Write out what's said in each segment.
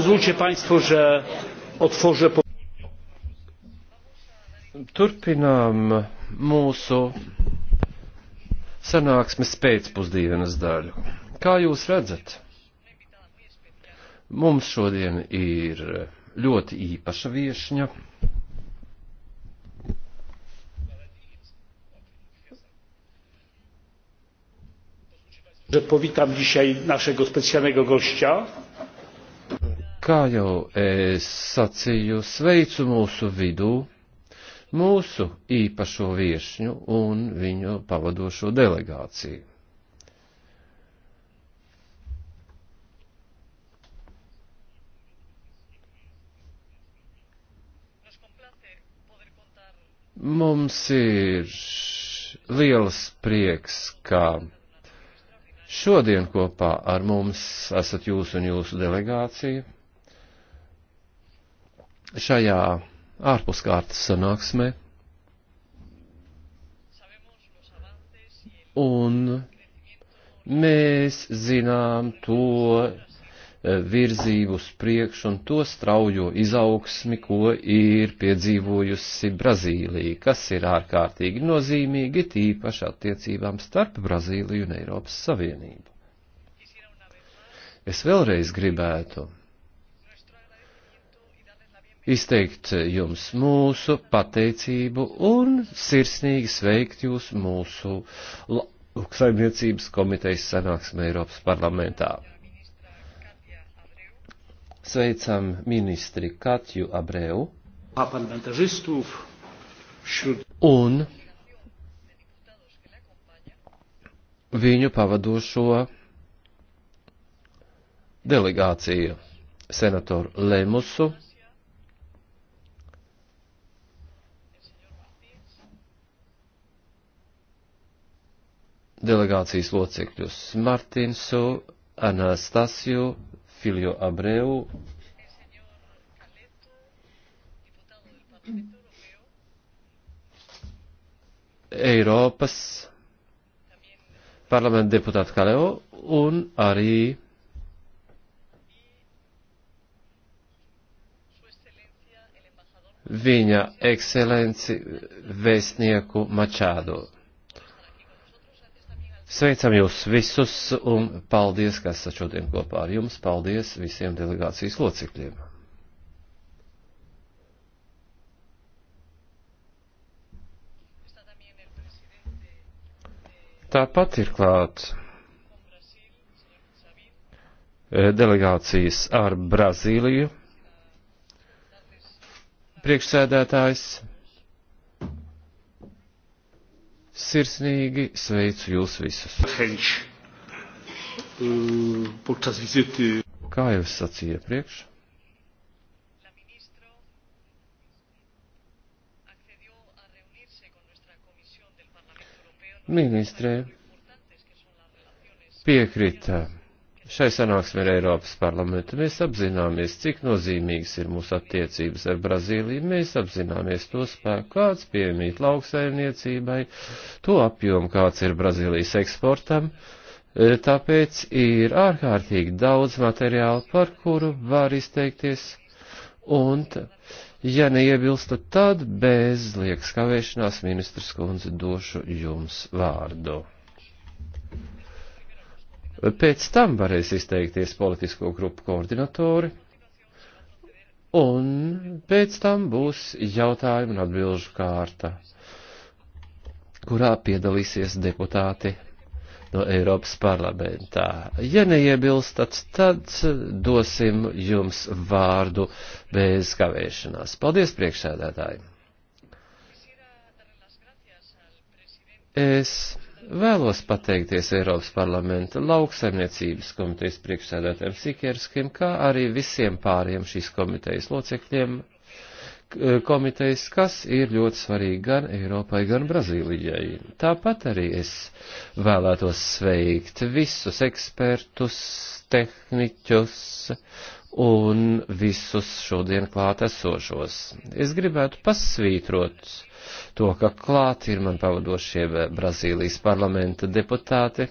pozwólcie państwo że otworzę Turpinām mūsu sanāksmes pēcpusdienas daļu. Kā jūs redzat, mums šodien ir ļoti īpaša viešņa. że powitam dzisiaj naszego specjalnego gościa Kā jau es sacīju, sveicu mūsu vidū mūsu īpašo viešņu un viņu pavadošo delegāciju. Mums ir liels prieks, ka šodien kopā ar mums esat jūs un jūsu delegācija šajā ārpuskārtas sanāksmē. Un mēs zinām to virzību uz priekšu un to straujo izaugsmi, ko ir piedzīvojusi Brazīlija, kas ir ārkārtīgi nozīmīgi tīpaši attiecībām starp Brazīliju un Eiropas Savienību. Es vēlreiz gribētu izteikt jums mūsu pateicību un sirsnīgi sveikt jūs mūsu lauksaimniecības komitejas sanāksmē Eiropas parlamentā. Sveicam ministri Katju Abreu un viņu pavadošo delegāciju senatoru Lemusu delegācijas locekļus Martinsu, Anastasiju, Filio Abreu, Eiropas parlamenta deputātu Kaleo un arī viņa ekscelenci vēstnieku Mačādo. Sveicam jūs visus un paldies, ka esat šodien kopā ar jums. Paldies visiem delegācijas locekļiem. Tāpat ir klāt eh, delegācijas ar Brazīliju priekšsēdētājs Sirsnīgi sveicu jūs visus. Kā jau es sacīju iepriekš, ministrē piekrita Šai sanāksmē ar Eiropas parlamentu mēs apzināmies, cik nozīmīgas ir mūsu attiecības ar Brazīliju, mēs apzināmies to spēku, kāds piemīt lauksaimniecībai, to apjomu, kāds ir Brazīlijas eksportam, e, tāpēc ir ārkārtīgi daudz materiāla, par kuru var izteikties, un, ja neiebilstu, tad bez liekas kavēšanās ministrs kundze došu jums vārdu. Pēc tam varēs izteikties politisko grupu koordinatori, un pēc tam būs jautājumu un atbilžu kārta, kurā piedalīsies deputāti no Eiropas parlamentā. Ja neiebilstat, tad dosim jums vārdu bez kavēšanās. Paldies, priekšsēdētāji! Es Vēlos pateikties Eiropas parlamenta lauksaimniecības komitejas priekšsēdētājiem Sikerskim, kā arī visiem pāriem šīs komitejas locekļiem, eh, komitejas, kas ir ļoti svarīgi gan Eiropai, gan Brazīlijai. Tāpat arī es vēlētos sveikt visus ekspertus, tehniķus, un visus šodien klāt esošos. Es gribētu pasvītrot to, ka klāt ir man pavadošie Brazīlijas parlamenta deputāti.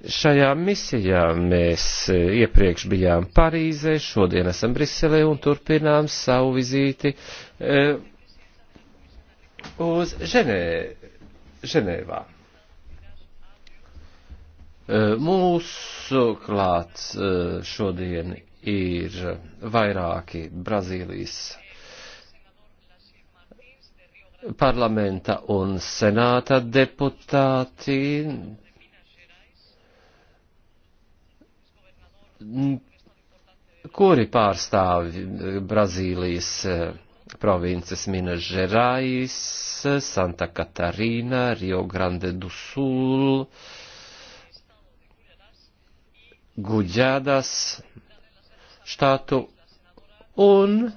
Šajā misijā mēs e, iepriekš bijām Parīzē, šodien esam Briselē un turpinām savu vizīti uh, uz Ženē, Ženēvā. Uh, mūsu klāts uh, šodien ir vairāki Brazīlijas parlamenta un senāta deputāti kuri pārstāv Brazīlijas eh, provinces Minas Gerais, Santa Catarina, Rio Grande do Sul, Guģēdas štātu un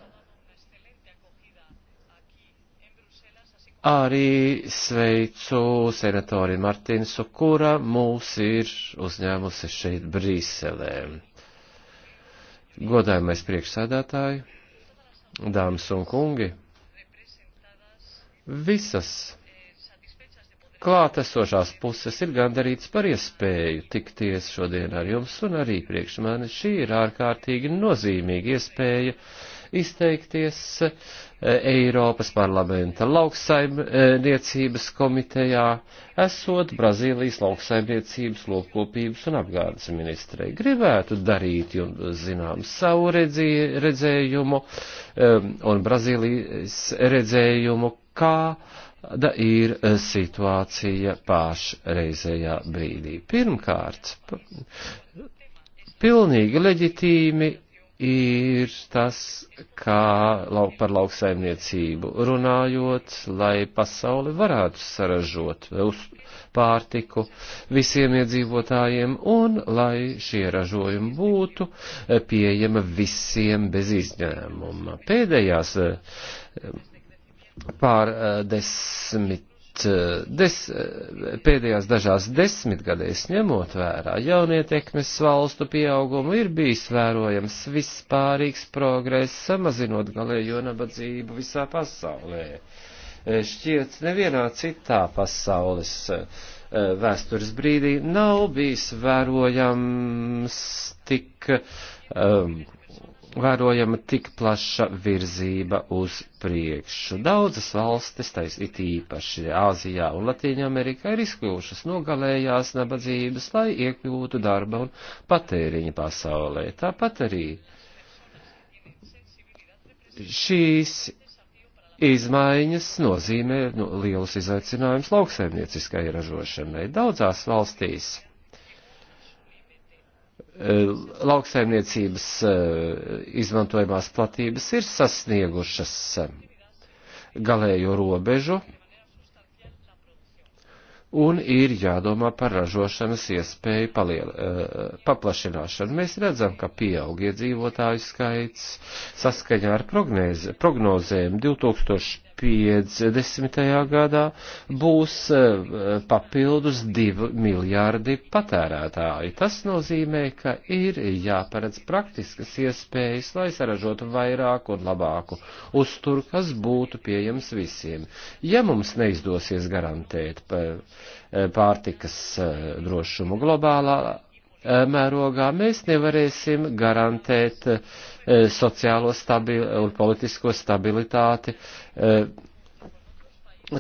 Arī sveicu senatori Martinsu, kura mūs ir uzņēmusi šeit Brīselē. Godājumais priekšsēdētāji, dāmas un kungi, visas klātesošās puses ir gandarīts par iespēju tikties šodien ar jums, un arī priekš mani šī ir ārkārtīgi nozīmīga iespēja izteikties Eiropas parlamenta lauksaimniecības komitejā, esot Brazīlijas lauksaimniecības, lopkopības un apgādes ministrei. Gribētu darīt jums zinām savu redzī, redzējumu um, un Brazīlijas redzējumu, kāda ir uh, situācija pašreizējā brīdī. Pirmkārt, pilnīgi leģitīmi ir tas, kā lauk par lauksaimniecību runājot, lai pasauli varētu saražot pārtiku visiem iedzīvotājiem un lai šie ražojumi būtu eh, pieejama visiem bez izņēmuma. Pēdējās eh, pār eh, desmit Eh, des, eh, pēdējās dažās desmitgadēs ņemot vērā jaunietekmes valstu pieaugumu ir bijis vērojams vispārīgs progress, samazinot galējo nabadzību visā pasaulē. Eh, šķiet, nevienā citā pasaules vēstures brīdī nav bijis vērojams tik um, vērojama tik plaša virzība uz priekšu. Daudzas valstis, tais it īpaši Āzijā un Latīņa Amerikā, ir izkļūšas nogalējās nabadzības, lai iekļūtu darba un patēriņa pasaulē. Tāpat arī šīs izmaiņas nozīmē nu, lielus izaicinājumus lauksaimnieciskai ražošanai. Daudzās valstīs Eh, lauksaimniecības eh, izmantojamās platības ir sasniegušas eh, galējo robežu un ir jādomā par ražošanas iespēju paliel, paplašināšanu. Mēs redzam, ka pieaug iedzīvotāju skaits saskaņā ar prognēzi, prognozēm 2000. 2050. gadā būs eh, papildus 2 miljārdi patērētāji. Tas nozīmē, ka ir jāparedz praktiskas iespējas, lai saražotu vairāk un labāku uzturu, kas būtu pieejams visiem. Ja mums neizdosies garantēt eh, pārtikas eh, drošumu globālā mērogā, mēs nevarēsim garantēt uh, E, sociālo stabil, un politisko stabilitāti e,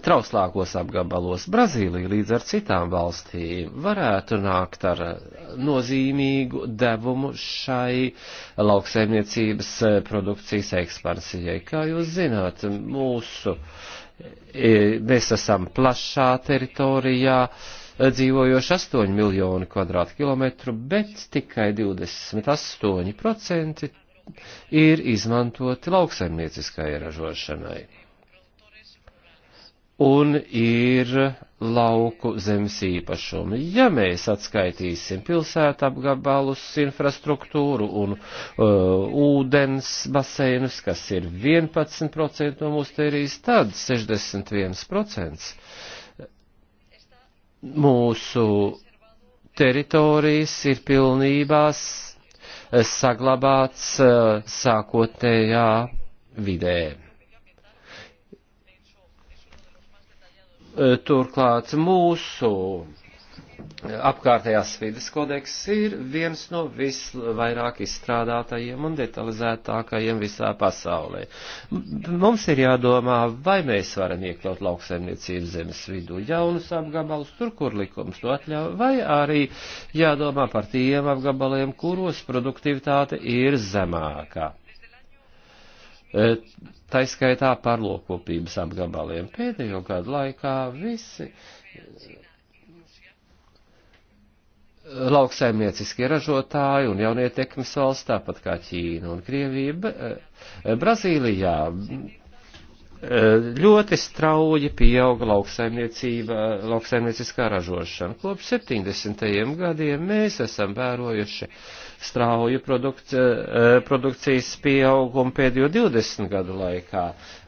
trauslākos apgabalos. Brazīlija līdz ar citām valstīm varētu nākt ar nozīmīgu devumu šai lauksaimniecības e, produkcijas ekspansijai. Kā jūs zināt, mūsu, mēs esam plašā teritorijā, dzīvojoši 8 miljoni kvadrātkilometru, bet tikai 28% ir izmantoti lauksaimnieciskai ražošanai. Un ir lauku zemes īpašumi. Ja mēs atskaitīsim pilsētu apgabalus, infrastruktūru un uh, ūdens baseinus, kas ir 11% no mūsu tērijas, tad 61% mūsu teritorijas ir pilnībās saglabāts eh, sākotnējā vidē. Eh, turklāt mūsu apkārtējās vides kodeks ir viens no visvairāk izstrādātajiem un detalizētākajiem visā pasaulē. Mums ir jādomā, vai mēs varam iekļaut lauksaimniecības zemes vidū jaunus apgabalus, tur, kur likums to atļauj, vai arī jādomā par tiem apgabaliem, kuros produktivitāte ir zemākā. E, Taiskaitā par lokopības apgabaliem. Pēdējo gadu laikā visi lauksaimnieciskie ražotāji un jaunietekmes valsts, tāpat kā Ķīna un Krievija, eh, Brazīlijā eh, ļoti strauji pieauga lauksaimniecība, lauksaimnieciskā ražošana. Kopš 70. gadiem mēs esam vērojuši uh, strauju produkci, eh, produkcijas pieaugumu pēdējo 20 gadu laikā.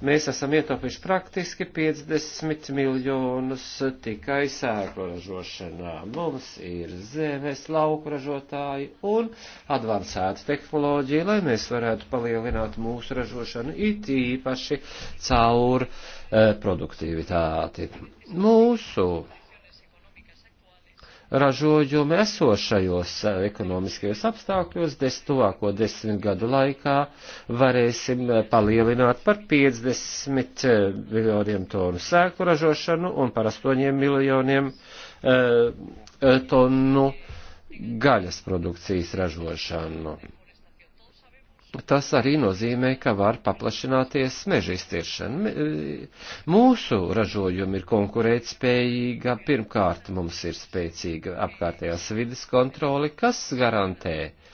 Mēs esam ietaupījuši praktiski 50 miljonus tikai sēklu ražošanā. Mums ir zemes lauku ražotāji un advancēta tehnoloģija, lai mēs varētu palielināt mūsu ražošanu it īpaši caur eh, produktivitāti. Mūsu ražojumi esošajos eh, ekonomiskajos apstākļos, des tuvāko desmit gadu laikā varēsim eh, palielināt par 50 eh, miljoniem tonu sēklu ražošanu un par 8 miljoniem e, tonu gaļas produkcijas ražošanu. Tas arī nozīmē, ka var paplašināties meža izciršana. E, mūsu ražojumi ir konkurētspējīga, pirmkārt mums ir spēcīga apkārtējās vidas kontrole, kas garantē uh,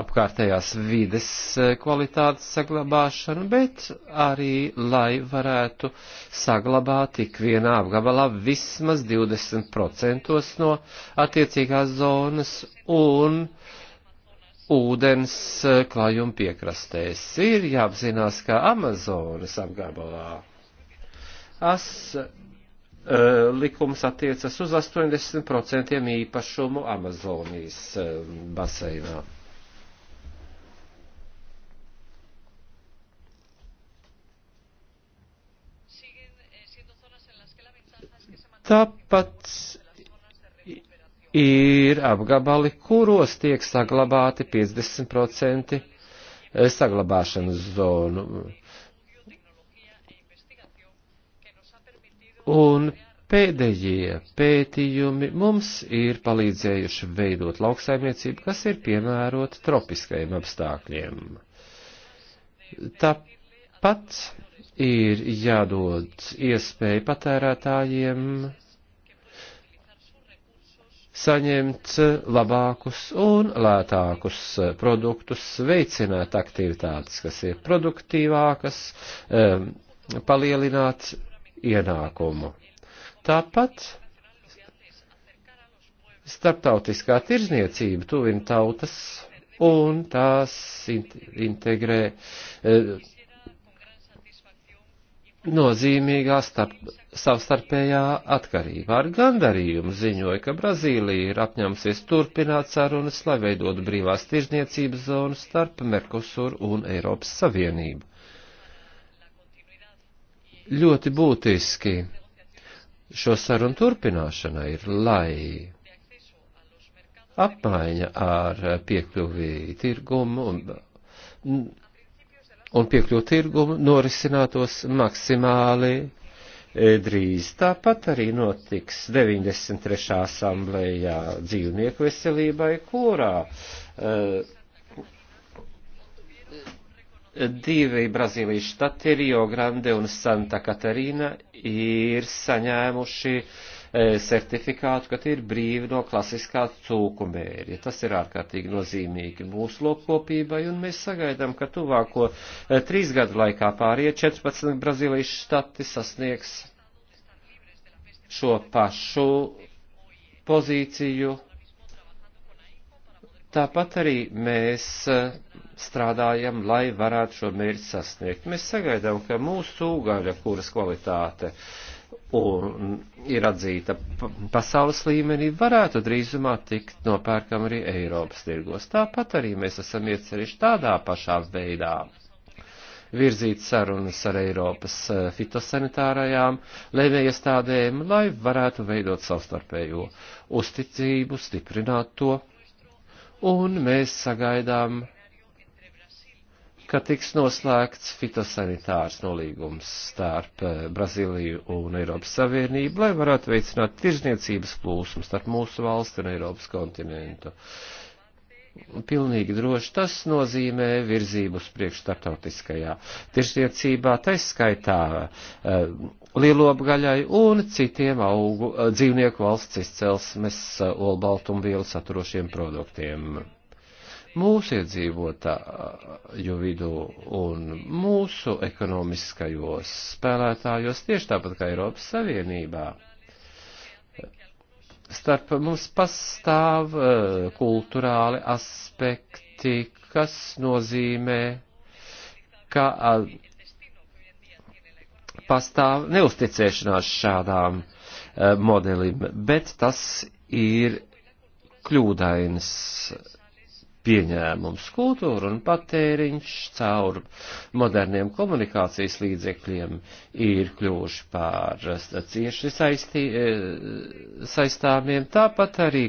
apkārtējās vides eh, kvalitātes saglabāšanu, bet arī, lai varētu saglabāt tik vienā apgabalā vismaz 20% no attiecīgās zonas un ūdens eh, klājuma piekrastēs. Ir jāapzinās, ka Amazonas apgabalā as eh, likums attiecas uz 80% īpašumu Amazonijas baseinā. Tāpat ir apgabali, kuros tiek saglabāti 50% eh, saglabāšanas zonu. Un pēdējie pētījumi mums ir palīdzējuši veidot lauksaimniecību, kas ir piemērota tropiskajiem apstākļiem. Tāpat ir jādod iespēju patērētājiem saņemt labākus un lētākus produktus, veicināt aktivitātes, kas ir produktīvākas, palielināt ienākumu. Tāpat starptautiskā tirzniecība tuvina tautas un tās integrē nozīmīgā starp, savstarpējā atkarībā. Ar gandarījumu ziņoja, ka Brazīlija ir apņēmusies turpināt sarunas, lai veidotu brīvās tirzniecības zonu starp Merkusuru un Eiropas Savienību. Ļoti būtiski šo sarunu turpināšana ir, lai apmaiņa ar piekļuvī tirgumu un un piekļūt tirgumu norisinātos maksimāli e, drīz. Tāpat arī notiks 93. asamblējā dzīvnieku veselībai, kurā uh, divi Brazīlijas štati, Rio Grande un Santa Katarīna, ir saņēmuši uh, E, certifikātu, ka tie ir brīvi no klasiskā cūkumērja. Tas ir ārkārtīgi nozīmīgi mūsu lopkopībai, un mēs sagaidām, ka tuvāko e, trīs gadu laikā pārējie 14 Brazīlijas štati sasniegs šo pašu pozīciju. Tāpat arī mēs e, strādājam, lai varētu šo mērķi sasniegt. Mēs sagaidām, ka mūsu ūgaļa, kuras kvalitāte un ir atzīta pasaules līmenī, varētu drīzumā tikt nopērkam arī Eiropas tirgos. Tāpat arī mēs esam iecerīši tādā pašā veidā virzīt sarunas ar Eiropas e, fitosanitārajām lēmējiestādēm, lai varētu veidot savstarpējo uzticību, stiprināt to, un mēs sagaidām ka tiks noslēgts fitosanitārs nolīgums starp eh, Brazīliju un Eiropas Savienību, lai varētu veicināt tirzniecības plūsmu starp mūsu valsti un Eiropas kontinentu. Pilnīgi droši tas nozīmē virzību uz priekšu starptautiskajā tirzniecībā, taiskaitā eh, lielopgaļai un citiem augu eh, dzīvnieku valsts izcelsmes olbaltumvielu saturošiem produktiem mūsu iedzīvotāju vidū un mūsu ekonomiskajos spēlētājos, tieši tāpat kā Eiropas Savienībā. Starp mums pastāv eh, kulturāli aspekti, kas nozīmē, ka eh, pastāv neusticēšanās šādām eh, modelim, bet tas ir kļūdains pieņēmums. Kultūra un patēriņš caur moderniem komunikācijas līdzekļiem ir kļuvuši pār cieši saistī, eh, saistāmiem, tāpat arī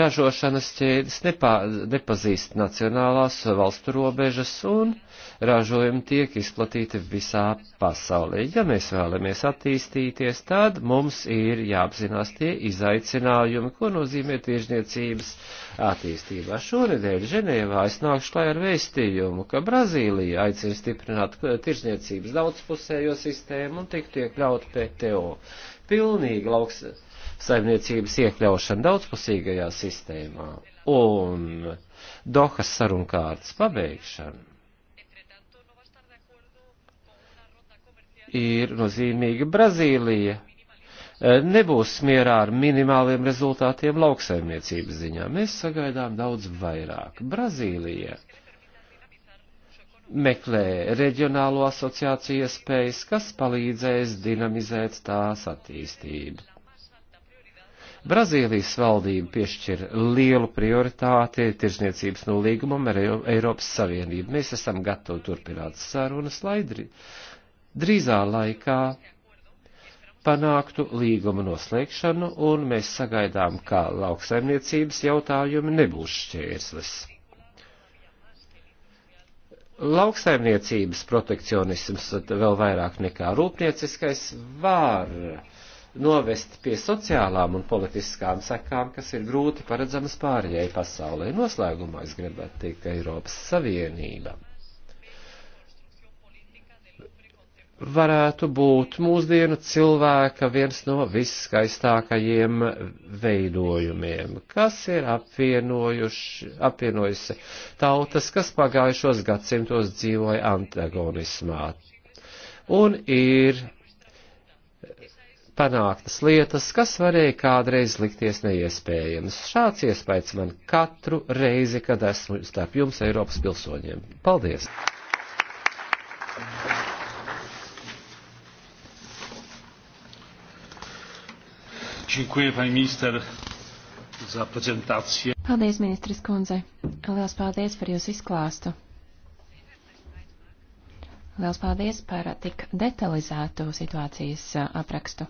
ražošanas ķēdes nepā, nepazīst nacionālās valstu robežas un ražojumi tiek izplatīti visā pasaulē. Ja mēs vēlamies attīstīties, tad mums ir jāapzinās tie izaicinājumi, ko nozīmē tiešniecības attīstībā. Šonedēļ Ženēvā es nākšu klāj ar vēstījumu, ka Brazīlija aicina stiprināt tiešniecības daudzpusējo sistēmu un tiktu iekļaut PTO. Pilnīgi lauks saimniecības iekļaušana daudzpusīgajā sistēmā un Dohas sarunkārtas pabeigšana ir nozīmīga Brazīlija. Eh, nebūs mierā ar minimāliem rezultātiem lauksaimniecības ziņā. Mēs sagaidām daudz vairāk. Brazīlija meklē reģionālo asociāciju iespējas, kas palīdzēs dinamizēt tās attīstību. Brazīlijas valdība piešķir lielu prioritāti tirzniecības nolīgumam ar Eiropas Savienību. Mēs esam gatavi turpināt sarunas, lai drīzā laikā panāktu līguma noslēgšanu, un mēs sagaidām, ka lauksaimniecības jautājumi nebūs šķērslis. Lauksaimniecības protekcionisms vēl vairāk nekā rūpnieciskais var novest pie sociālām un politiskām sekām, kas ir grūti paredzamas pārējai pasaulē. Noslēgumā es gribētu teikt, ka Eiropas Savienība varētu būt mūsdienu cilvēka viens no visskaistākajiem veidojumiem, kas ir apvienojusi tautas, kas pagājušos gadsimtos dzīvoja antagonismā. Un ir panāktas lietas, kas varēja kādreiz likties neiespējamas. Šāds iespējas man katru reizi, kad esmu starp jums Eiropas pilsoņiem. Paldies! Dziękuję, pani minister, za prezentację. Paldies, ministres kundze. Liels paldies par jūsu izklāstu. Liels paldies par tik detalizētu situācijas aprakstu.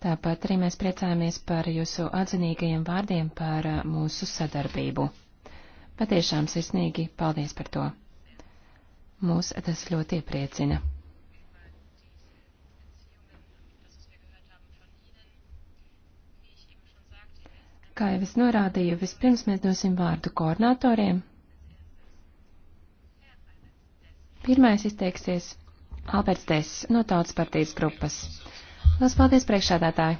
Tāpat arī mēs priecājamies par jūsu atzinīgajiem vārdiem par mūsu sadarbību. Patiešām sirsnīgi paldies par to. Mūs tas ļoti iepriecina. Kā jau es norādīju, vispirms mēs dosim vārdu koordinatoriem. Pirmais izteiksies Alberts Tess no Tautas partijas grupas. Lielas paldies, priekšādātāji!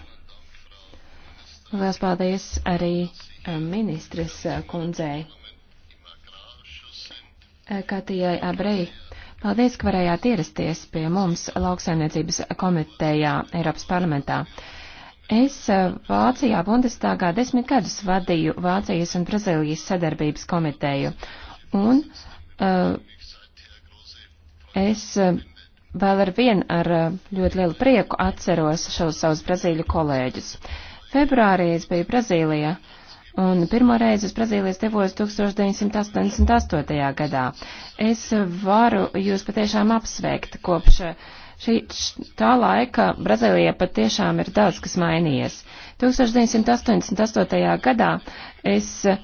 Lielas paldies arī eh, ministres eh, kundzei eh, Katijai Abrei. Paldies, ka varējāt ierasties pie mums lauksaimniecības komitejā Eiropas parlamentā. Es Vācijā Bundestāgā desmit gadus vadīju Vācijas un Brazīlijas sadarbības komiteju, un uh, es vēl ar vienu ar eh, ļoti lielu prieku atceros šos savus brazīļu kolēģus. Februārī es biju Brazīlijā, un pirmo reizi uz Brazīlijas devos 1988. gadā. Es varu jūs patiešām apsveikt kopš eh, šī tā laika Brazīlijā patiešām ir daudz, kas mainījies. 1988. gadā es eh,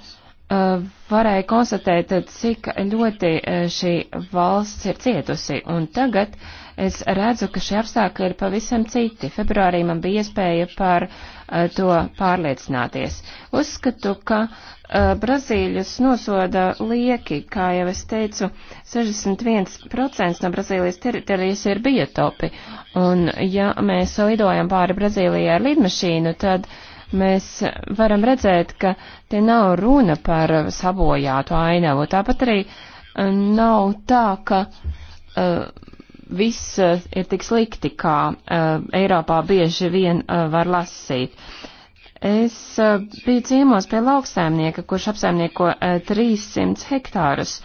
Uh, varēja konstatēt, cik ļoti uh, šī valsts ir cietusi. Un tagad es redzu, ka šie apstākļi ir pavisam citi. Februārī man bija iespēja par uh, to pārliecināties. Uzskatu, ka Brazīļus nosoda lieki, kā jau es teicu, 61% no Brazīlijas teritorijas ir biotopi. Un ja mēs lidojam pāri Brazīlijai ar lidmašīnu, tad uh, mēs varam redzēt, ka te nav runa par sabojātu ainavu. Tāpat arī eh, nav tā, ka uh, viss eh, ir tik slikti, kā uh, Eiropā bieži vien uh, var lasīt. Es uh, biju ciemos pie lauksēmnieka, kurš apsaimnieko uh, 300 hektārus,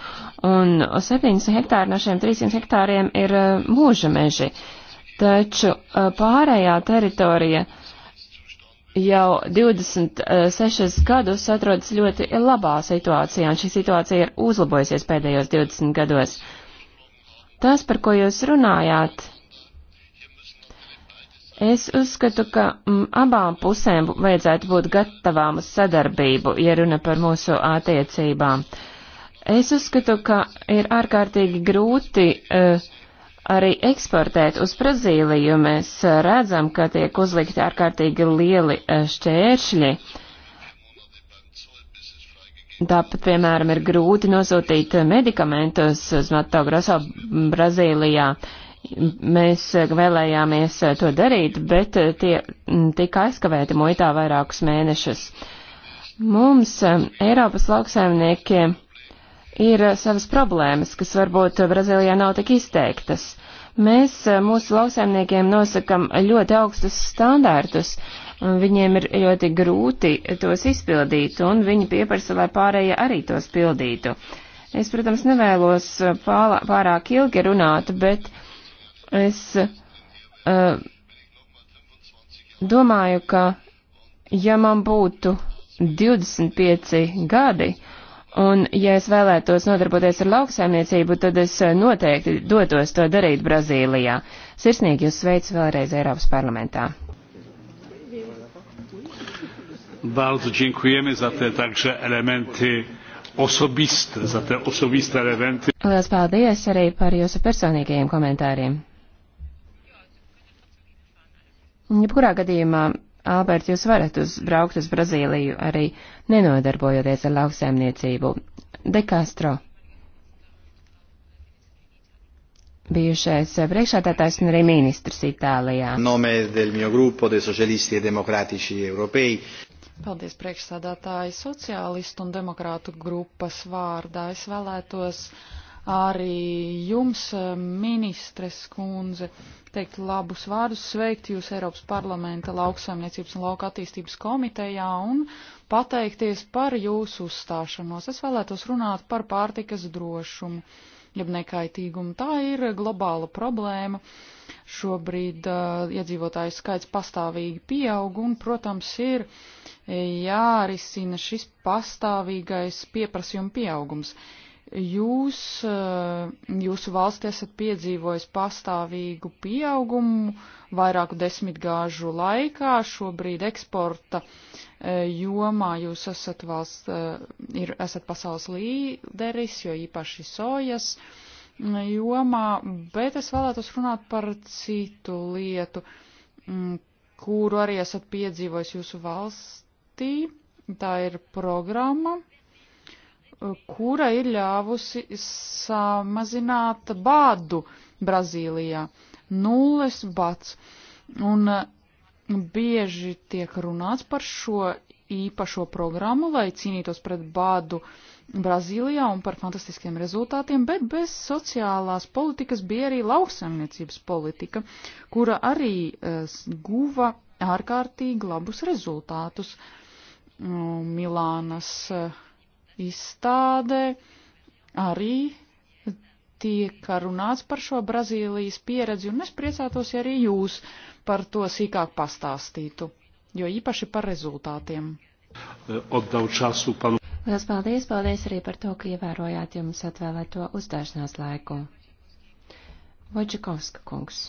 un 700 hektāri no šiem 300 hektāriem ir uh, mūža meži, taču uh, pārējā teritorija uh, jau 26 gadus atrodas ļoti labā situācijā, un šī situācija ir uzlabojusies pēdējos 20 gados. Tas, par ko jūs runājāt, es uzskatu, ka m, mm, abām pusēm vajadzētu būt gatavām uz sadarbību, ja runa par mūsu attiecībām. Es uzskatu, ka ir ārkārtīgi grūti uh, arī eksportēt uz Brazīliju. Mēs eh, redzam, ka tiek uzlikti ārkārtīgi lieli eh, šķēršļi. Tāpat, piemēram, ir grūti nosūtīt eh, medikamentus uz Mato Grosso Brazīlijā. Mēs vēlējāmies to darīt, bet tie tika aizkavēti muitā vairākus mēnešus. Mums, Eiropas lauksaimniekiem, ir eh, savas problēmas, kas varbūt Brazīlijā nav tik izteiktas. Mēs eh, mūsu lauksaimniekiem nosakam ļoti augstus standārtus, un viņiem ir ļoti grūti tos izpildīt, un viņi pieprasa, lai pārējie arī tos pildītu. Es, protams, nevēlos eh, pālā, pārāk ilgi runāt, bet es uh, domāju, ka ja man būtu 25 gadi, uh, Un, ja es vēlētos nodarboties ar lauksaimniecību, tad es eh, noteikti dotos to darīt Brazīlijā. Sirsnīgi jūs sveicu vēlreiz Eiropas parlamentā. Bardzo dziękujemy za te także elementy osobiste, za te osobiste elementy. Lielas paldies arī par jūsu personīgajiem komentāriem. Jebkurā gadījumā Albert, jūs varat uzbraukt uz Brazīliju arī nenodarbojoties ar lauksēmniecību. De Castro. Bijušais priekšādātājs un arī ministrs Itālijā. E Paldies priekšsādātāji sociālistu un demokrātu grupas vārdā. Es vēlētos arī jums, ministres kundze, uh, teikt labus vārdus, sveikt jūs Eiropas parlamenta lauksaimniecības un lauka attīstības komitejā un pateikties par jūsu uzstāšanos. Es vēlētos runāt par pārtikas drošumu, jeb nekaitīgumu. Tā ir globāla problēma. Šobrīd uh, iedzīvotāju skaits pastāvīgi pieaug un, protams, ir jārisina šis pastāvīgais pieprasījuma pieaugums. Uh, jūs, eh, jūsu valsts esat piedzīvojis pastāvīgu pieaugumu vairāku desmitgāžu laikā, šobrīd eksporta eh, jomā jūs esat valsts, eh, ir, esat pasaules līderis, jo īpaši sojas mm, jomā, bet es vēlētos runāt par citu lietu, mm, kuru arī esat piedzīvojis jūsu valstī. Tā ir programma, kura ir ļāvusi samazināt bādu Brazīlijā. Nulles bats. Un uh, bieži tiek runāts par šo īpašo programmu, lai cīnītos pret bādu Brazīlijā un par fantastiskiem rezultātiem, bet bez sociālās politikas bija arī lauksaimniecības politika, kura arī uh, guva ārkārtīgi labus rezultātus. Uh, Milānas uh, izstādē arī tiek runāts par šo Brazīlijas pieredzi, un es priecātos, ja arī jūs par to sīkāk pastāstītu, jo īpaši par rezultātiem. Eh, Lielas paldies, paldies arī par to, ka ievērojāt jums atvēlēto uzdāšanās laiku. Voģakovska kungs.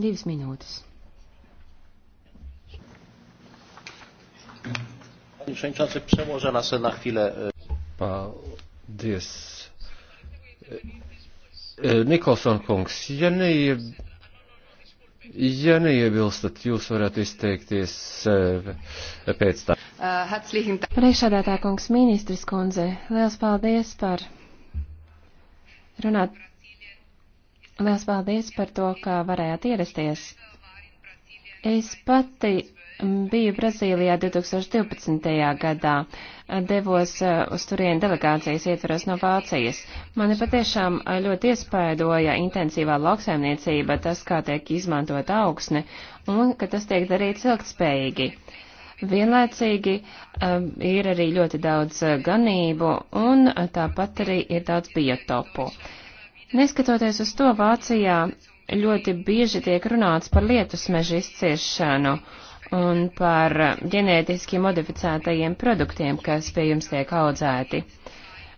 Divas minūtes. Przewodniczący przełożę nas na chwilę. Paldies. Nikolson kungs, ja neieb... Ja neiebilstat, jūs varat izteikties e, pēc tā. Uh, Priekšādātā kungs ministris kundze, liels paldies par runāt. Liels paldies par to, ka varējāt ierasties. Es pati biju Brazīlijā 2012. gadā, devos eh, uz turienu delegācijas ietveros no Vācijas. Mani patiešām eh, ļoti iespaidoja intensīvā lauksaimniecība, tas, kā tiek izmantot augsne, un ka tas tiek darīts ilgtspējīgi. Vienlaicīgi um, ir arī ļoti daudz ganību, un tāpat arī ir daudz biotopu. Neskatoties uz to, Vācijā ļoti bieži tiek runāts par lietusmeža izciešanu. Uh, un par ģenētiski modificētajiem produktiem, kas pie jums tiek audzēti.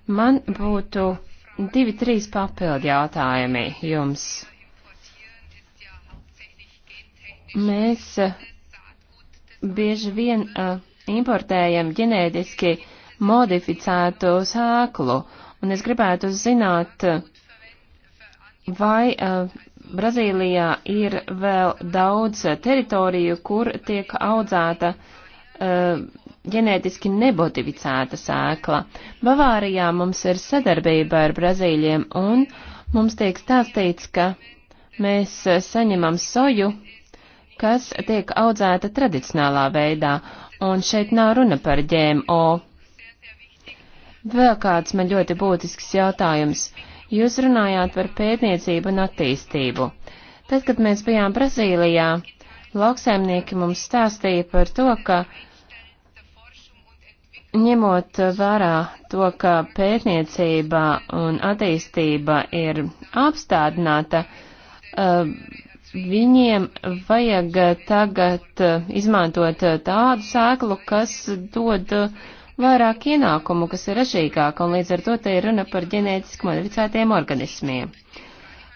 Man būtu divi, trīs papildi jautājumi jums. Mēs uh, bieži vien uh, importējam ģenētiski modificētu sēklu, un es gribētu zināt, uh, vai uh, Brazīlijā ir vēl daudz teritoriju, kur tiek audzēta uh, ģenētiski nebotificēta sēkla. Bavārijā mums ir sadarbība ar Brazīļiem, un mums tiek stāstīts, ka mēs saņemam soju, kas tiek audzēta tradicionālā veidā, un šeit nav runa par ģēmo. Vēl kāds man ļoti būtisks jautājums. Uh, Jūs runājāt par pētniecību un attīstību. Tad, kad mēs bijām Brazīlijā, lauksaimnieki mums stāstīja par to, ka ņemot vērā to, ka pētniecība un attīstība ir apstādināta, eh, viņiem vajag tagad eh, izmantot eh, tādu sēklu, kas dod uh, vairāk ienākumu, kas ir ražīgāka, un līdz ar to te ir runa par ģenētiski modificētiem organismiem.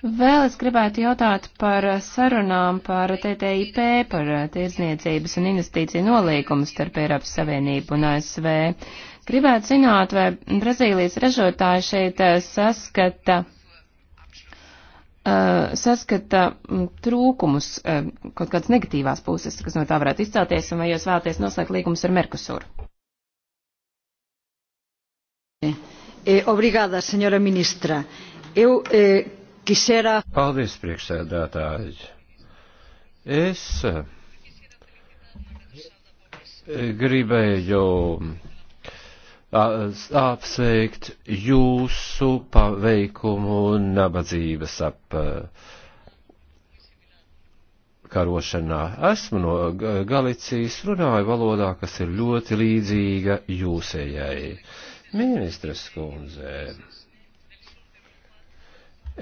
Vēl es gribētu jautāt par sarunām par TTIP, par tirzniecības un investīciju nolīgumu starp Eiropas Savienību un ASV. Gribētu zināt, vai Brazīlijas ražotāji šeit eh, saskata, uh, saskata mm, trūkumus, uh, kaut kādas negatīvās puses, kas no tā varētu izcelties, un vai jūs vēlaties noslēgt līgumus ar Merkusuru? Eh, obrigada, senjora ministra. Eu eh, quisiera. Paldies, priekšsēdētāji. Es eh, gribēju apsveikt jūsu paveikumu nabadzības ap karošanā. Esmu no Galicijas, runāju valodā, kas ir ļoti līdzīga jūsējai. Ministres kundze,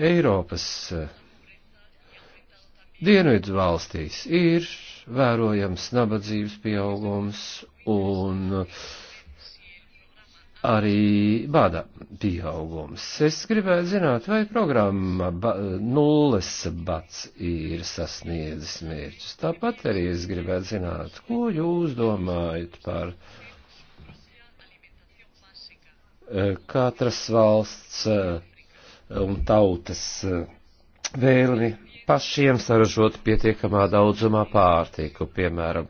Eiropas eh, dienvidu valstīs ir vērojams nabadzības pieaugums un arī bada pieaugums. Es gribētu zināt, vai programma ba nulles bats ir sasniedzis mērķus. Tāpat arī es gribētu zināt, ko jūs domājat par katras valsts eh, un tautas eh, vēlmi pašiem saražot pietiekamā daudzumā pārtiku, piemēram,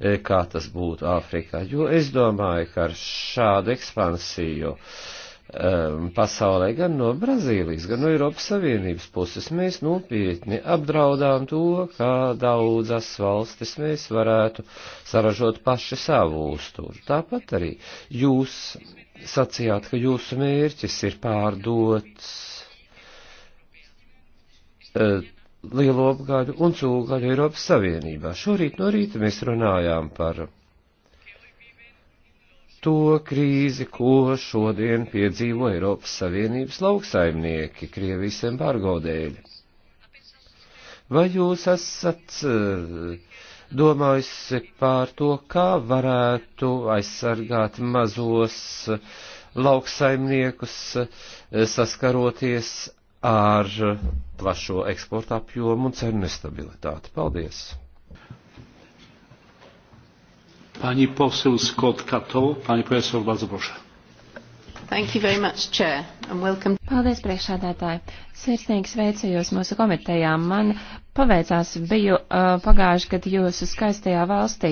eh, kā tas būtu Āfrikā. Jo es domāju, ka ar šādu ekspansiju um, pasaulē gan no Brazīlijas, gan no Eiropas Savienības puses mēs nopietni apdraudām to, kā daudzas valstis mēs varētu saražot paši savu uzturu. Tāpat arī jūs sacījāt, ka jūsu mērķis ir pārdot e, lielo apgaļu un cūgaļu Eiropas Savienībā. Šorīt no rīta mēs runājām par to krīzi, ko šodien piedzīvo Eiropas Savienības lauksaimnieki Krievijas embargo dēļ. Vai jūs esat uh, domājis pār to, kā varētu aizsargāt mazos lauksaimniekus, eh, saskaroties ar plašo eksporta apjomu un cenu nestabilitāti. Paldies! Pani poseł Scott Cato, pani profesor, bardzo proszę. Thank you very much, Chair, and welcome. Paldies, priekšādātāji. Sirsnīgi sveicu jūs mūsu komitejām. Man paveicās. Biju uh, pagājuši, kad jūsu skaistajā valstī,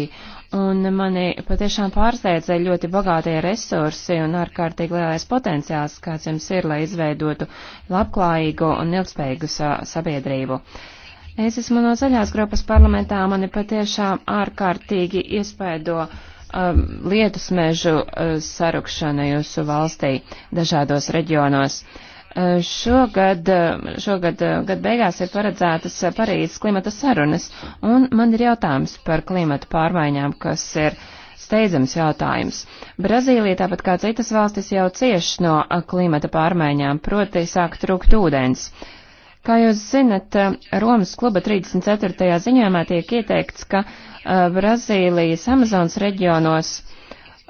un mani patiešām pārsteidza ļoti bagātie resursi un ārkārtīgi lielais potenciāls, kāds jums ir, lai izveidotu labklājīgu un ilgspējīgu sa sabiedrību. Es esmu no zaļās grupas parlamentā, mani patiešām ārkārtīgi iespaido uh, um, lietusmežu uh, sarukšana jūsu valstī dažādos reģionos. Uh, Eh, šogad, eh, šogad eh, gada beigās ir paredzētas Parīzes klimata sarunas, un man ir jautājums par klimata pārmaiņām, kas ir steidzams jautājums. Brazīlija, tāpat kā citas valstis, jau cieš no klimata pārmaiņām, proti sāk trūkt ūdens. Kā jūs zinat, Romas kluba 34. ziņojumā tiek ieteikts, ka Brazīlijas Amazonas reģionos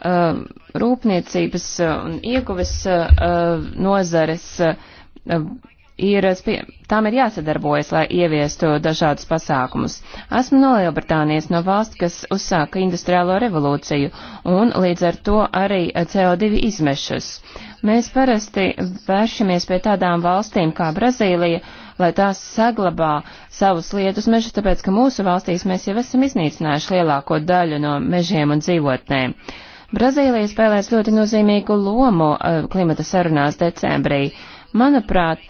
Um, rūpniecības uh, un ieguves uh, nozares uh, um, ir, tām ir jāsadarbojas, lai ieviestu dažādus pasākumus. Esmu no Lielbritānijas, no valsts, kas uzsāka industriālo revolūciju un līdz ar to arī CO2 izmešus. Mēs parasti vēršamies pie tādām valstīm kā Brazīlija, lai tās saglabā savus lietus mežus, tāpēc ka mūsu valstīs mēs jau esam iznīcinājuši lielāko daļu no mežiem un dzīvotnēm. Uh, Brazīlija spēlēs ļoti nozīmīgu lomu eh, klimata sarunās decembrī. Manuprāt,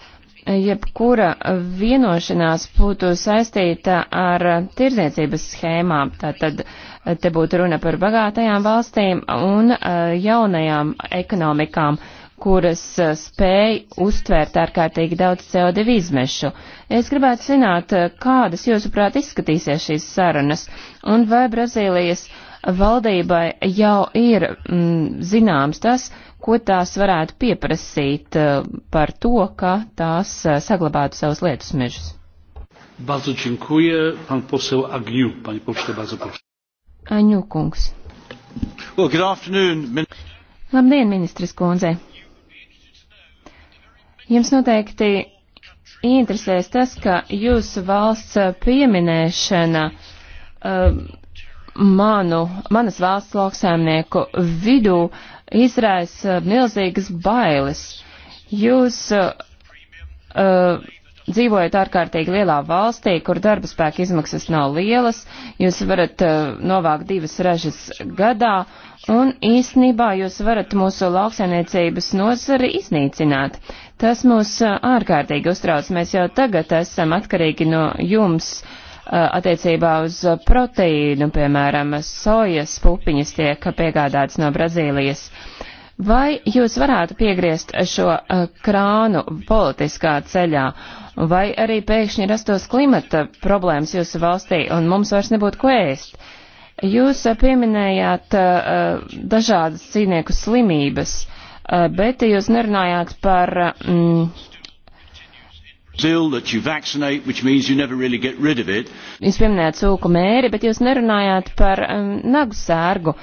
jebkura vienošanās būtu saistīta ar tirdzniecības schēmām. Tātad eh, te būtu runa par bagātajām valstīm un eh, jaunajām ekonomikām, kuras spēj uztvērt ārkārtīgi daudz CO2 izmešu. Es gribētu zināt, kādas jūsuprāt izskatīsies šīs sarunas un vai Brazīlijas uh, valdībai jau ir mm, zināms tas, ko tās varētu pieprasīt eh, par to, ka tās eh, saglabātu savus lietus mežus. Bardzo dziękuję. Pan poseł Agniu, panie pośle, bardzo proszę. Agniu kungs. Well, good afternoon. Min Labdien, ministres kundze. Jums noteikti interesēs tas, ka jūsu valsts eh, pieminēšana uh, manu, manas valsts lauksaimnieku vidū izraisa uh, milzīgas bailes. Jūs uh, uh, dzīvojat ārkārtīgi lielā valstī, kur darba spēka izmaksas nav lielas, jūs varat uh, novākt divas ražas gadā, un īsnībā jūs varat mūsu lauksainiecības nozari iznīcināt. Tas mūs uh, ārkārtīgi uztrauc, mēs jau tagad esam atkarīgi no jums. Uh, Eh, attiecībā uz proteīnu, piemēram, sojas pupiņas tiek piegādātas no Brazīlijas. Vai jūs varētu piegriezt šo eh, krānu politiskā ceļā, vai arī pēkšņi rastos klimata problēmas jūsu valstī un mums vairs nebūtu ko ēst? Jūs eh, pieminējāt dažādas cīnieku slimības, bet jūs nerunājāt par mm, Jūs pieminējāt cūku mēri, bet jūs nerunājāt par um, nagu sērgu.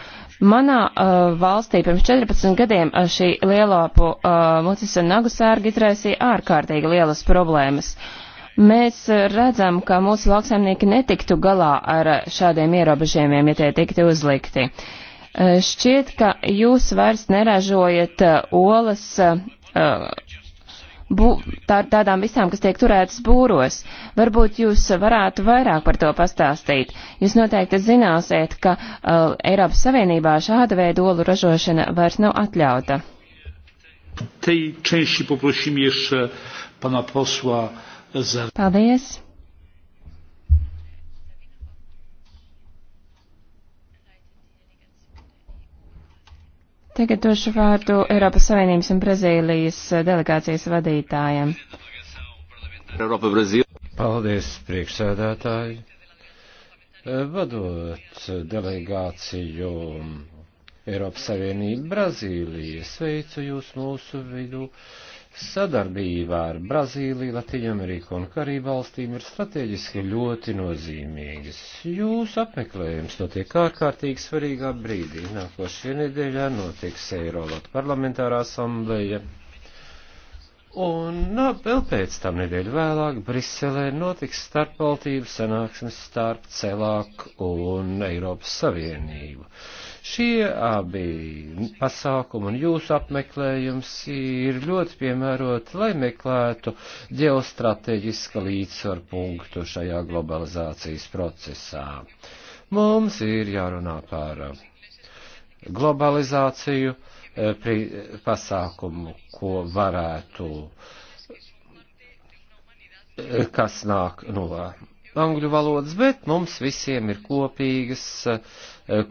Manā uh, valstī pirms 14 gadiem uh, šī lielopu uh, mucis un nagu sērgi izraisīja ārkārtīgi lielas problēmas. Mēs uh, redzam, ka mūsu lauksaimnieki netiktu galā ar uh, šādiem ierobežojumiem, ja tie tiktu uzlikti. Uh, šķiet, ka jūs vairs neražojat uh, olas uh, bū, tā, tādām visām, kas tiek turētas būros. Varbūt jūs varētu vairāk par to pastāstīt. Jūs noteikti zināsiet, ka uh, Eiropas Savienībā šāda veida olu ražošana vairs nav atļauta. Tej części poprosimy jeszcze pana posła Zar. Paldies. Tagad došu vārdu Eiropas Savienības un Brazīlijas eh, delegācijas vadītājiem. Paldies, priekšsēdētāji. Eh, vadot delegāciju Eiropas Savienību Brazīlijas, sveicu jūs mūsu vidu. Uh, Sadarbība ar Brazīliju, Latviju-Ameriku un Karību valstīm ir strateģiski ļoti nozīmīgas. Jūsu apmeklējums notiek ārkārtīgi svarīgā brīdī. Nākošajā nedēļā notiks Eirolata parlamentārā asambleja. Un nā, vēl pēc tam nedēļu vēlāk Briselē notiks starpvaldības sanāksmes starp CELAK un Eiropas Savienību. Uh, Šie abi pasākumi un jūsu apmeklējums ir ļoti piemēroti, lai meklētu ģeostrateģiska līdzsvaru punktu šajā globalizācijas procesā. Mums ir jārunā par globalizāciju, eh, pasākumu, ko varētu, eh, kas nāk no angļu valodas, bet mums visiem ir kopīgas uh,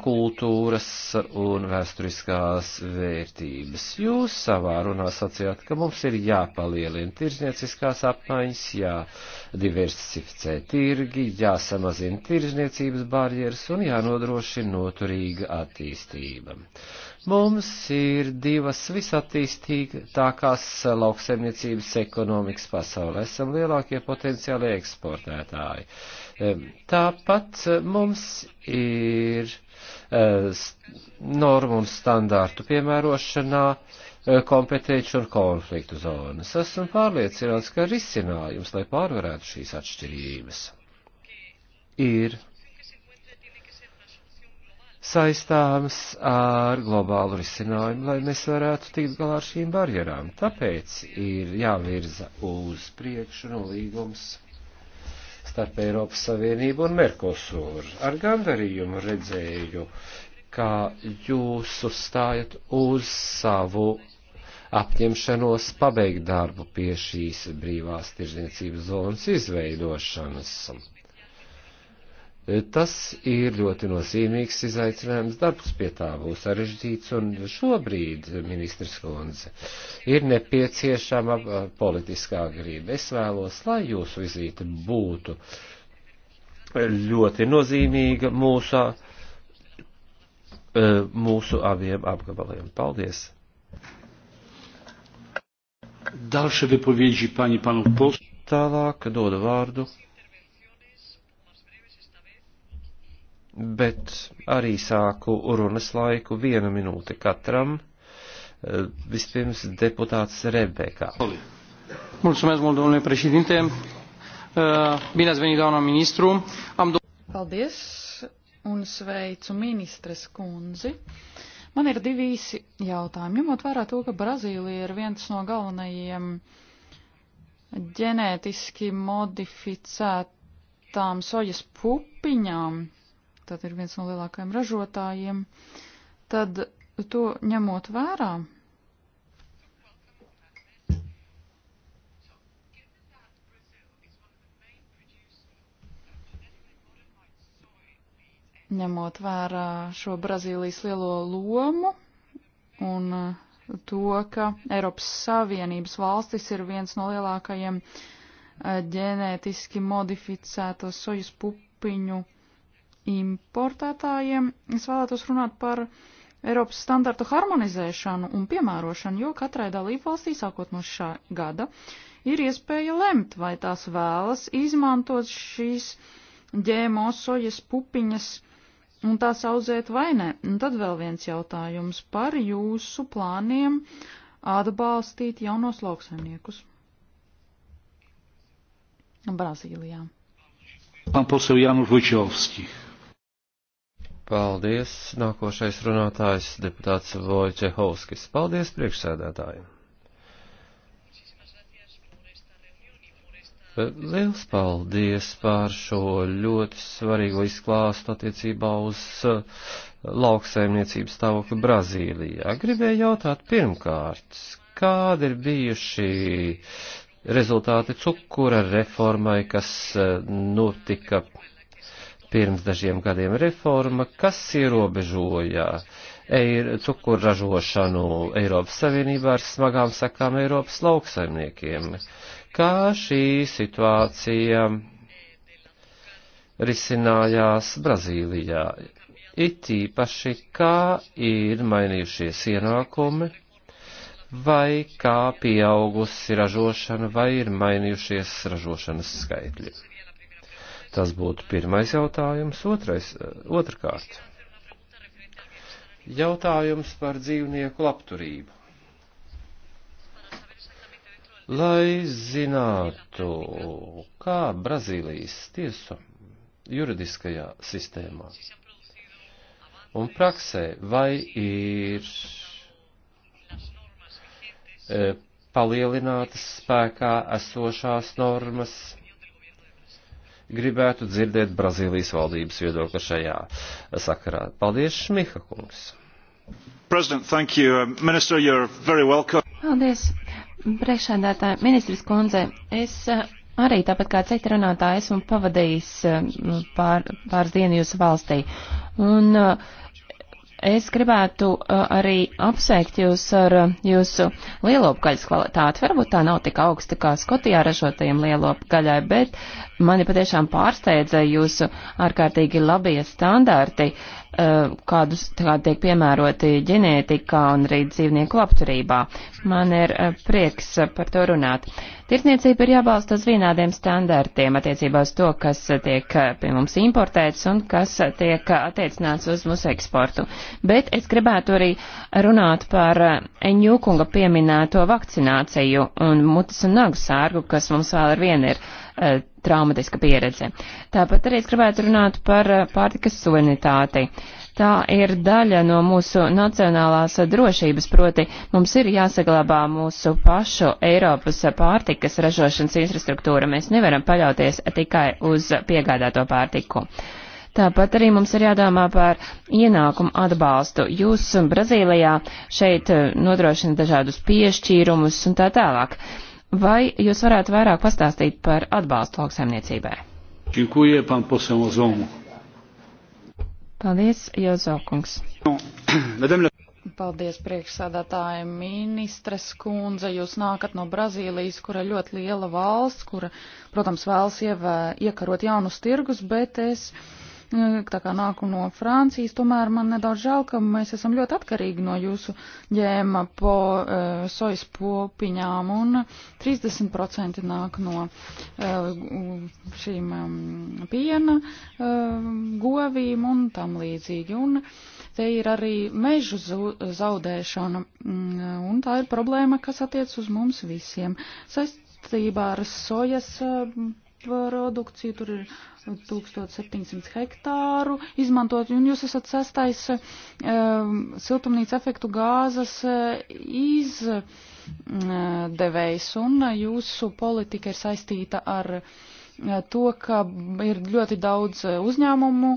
kultūras un vēsturiskās vērtības. Jūs savā runā sacījāt, ka mums ir jāpalielina tirzniecīskās apmaiņas, jādiversificē tirgi, jāsamazina tirzniecības barjeras un jānodrošina noturīga attīstība. Mums ir divas visattīstītākās lauksaimniecības ekonomikas pasaulē. Esam lielākie potenciālie eksportētāji. Tāpat mums ir e, normu un standārtu piemērošanā e, kompetenci un konfliktu zonas. Esmu pārliecināts, ka risinājums, lai pārvarētu šīs atšķirības, ir saistāms ar globālu risinājumu, lai mēs varētu tikt galā ar šīm barjerām. Tāpēc ir jāvirza uz priekšu no līgums starp Eiropas Savienību un Merkosūru. Ar gandarījumu redzēju, kā jūs uzstājat uz savu apņemšanos pabeigt darbu pie šīs brīvās tirzniecības zonas izveidošanas E, tas ir ļoti nozīmīgs izaicinājums, darbs pie tā būs sarežģīts, un šobrīd, ministrs Lundze, ir nepieciešama politiskā grība. Es vēlos, lai jūsu vizīte būtu ļoti nozīmīga mūsu, mūsu abiem apgabaliem. Paldies! Dalsze wypowiedzi pani panów posłów. Tālāk dodu vārdu bet arī sāku runas laiku vienu minūti katram. Eh, vispirms deputāts Rebeka. Mulțumesc mult, domnule președinte. Eh, bine ați venit, doamna ministru. Am Paldies un sveicu ministres kundzi. Man ir divi īsi jautājumi. Ņemot vērā to, ka Brazīlija ir viens no galvenajiem ģenētiski modificētām sojas pupiņām, tad ir viens no lielākajiem ražotājiem, tad to ņemot vērā. Ņemot vērā šo Brazīlijas lielo lomu un uh, to, ka Eiropas Savienības valstis ir viens no lielākajiem uh, ģenētiski modificēto sojas pupiņu importētājiem, es vēlētos runāt par Eiropas standartu harmonizēšanu un piemērošanu, jo katrai dalībvalstī sākot no šā gada ir iespēja lemt, vai tās vēlas izmantot šīs ģēmo sojas pupiņas un tās audzēt vai nē. Un tad vēl viens jautājums par jūsu plāniem atbalstīt jaunos lauksaimniekus. Brazīlijā. Pan posel Janus Vojčovskis. Paldies. Nākošais runātājs deputāts Vojčehovskis. Paldies priekšsēdētājiem. Liels paldies par šo ļoti svarīgo izklāstu attiecībā uz uh, lauksaimniecības stāvokli Brazīlijā. Gribēju jautāt pirmkārt, kādi ir bijuši rezultāti cukura reformai, kas uh, notika pirms dažiem gadiem reforma, kas ierobežoja eir, cukurražošanu Eiropas Savienībā ar smagām sakām Eiropas lauksaimniekiem. Kā šī situācija risinājās Brazīlijā? It īpaši, kā ir mainījušies ienākumi, vai kā pieaugusi ražošana, vai ir mainījušies ražošanas skaitļi. Tas būtu pirmais jautājums. Otrais, eh, otrkārt, jautājums par dzīvnieku labturību. Lai zinātu, kā Brazīlijas tiesu juridiskajā sistēmā un praksē, vai ir e, palielinātas spēkā esošās normas, gribētu dzirdēt Brazīlijas valdības viedokli šajā sakarā. Paldies, Šmiha kungs! You. Minister, Paldies, priekšādātāji, ministrs kundze. Es eh, arī, tāpat kā citi runātāji, esmu pavadījis eh, pār, pāris dienu jūsu valstī. Un eh, Es gribētu uh, arī apsveikt jūs ar uh, jūsu lielopgaļas kvalitāti. Varbūt tā nav tik augsta kā Skotijā ražotajiem lielopgaļai, bet mani patiešām pārsteidza jūsu ārkārtīgi labie standarti. Uh, Eh, kādus kādi tiek piemēroti ģenētikā un arī dzīvnieku labturībā. Man ir eh, prieks eh, par to runāt. Tirzniecība ir jābalsta uz vienādiem standartiem attiecībā uz to, kas tiek pie mums importēts un kas tiek attiecināts uz mūsu eksportu. Bet es gribētu arī runāt par Eņūkunga pieminēto vakcināciju un mutes un nagu sārgu, kas mums vēl ar vienu ir E, traumatiska pieredze. Tāpat arī es gribētu runāt par e, pārtikas suverenitāti. Tā ir daļa no mūsu nacionālās drošības, proti mums ir jāsaglabā mūsu pašu Eiropas pārtikas ražošanas infrastruktūra. Mēs nevaram paļauties tikai uz piegādāto pārtiku. Tāpat arī mums ir jādomā par ienākumu atbalstu. Jūs Brazīlijā šeit e, nodrošina dažādus piešķīrumus un tā tālāk. Uh, Vai jūs varētu vairāk pastāstīt par atbalstu lauksaimniecībai? Paldies, Jozokungs. Paldies, priekšsādātāja ministres kundze. Jūs nākat no Brazīlijas, kura ir ļoti liela valsts, kura, protams, vēlas ievē, iekarot jaunus tirgus, bet es. Uh, tā kā nāku no Francijas, tomēr man nedaudz žēl, ka mēs esam ļoti atkarīgi no jūsu ģēma po uh, sojas popiņām, un 30% nāk no uh, šīm um, piena uh, govīm un tam līdzīgi. Un, uh, te ir arī mežu zaudēšana, mm, un tā ir problēma, kas attiec uz mums visiem. Saistībā ar sojas produkciju, tur ir 1700 hektāru izmantot, un jūs esat sastais um, siltumnīca efektu gāzes eh, izdevējs, un jūsu politika ir saistīta ar eh, to, ka ir ļoti daudz eh, uzņēmumu,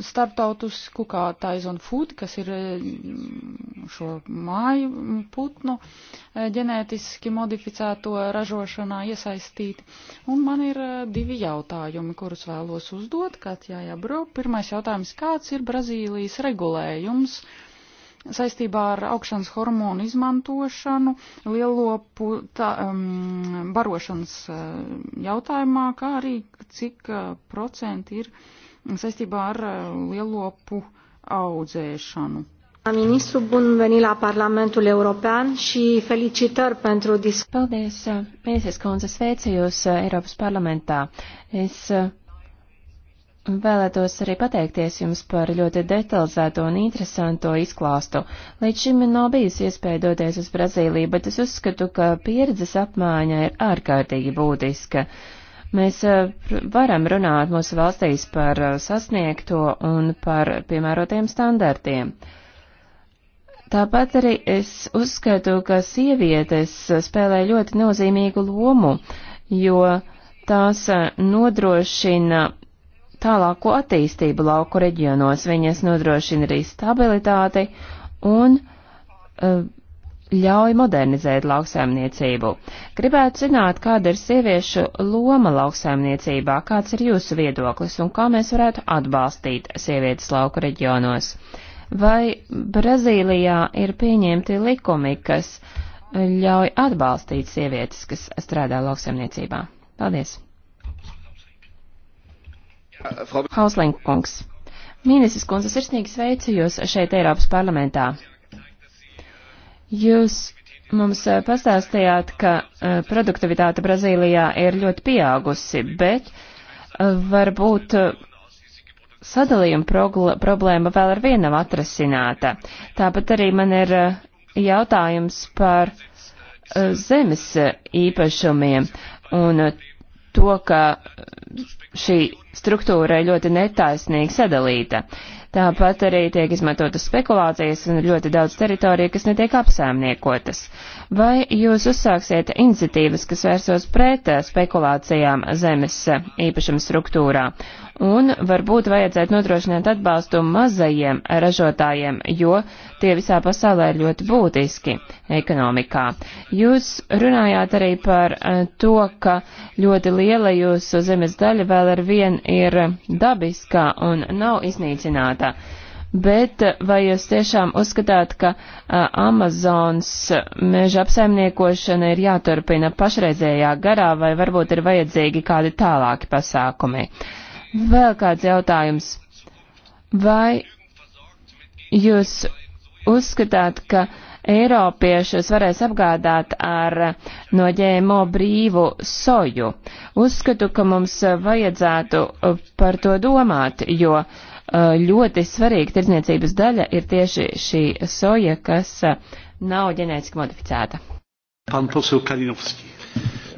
starptautisku, kā Taizon Food, kas ir mm, šo māju putnu e, ģenētiski modificēto ražošanā iesaistīti. Un man ir e, divi jautājumi, kurus vēlos uzdot Katjā Jabro. Pirmais jautājums, kāds ir Brazīlijas regulējums? saistībā ar augšanas hormonu izmantošanu, lielopu tā, um, barošanas uh, jautājumā, kā arī cik uh, procenti ir uh, saistībā ar eh, lielopu audzēšanu. Ministru, bun venit la Parlamentul European și felicitări pentru discuție. Paldies, Pēcies kundze, sveicu jūs eh, Eiropas parlamentā. Es eh, Vēlētos arī pateikties jums par ļoti detalizēto un interesanto izklāstu. Līdz šim man nav bijis iespēja doties uz Brazīliju, bet es uzskatu, ka pieredzes apmaiņa ir ārkārtīgi būtiska. Mēs eh, varam runāt mūsu valstīs par eh, sasniegto un par piemērotiem standartiem. Tāpat arī es uzskatu, ka sievietes spēlē ļoti nozīmīgu lomu, jo tās eh, nodrošina tālāko attīstību lauku reģionos. Viņas nodrošina arī stabilitāti un uh, ļauj modernizēt lauksaimniecību. Gribētu zināt, kāda ir sieviešu loma lauksaimniecībā, kāds ir jūsu viedoklis un kā mēs varētu atbalstīt sievietes lauku reģionos. Vai Brazīlijā ir pieņemti likumi, kas ļauj atbalstīt sievietes, kas strādā lauksaimniecībā? Paldies! Hauslinkungs. Ministrs kundze sirsnīgi sveicu jūs šeit Eiropas parlamentā. Jūs mums eh, pastāstījāt, ka eh, produktivitāte Brazīlijā ir ļoti pieaugusi, bet eh, varbūt sadalījuma problēma vēl ar vienu nav atrasināta. Tāpat arī man ir jautājums par zemes īpašumiem un to, ka šī struktūra ir ļoti netaisnīgi sadalīta. Tāpat arī tiek izmantotas spekulācijas un ļoti daudz teritoriju, kas netiek apsaimniekotas. Vai jūs uzsāksiet iniciatīvas, kas vērsos pret eh, spekulācijām zemes eh, īpašuma struktūrā? Un varbūt vajadzētu nodrošināt atbalstu mazajiem ražotājiem, jo tie visā pasaulē ir ļoti būtiski ekonomikā. Jūs runājāt arī par eh, to, ka ļoti liela jūsu zemes daļa vēl ar vien ir dabiskā un nav iznīcinātā. Bet vai jūs tiešām uzskatāt, ka a, Amazonas meža apsaimniekošana ir jāturpina pašreizējā garā, vai varbūt ir vajadzīgi kādi tālāki pasākumi? Vēl kāds jautājums. Vai jūs uzskatāt, ka uh, Eiropiešus varēs apgādāt ar no ģēmo brīvu soju. Uzskatu, ka mums vajadzētu uh, par to domāt, jo uh, ļoti svarīga tirdzniecības daļa ir tieši šī soja, kas uh, nav ģenētiski modificēta. Pan poseł Kalinowski.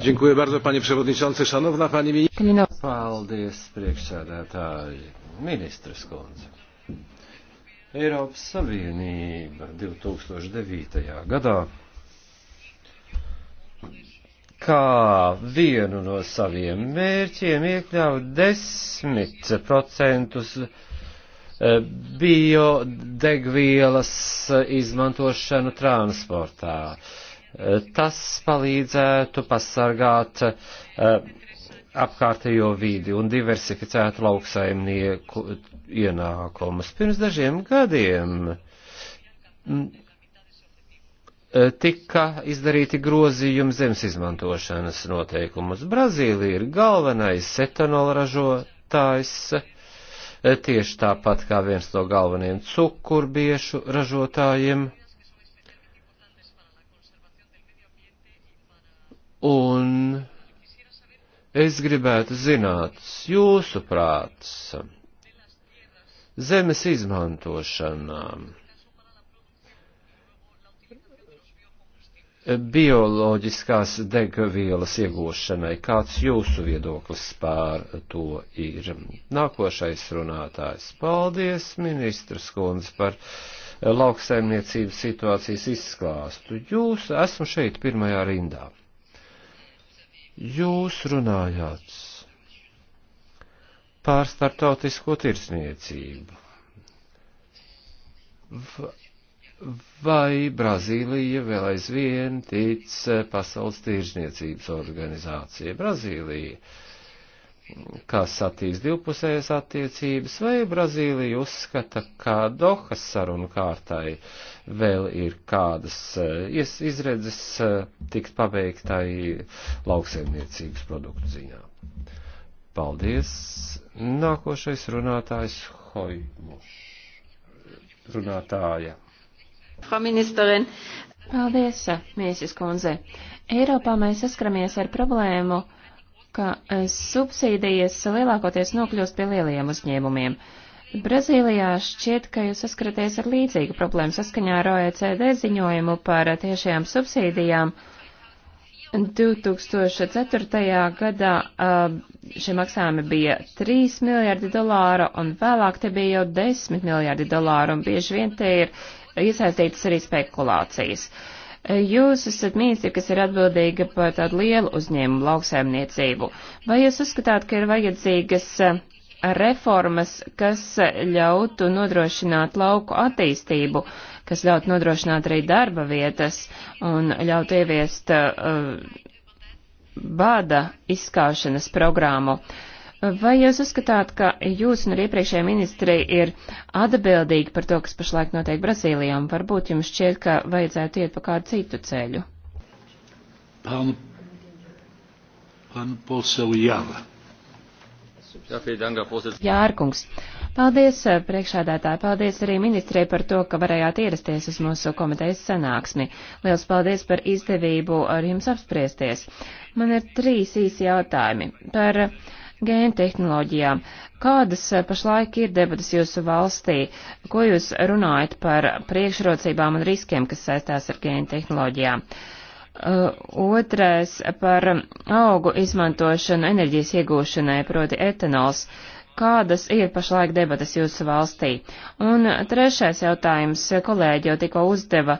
Dziękuję bardzo, panie przewodniczący. Szanowna pani minister. Paldies, priekšsēdētāji. Ministres kundze. Eiropas Savienība 2009. gadā kā vienu no saviem mērķiem iekļauj 10% eh, biodegvielas izmantošanu transportā. Eh, tas palīdzētu pasargāt eh, apkārtējo vidi un diversificētu lauksaimnieku ienākumus. Pirms dažiem gadiem mm, e, tika izdarīti grozījumi zemes izmantošanas noteikumus. Brazīlija ir galvenais etanola ražotājs, e, tieši tāpat kā viens no galvenajiem cukurbiešu ražotājiem. Un es gribētu zināt, jūsu prāts zemes izmantošanām. bioloģiskās degvielas iegūšanai. Kāds jūsu viedoklis pār to ir? Nākošais runātājs. Paldies, ministrs Kundze, par lauksaimniecības situācijas izklāstu. Jūs esmu šeit pirmajā rindā. Jūs runājāt pār startautisko tirsniecību. V vai Brazīlija vēl aizvien tic Pasaules tirsniecības organizācija? Brazīlija, kas attīst divpusējas attiecības, vai Brazīlija uzskata, ka Dohas sarunu kārtai vēl ir kādas eh, izredzes eh, tikt pabeigtai lauksaimniecības produktu ziņā? Paldies! Nākošais runātājs Hoimuš. Runātāja. Frau ministerin. Paldies, miesis kundze. Eiropā mēs saskaramies ar problēmu, ka eh, subsīdijas lielākoties nokļūst pie lielajiem uzņēmumiem. Brazīlijā šķiet, ka jūs saskaraties ar līdzīgu problēmu saskaņā ar OECD ziņojumu par tiešajām subsīdijām. Uh, 2004. gadā uh, šie maksājumi bija 3 miljārdi dolāru, un vēlāk te bija jau 10 miljārdi dolāru, un bieži vien te ir iesaistītas arī spekulācijas. Uh, jūs esat ministri, kas ir atbildīga par tādu lielu uzņēmumu lauksaimniecību. Vai jūs uzskatāt, ka ir vajadzīgas uh, reformas, kas ļautu nodrošināt lauku attīstību? Uh, kas ļaut nodrošināt arī darba vietas un ļaut ieviest uh, bāda izskaušanas programmu. Vai jūs uzskatāt, ka jūs un arī iepriekšējā ministri ir atbildīgi par to, kas pašlaik notiek Brazīlijā, un varbūt jums šķiet, ka vajadzētu iet pa kādu citu ceļu? Pan, pan Polsevjava. Jārkungs. Paldies eh, priekšādātāji, paldies arī ministrē par to, ka varējāt ierasties uz mūsu komitejas sanāksmi. Liels paldies par izdevību ar jums apspriesties. Man ir trīs īsi jautājumi par gēnu tehnoloģijām. Kādas eh, pašlaik ir debatas jūsu valstī? Ko jūs runājat par priekšrocībām un riskiem, kas saistās ar gēnu tehnoloģijām? Uh, Uh, otrais par augu izmantošanu enerģijas iegūšanai, proti etanols. Kādas ir pašlaik debatas jūsu valstī? Un trešais jautājums kolēģi jau tikko uzdeva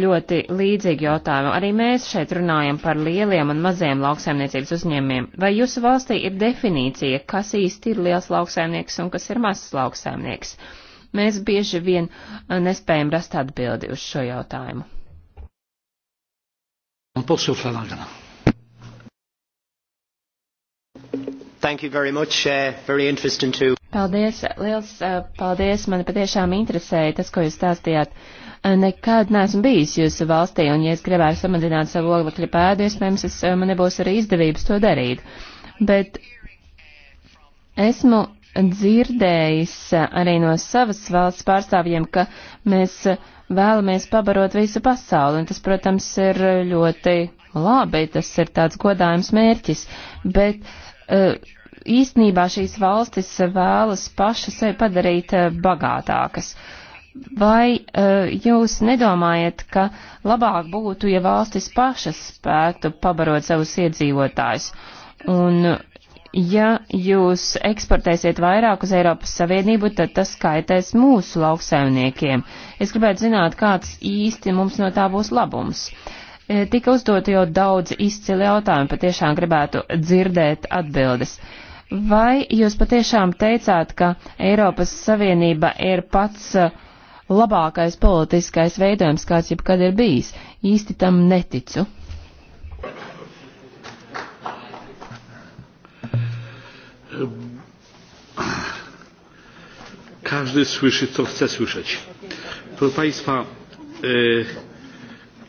ļoti līdzīgu jautājumu. Arī mēs šeit runājam par lieliem un maziem lauksaimniecības uzņēmiem. Vai jūsu valstī ir definīcija, kas īsti ir liels lauksaimnieks un kas ir mazs lauksaimnieks? Mēs bieži vien nespējam rast atbildi uz šo jautājumu. Un posso Flanagan. Thank you very much. Uh, very interesting too. Paldies, liels uh, paldies. Man patiešām interesēja tas, ko jūs stāstījāt. Uh, nekad neesmu bijis jūsu valstī, un ja es gribētu samazināt savu oglekļa pēdu, iespējams, es, uh, man nebūs arī izdevības to darīt. Bet esmu dzirdējis eh, arī no savas valsts pārstāvjiem, ka mēs eh, vēlamies pabarot visu pasauli, un tas, protams, ir ļoti labi, tas ir tāds godājums mērķis, bet eh, īstenībā šīs valstis vēlas paša sevi padarīt bagātākas. Vai uh, jūs nedomājat, ka labāk būtu, ja valstis pašas spētu pabarot savus iedzīvotājus? Un ja jūs eksportēsiet vairāk uz Eiropas Savienību, tad tas kaitēs mūsu lauksaimniekiem. Es gribētu zināt, kāds īsti mums no tā būs labums. E, tika uzdot jau daudz izcili jautājumi, patiešām gribētu dzirdēt atbildes. Vai jūs patiešām teicāt, ka Eiropas Savienība ir pats e, labākais politiskais veidojums, kāds jebkad ir bijis? Īsti tam neticu. Każdy słyszy, co chce słyszeć. Proszę Państwa,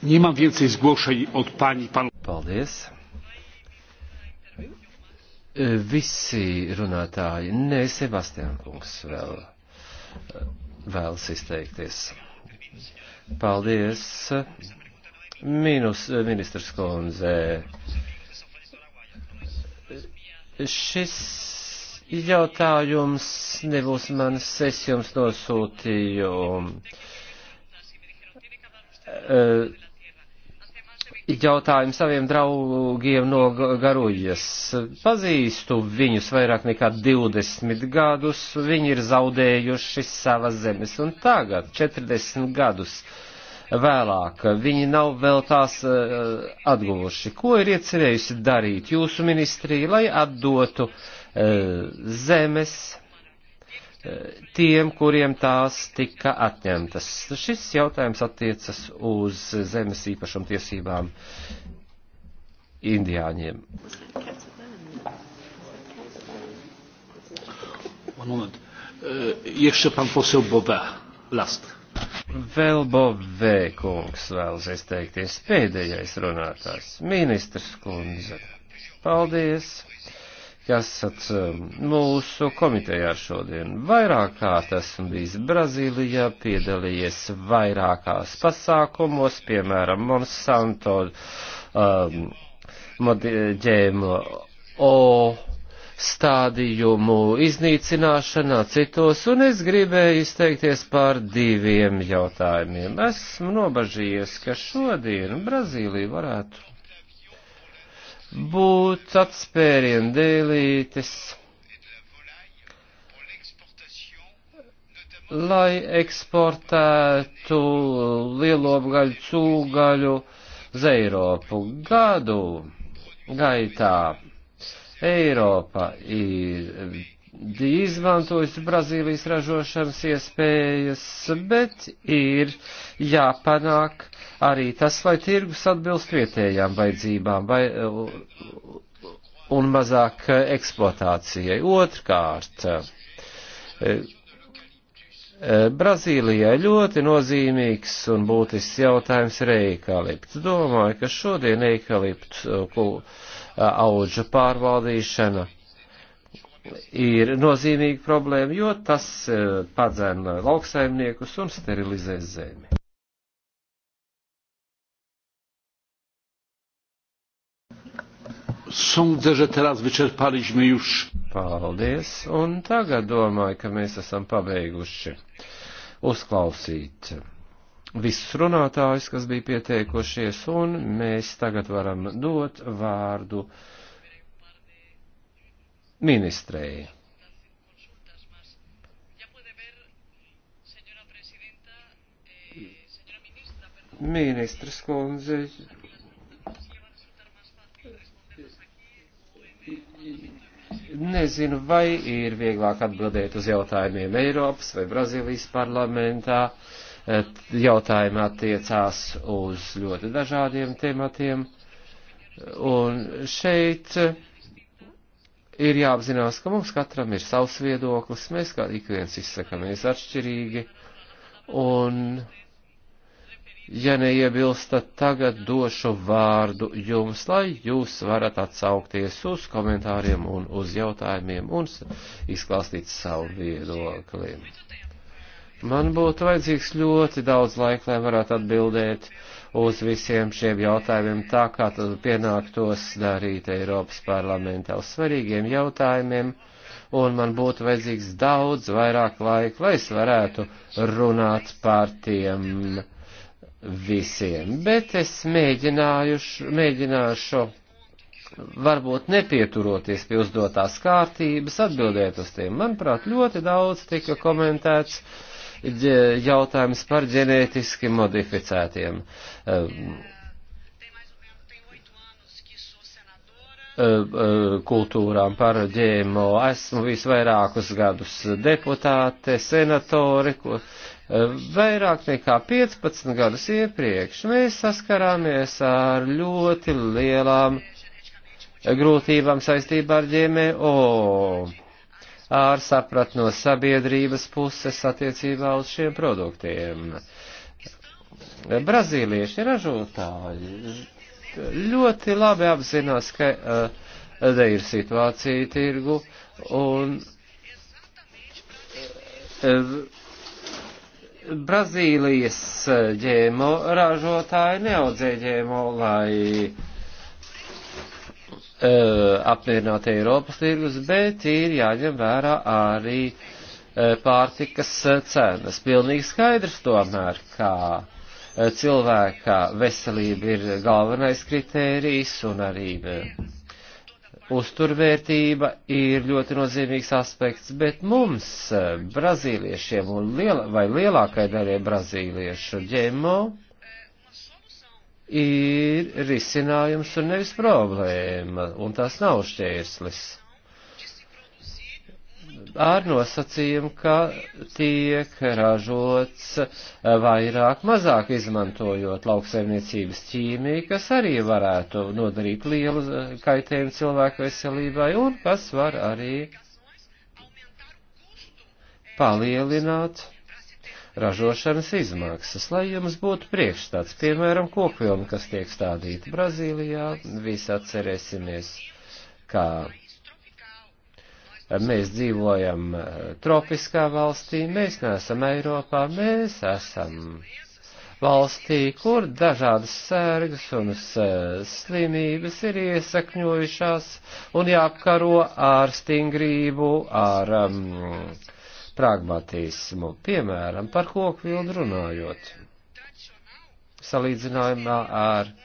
nie mam więcej zgłoszeń od Pani i Panów. Paldies. Visi runātāji, nē, Sebastian kungs vēl, vēlas izteikties. Paldies, minus, ministrs kundze. Šis jautājums nebūs mans, es jums nosūtīju eh, jautājumu saviem draugiem no Garujas. Pazīstu viņus vairāk nekā 20 gadus, viņi ir zaudējuši savas zemes, un tagad, 40 gadus vēlāk, viņi nav vēl tās eh, atguvuši. Ko ir iecerējusi darīt jūsu ministrija, lai atdotu uh, E, zemes e, tiem, kuriem tās tika atņemtas. Šis jautājums attiecas uz zemes īpašumtiesībām indiāņiem. E, Vēl Bobē kungs vēlas izteikties pēdējais runātājs. Ministrs kundze. Paldies esat um, mūsu komitejā šodien. Vairāk kārt esmu bijis Brazīlijā, piedalījies vairākās pasākumos, piemēram, Monsanto um, ģēmo O stādījumu iznīcināšanā citos, un es gribēju izteikties par diviem jautājumiem. Esmu nobažījies, ka šodien Brazīlija varētu būt atspērienu dēlītes, lai eksportētu lielopgaļu, cūgaļu uz Eiropu. Gadu gaitā Eiropa ir izmantojusi Brazīlijas ražošanas iespējas, bet ir jāpanāk arī tas, lai tirgus atbilst vietējām vajadzībām vai, un mazāk eksploatācijai. Otrkārt, e, e, Brazīlijai ļoti nozīmīgs un būtisks jautājums ir eikalipts. Domāju, ka šodien eikalipts e, auga pārvaldīšana ir nozīmīga problēma, jo tas padzēna lauksaimniekus un sterilizē zemi. Sądzę, że teraz wyczerpaliśmy już. Paldies. Un tagad domāju, ka mēs esam pabeiguši uzklausīt visus runātājus, kas bija pieteikušies, un mēs tagad varam dot vārdu ministrei. Ministrs kundze, Nezinu, vai ir vieglāk atbildēt uz jautājumiem Eiropas vai Brazīlijas parlamentā. Eh, jautājumi attiecās uz ļoti dažādiem tematiem. Un šeit eh, ir jāapzinās, ka mums katram ir savs viedoklis, mēs kā ik viens izsakamies atšķirīgi, un Ja neiebilstat, tagad došu vārdu jums, lai jūs varat atsaukties uz komentāriem un uz jautājumiem un izklāstīt savu viedokli. Man būtu vajadzīgs ļoti daudz laika, lai varētu atbildēt uz visiem šiem jautājumiem tā, kā tad pienāktos darīt Eiropas parlamentā uz svarīgiem jautājumiem un man būtu vajadzīgs daudz vairāk laika, lai es varētu runāt par tiem visiem, bet es mēģināšu, varbūt nepieturoties pie uzdotās kārtības, atbildēt uz tiem. Manuprāt, ļoti daudz tika komentēts jautājums par ģenētiski modificētiem. Um, um, kultūrām par ģēmo. Esmu visvairākus gadus deputāte, senatori, ko, uh, Vairāk nekā 15 gadus iepriekš mēs saskarāmies ar ļoti lielām grūtībām saistībā ar ģēmēo, ar saprat no sabiedrības puses attiecībā uz šiem produktiem. Brazīlieši ražotāji ļoti labi apzinās, ka uh, te ir situācija tirgu un uh, Brazīlijas e, ģēmo ražotāji neaudzē ģēmo, lai e, apmierināt Eiropas tirgus, bet ir jāņem vērā arī e, pārtikas cenas. Pilnīgi skaidrs tomēr, ka cilvēka veselība ir galvenais kritērijs un arī uzturvērtība ir ļoti nozīmīgs aspekts, bet mums, eh, brazīliešiem un liela, vai lielākai daļai brazīliešu ģemo, ir risinājums un nevis problēma, un tas nav šķērslis ar nosacījumu, ka tiek ražots eh, vairāk mazāk izmantojot lauksaimniecības ķīmiju, kas arī varētu nodarīt lielu eh, kaitējumu cilvēku veselībai un kas var arī palielināt ražošanas izmaksas, lai jums būtu priekšstats, piemēram, kokvilni, kas tiek stādīti Brazīlijā, visi atcerēsimies, kā Mēs dzīvojam eh, tropiskā valstī, mēs neesam Eiropā, mēs esam valstī, kur dažādas sērgas un eh, slimības ir iesakņojušās un jāapkaro ar stingrību, ar um, pragmatismu. Piemēram, par kokvildu runājot, salīdzinājumā ar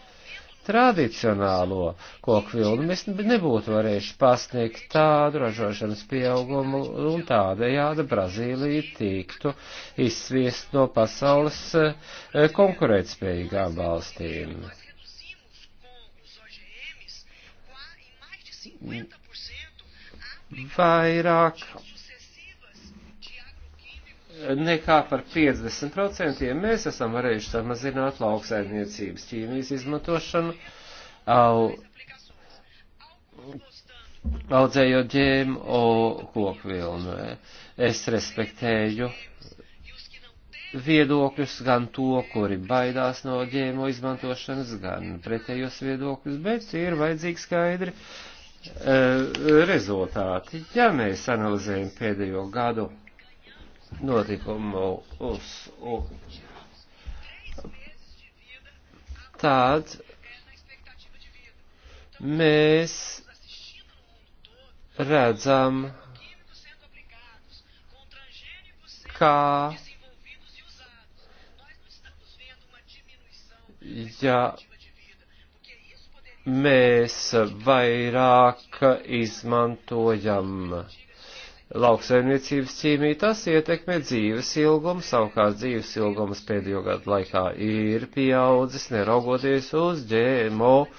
tradicionālo koku vilnu, mēs nebūtu varējuši pasniegt tādu ražošanas pieaugumu un tādējādi Brazīlija tiktu izsviest no pasaules eh, konkurētspējīgām valstīm. Vairāk nekā par 50% mēs esam varējuši samazināt lauksaimniecības ķīmijas izmantošanu, au, audzējot ģēmo kokvilnu. Es respektēju viedokļus gan to, kuri baidās no ģēmo izmantošanas, gan pretējos viedokļus, bet ir vajadzīgi skaidri uh, rezultāti. Ja mēs analizējam pēdējo gadu notikumu uz. uz. Tād mēs redzam, kā ja mēs vairāk izmantojam lauksaimniecības ķīmiju, tas ietekmē dzīves ilgumu, savukārt dzīves ilgums pēdējo gadu laikā ir pieaudzis, neraugoties uz ģēmo uh,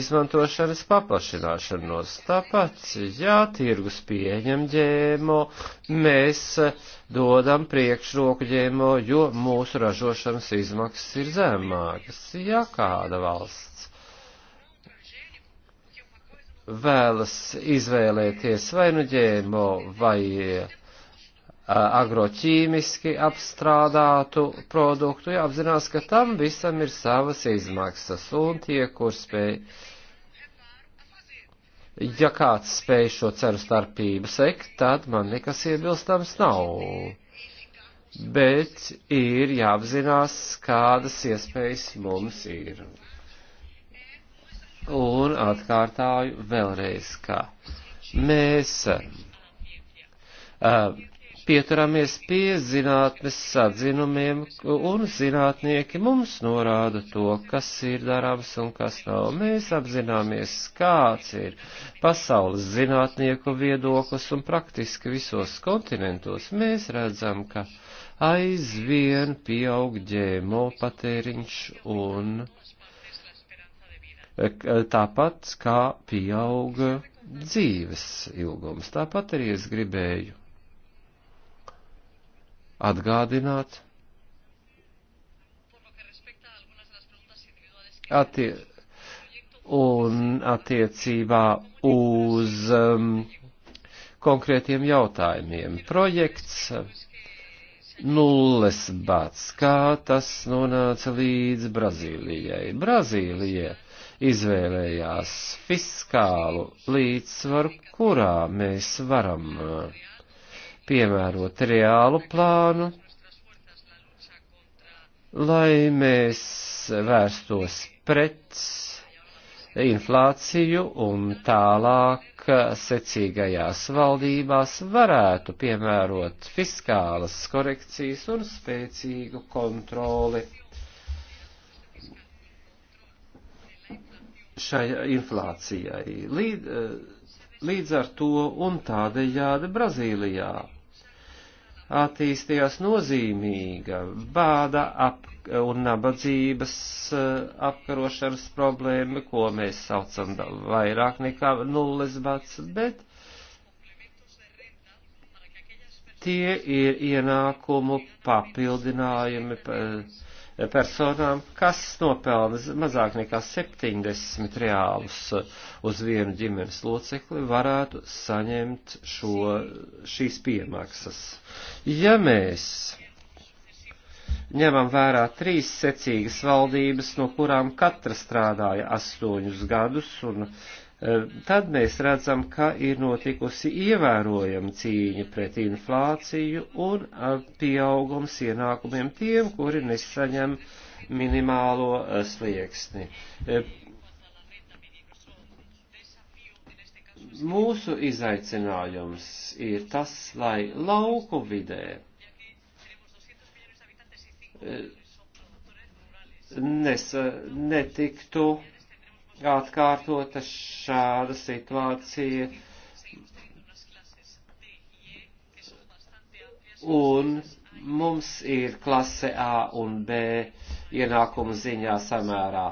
izmantošanas paplašināšanos. Tāpat, ja tirgus pieņem ģēmo, mēs dodam priekšroku ģēmo, jo mūsu ražošanas izmaksas ir zemākas. Ja kāda valsts vēlas izvēlēties vai nu ģēmo vai agroķīmiski apstrādātu produktu, jāapzinās, ka tam visam ir savas izmaksas un tie, kur spēj, ja kāds spēj šo ceru starpību sekt, tad man nekas iebilstams nav. Bet ir jāapzinās, kādas iespējas mums ir. Un atkārtāju vēlreiz, ka mēs uh, pieturamies pie zinātnes sadzinumiem, un zinātnieki mums norāda to, kas ir darāms un kas nav. Mēs apzināmies, kāds ir pasaules zinātnieku viedoklis, un praktiski visos kontinentos mēs redzam, ka aizvien pieaug ģēmo patēriņš un tāpat kā pieaug dzīves ilgums. Tāpat arī es gribēju atgādināt attie un attiecībā uz um, konkrētiem jautājumiem. Projekts nulles bats, kā tas nonāca līdz Brazīlijai. Brazīlijai izvēlējās fiskālu līdzsvaru, kurā mēs varam eh, piemērot reālu plānu, lai mēs vērstos pret inflāciju un tālāk secīgajās valdībās varētu piemērot fiskālas korekcijas un spēcīgu kontroli šai inflācijai. Līd, eh, līdz ar to un tādējādi Brazīlijā attīstījās nozīmīga bāda ap, un nabadzības eh, apkarošanas problēma, ko mēs saucam vairāk nekā nulles bats, bet tie ir ienākumu papildinājumi. Pa, personām, kas nopelna mazāk nekā 70 reālus eh, uz vienu ģimenes locekli, varētu saņemt šo, šīs piemaksas. Ja mēs ņemam vērā trīs secīgas valdības, no kurām katra strādāja astoņus gadus un Eh, tad mēs redzam, ka ir notikusi ievērojama cīņa pret inflāciju un eh, pieaugums ienākumiem tiem, kuri nesaņem minimālo eh, slieksni. Mūsu izaicinājums ir tas, lai lauku vidē nes, netiktu atkārtota šāda situācija. Un mums ir klase A un B ienākumu ziņā samērā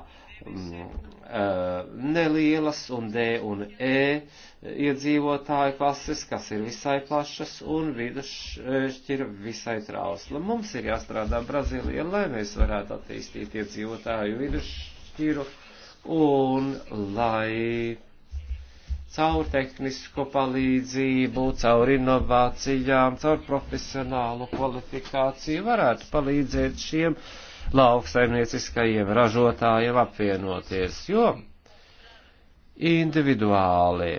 mm, eh, nelielas un D un E iedzīvotāju klases, kas ir visai plašas un vidusšķira eh, visai trausla. Mums ir jāstrādā Brazīlijā, lai mēs varētu attīstīt iedzīvotāju vidusšķiru. Uh, un lai caur tehnisko palīdzību, caur inovācijām, caur profesionālu kvalifikāciju varētu palīdzēt šiem lauksaimnieciskajiem ražotājiem apvienoties, jo individuāli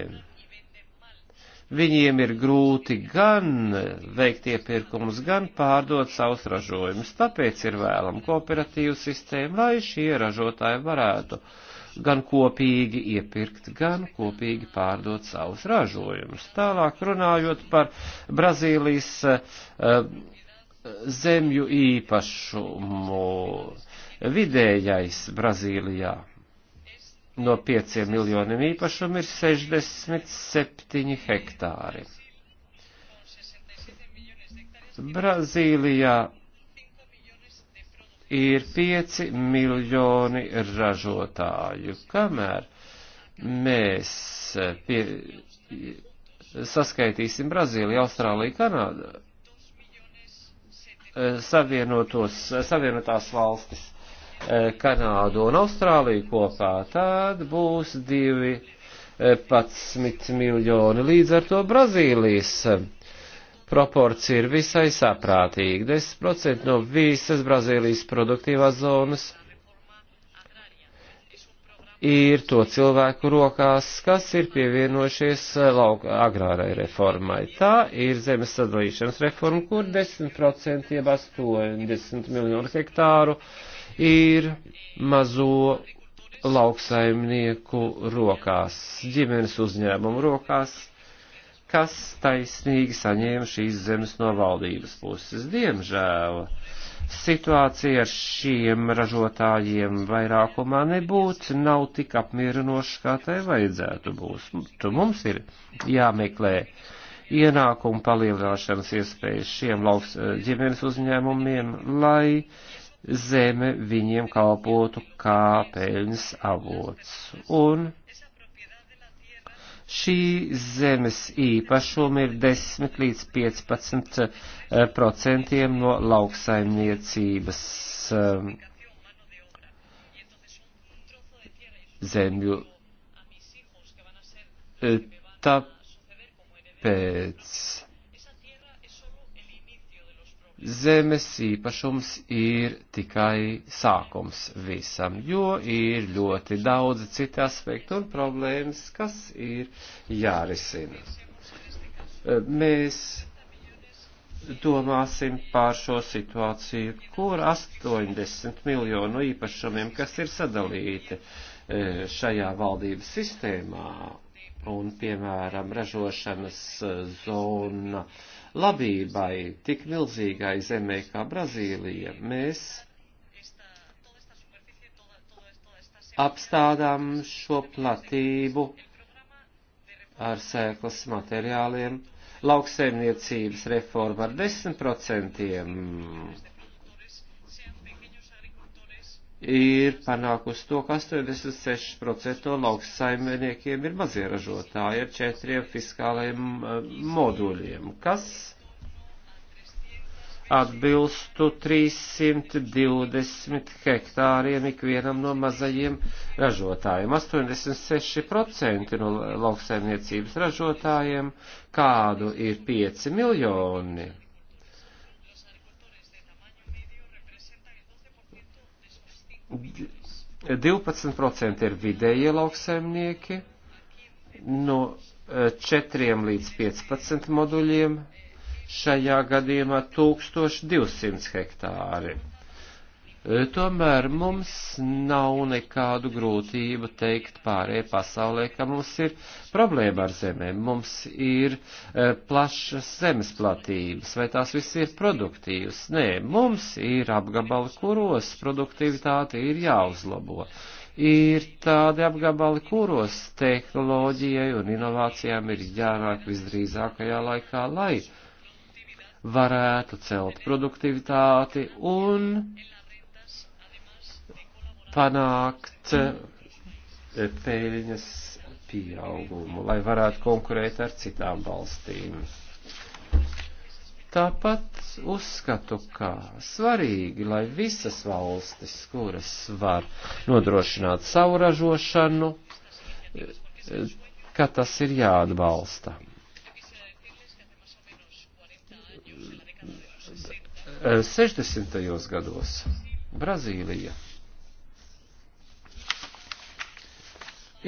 viņiem ir grūti gan veikt iepirkumus, gan pārdot savus ražojumus. Tāpēc ir vēlama kooperatīva sistēma, lai šie ražotāji varētu uh, gan kopīgi iepirkt, gan kopīgi pārdot savus ražojumus. Tālāk runājot par Brazīlijas uh, zemju īpašumu vidējais Brazīlijā no 5 miljoniem īpašumu ir 67 hektāri. Brazīlijā ir 5 miljoni ražotāju, kamēr mēs eh, pie, saskaitīsim Brazīliju, Austrāliju, Kanādu, eh, savienotos, eh, savienotās valstis, Kanādu un Austrāliju kopā, tad būs 2,11 miljoni. Līdz ar to Brazīlijas proporcija ir visai saprātīga. 10% no visas Brazīlijas produktīvās zonas ir to cilvēku rokās, kas ir pievienojušies eh, lauka agrārai reformai. Tā ir zemes sadalīšanas reforma, kur 10% jeb 80 miljonu hektāru ir mazo lauksaimnieku rokās, ģimenes uzņēmumu rokās kas taisnīgi saņēma šīs zemes no valdības puses. Diemžēl situācija ar šiem ražotājiem vairākumā nebūtu, nav tik apmierinoša, kā tai vajadzētu būt. Tu mums ir jāmeklē ienākumu palielināšanas iespējas šiem lauks ģimenes uzņēmumiem, lai zeme viņiem kalpotu kā peļņas avots. Un Šī zemes īpašuma ir 10 līdz 15 eh, procentiem no lauksaimniecības eh, zemju. Eh, tāpēc zemes īpašums ir tikai sākums visam, jo ir ļoti daudz citi aspekti un problēmas, kas ir jārisina. Mēs domāsim pār šo situāciju, kur 80 miljonu īpašumiem, kas ir sadalīti e, šajā valdības sistēmā, un, piemēram, ražošanas e, zona, uh, labībai tik milzīgai zemē kā Brazīlija, mēs apstādām šo platību ar sēklas materiāliem. Lauksaimniecības reforma ar 10% ir panākusi to, ka 86% no lauksaimniekiem ir mazie ražotāji ar četriem fiskālajiem moduļiem, kas atbilstu 320 hektāriem ikvienam no mazajiem ražotājiem. 86% no lauksaimniecības ražotājiem, kādu ir 5 miljoni 12% ir vidējie lauksaimnieki, no 4 e, līdz 15 moduļiem, šajā gadījumā 1200 hektāri. E, tomēr mums nav nekādu grūtību teikt pārējai pasaulē, ka mums ir problēma ar zemēm, mums ir e, plašas zemes platības, vai tās viss ir produktīvas. Nē, mums ir apgabali, kuros produktivitāte ir jāuzlabo. Ir tādi apgabali, kuros tehnoloģijai un inovācijām ir jānāk visdrīzākajā laikā, lai varētu celt produktivitāti un panākt eh, peļņas pieaugumu, lai varētu konkurēt ar citām valstīm. Tāpat uzskatu, ka svarīgi, lai visas valstis, kuras var nodrošināt savu ražošanu, ka tas ir jāatbalsta. Sešdesmitajos gados Brazīlija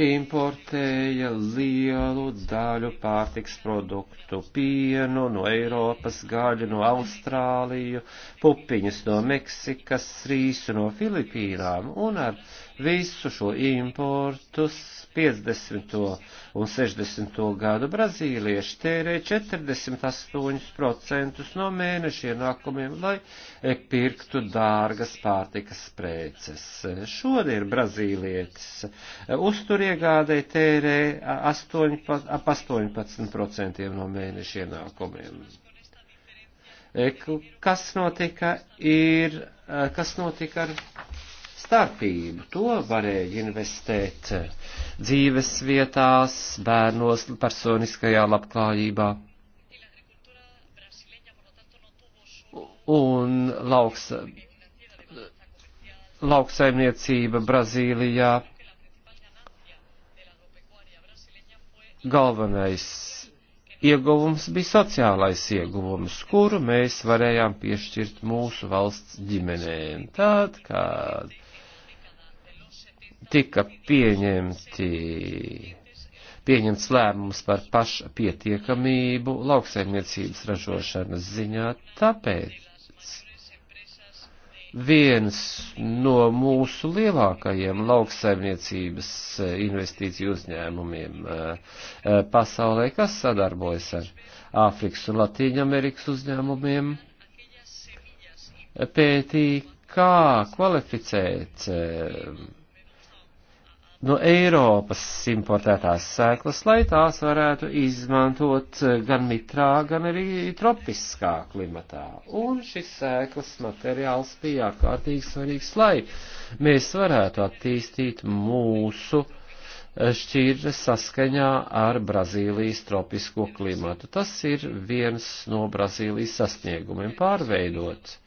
importēja lielu daļu pārtiks produktu, pienu no Eiropas, gaļu no Austrāliju, pupiņas no Meksikas, rīsu no Filipīnām, un ar visu šo importus 50. un 60. gadu brazīlieši tērē 48% no mēneša ienākumiem, lai e, pirktu dārgas pārtikas preces. Šodien brazīlietis e, uzturiegādē tērē 8, ap 18% no mēneša ienākumiem. E, kas notika, ir, kas notika ar starpību. To varēja investēt dzīves vietās, bērnos, personiskajā labklājībā. Un lauks, lauksaimniecība Brazīlijā galvenais ieguvums bija sociālais ieguvums, kuru mēs varējām piešķirt mūsu valsts ģimenēm. Tad, kad tika pieņemti, pieņemts lēmums par pašpietiekamību lauksaimniecības ražošanas ziņā, tāpēc viens no mūsu lielākajiem lauksaimniecības investīciju uzņēmumiem eh, eh, pasaulē, kas sadarbojas ar Āfrikas un Latīņa Amerikas uzņēmumiem, eh, pētīja, kā kvalificēt no Eiropas importētās sēklas, lai tās varētu izmantot gan mitrā, gan arī tropiskā klimatā. Un šis sēklas materiāls bija ārkārtīgi svarīgs, lai mēs varētu attīstīt mūsu šķirne saskaņā ar Brazīlijas tropisko klimatu. Tas ir viens no Brazīlijas sasniegumiem pārveidot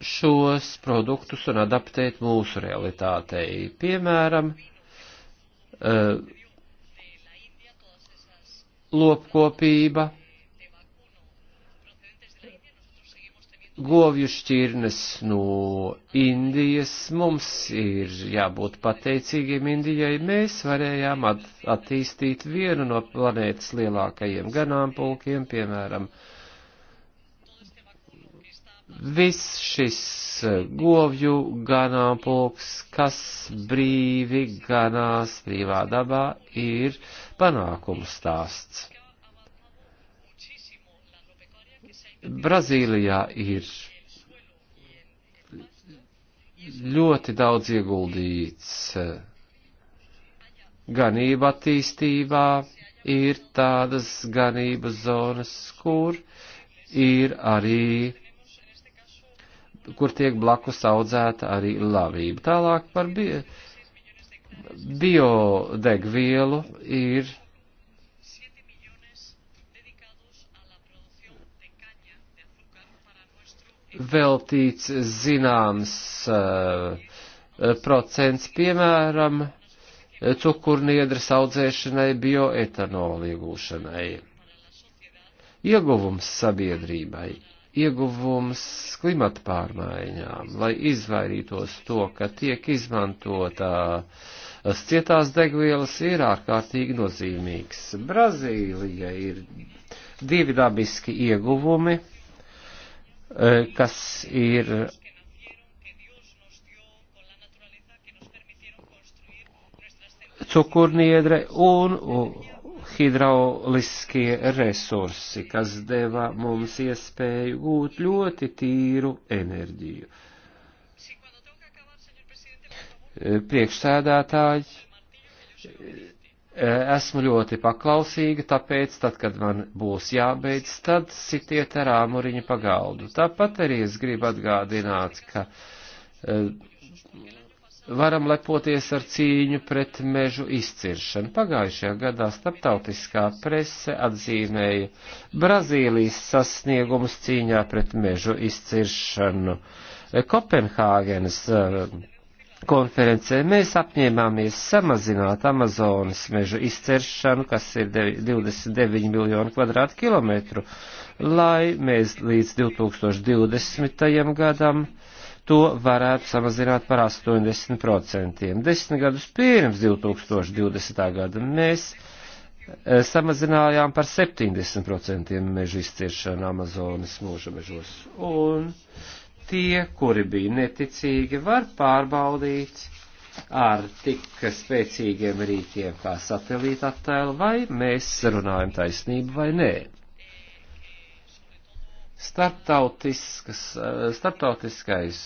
šos produktus un adaptēt mūsu realitātei. Piemēram, eh, lopkopība, govju šķirnes no Indijas, mums ir jābūt pateicīgiem Indijai, mēs varējām at attīstīt vienu no planētas lielākajiem ganāmpulkiem, piemēram, uh, Viss šis eh, govju ganāmpulks, kas brīvi ganās brīvā dabā, ir panākumu stāsts. Brazīlijā ir ļoti daudz ieguldīts eh, ganība attīstībā, ir tādas ganības zonas, kur ir arī kur tiek blakus audzēta arī lavība. Tālāk par bi biodegvielu ir. Veltīts zināms uh, procents, piemēram, cukurniedras audzēšanai, bioetanola iegūšanai. Ieguvums sabiedrībai ieguvums klimata pārmaiņām, lai izvairītos to, ka tiek izmantotā uh, cietās degvielas, ir ārkārtīgi nozīmīgs. Brazīlija ir divi dabiski ieguvumi, uh, kas ir cukurniedre un, un hidrauliskie resursi, kas deva mums iespēju gūt ļoti tīru enerģiju. Priekšsēdētāji, esmu ļoti paklausīga, tāpēc tad, kad man būs jābeidz, tad sitiet ar āmuriņu pagaldu. Tāpat arī es gribu atgādināt, ka varam lepoties ar cīņu pret mežu izciršanu. Pagājušajā gadā starptautiskā prese atzīmēja Brazīlijas sasniegumus cīņā pret mežu izciršanu. Kopenhāgenes eh, konferencē mēs apņēmāmies samazināt Amazonas mežu izciršanu, kas ir 29 miljonu kvadrātkilometru, lai mēs līdz 2020. gadam to varētu samazināt par 80%. Desmit gadus pirms 2020. gada mēs eh, samazinājām par 70% mežu izciešanu Amazonas mūža mežos. Un tie, kuri bija neticīgi, var pārbaudīt ar tik spēcīgiem rīkiem kā satelīta attēlu, vai mēs runājam taisnību vai nē. Eh, starptautiskais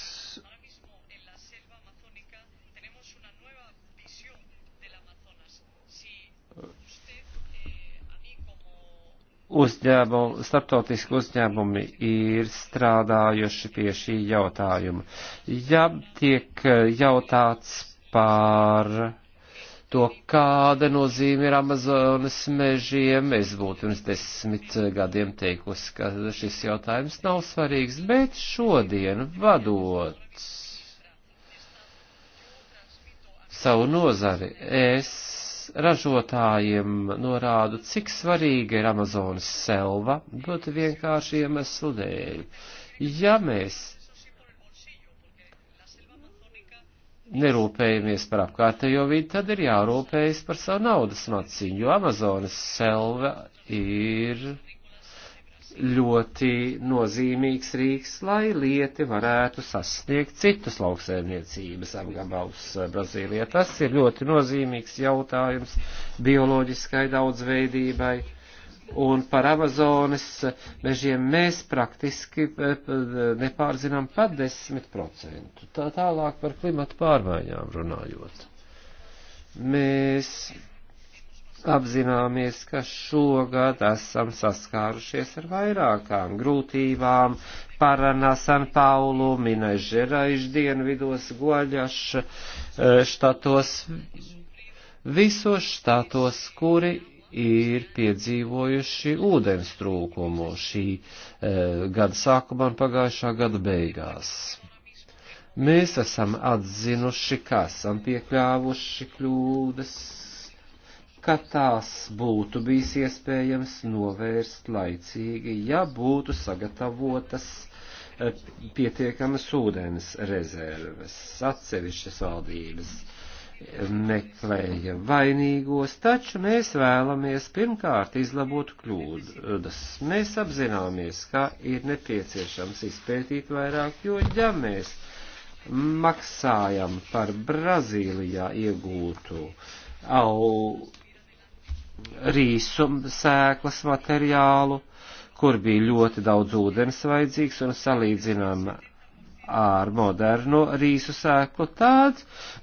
uzņēmumi, starptautiski uzņēmumi ir strādājuši pie šī jautājuma. Ja tiek eh, jautāts par to, kāda nozīme ir Amazonas mežiem. Es būtu pirms desmit gadiem teikusi, ka šis jautājums nav svarīgs, bet šodien vadot savu nozari, es ražotājiem norādu, cik svarīga ir Amazonas selva, ļoti vienkārši iemeslu dēļ. Ja mēs nerūpējamies par apkārtējo vidi, tad ir jārūpējas par savu naudas maciņu, jo Amazonas selva ir ļoti nozīmīgs rīks, lai lieti varētu sasniegt citus lauksēmniecības apgabalus Brazīlijā. Tas ir ļoti nozīmīgs jautājums bioloģiskai daudzveidībai un par Amazonas mežiem mēs praktiski eh, eh, nepārzinām pat 10%. Tā tālāk par klimatu pārmaiņām runājot. Mēs apzināmies, ka šogad esam saskārušies ar vairākām grūtībām. Paranā, San Paulu, Minežeraiž dienvidos, Goļaš eh, štatos, visos štatos, kuri ir piedzīvojuši ūdens trūkumu šī e, gada sākumā un pagājušā gada beigās. Mēs esam atzinuši, ka esam piekļāvuši kļūdas, ka tās būtu bijis iespējams novērst laicīgi, ja būtu sagatavotas e, pietiekamas ūdens rezerves, atsevišķas valdības meklējam vainīgos, taču mēs vēlamies pirmkārt izlabot kļūdas. Mēs apzināmies, ka ir nepieciešams izpētīt vairāk, jo ja mēs maksājam par Brazīlijā iegūtu au rīsu sēklas materiālu, kur bija ļoti daudz ūdens vajadzīgs un salīdzinām ar modernu rīsu sēklu, tad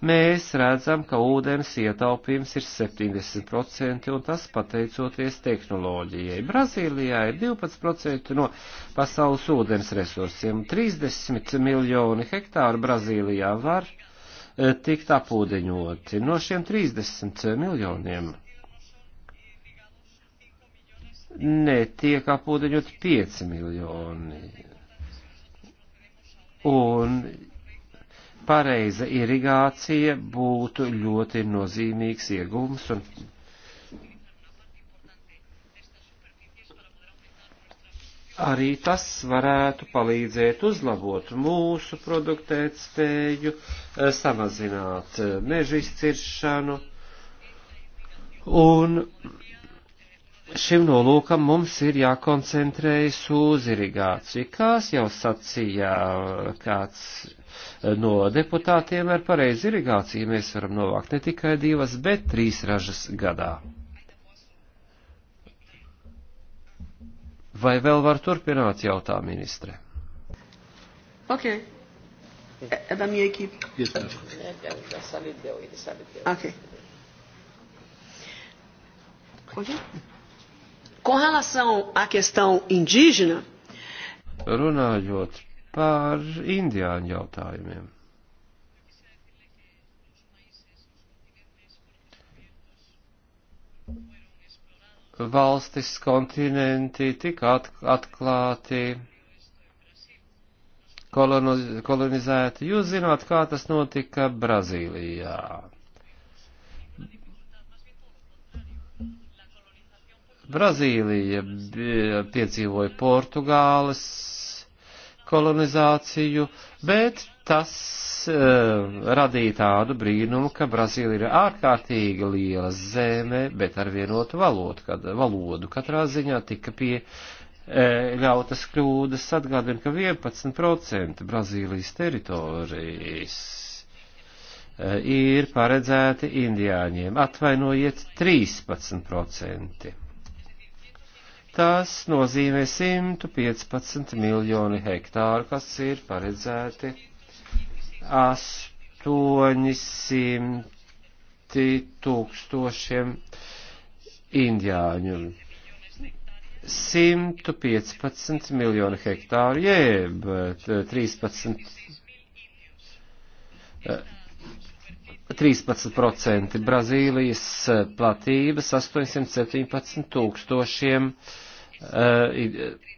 mēs redzam, ka ūdens ietaupījums ir 70% un tas pateicoties tehnoloģijai. Brazīlijā ir 12% no pasaules ūdens resursiem, 30 miljoni hektāru Brazīlijā var e, tikt apūdeņoti. No šiem 30 miljoniem netiek apūdeņot 5 miljoni un pareiza irigācija būtu ļoti nozīmīgs iegums un arī tas varētu palīdzēt uzlabot mūsu produktēt spēju, eh, samazināt eh, mežu izciršanu un šim nolūkam mums ir jākoncentrējas uz irigāciju. Kās jau sacīja kāds no deputātiem ar pareizi irigāciju, mēs varam novākt ne tikai divas, bet trīs ražas gadā. Vai vēl var turpināt, jautā ministre? Ok. Ela e, minha equipe. Ok. Hoje? Com relação à questão indígena, runājot par indiāņu jautājumiem. Valstis, kontinenti tika atklāti, koloniz kolonizēti. Jūs zināt, kā tas notika Brazīlijā. Brazīlija piedzīvoja Portugāles kolonizāciju, bet tas uh, radīja tādu brīnumu, ka Brazīlija ir ārkārtīgi liela zeme, bet ar vienotu valodu, kad, valodu. Katrā ziņā tika pie uh, ļautas kļūdas atgādina, ka 11% Brazīlijas teritorijas uh, ir paredzēti indiāņiem, atvainojiet 13%. Tas nozīmē 115 miljoni hektāru, kas ir paredzēti 800 tūkstošiem indiāņu. 115 miljoni hektāru, jeb 13 eh, 13% Brazīlijas eh, platības 817 tūkstošiem. Eh, eh,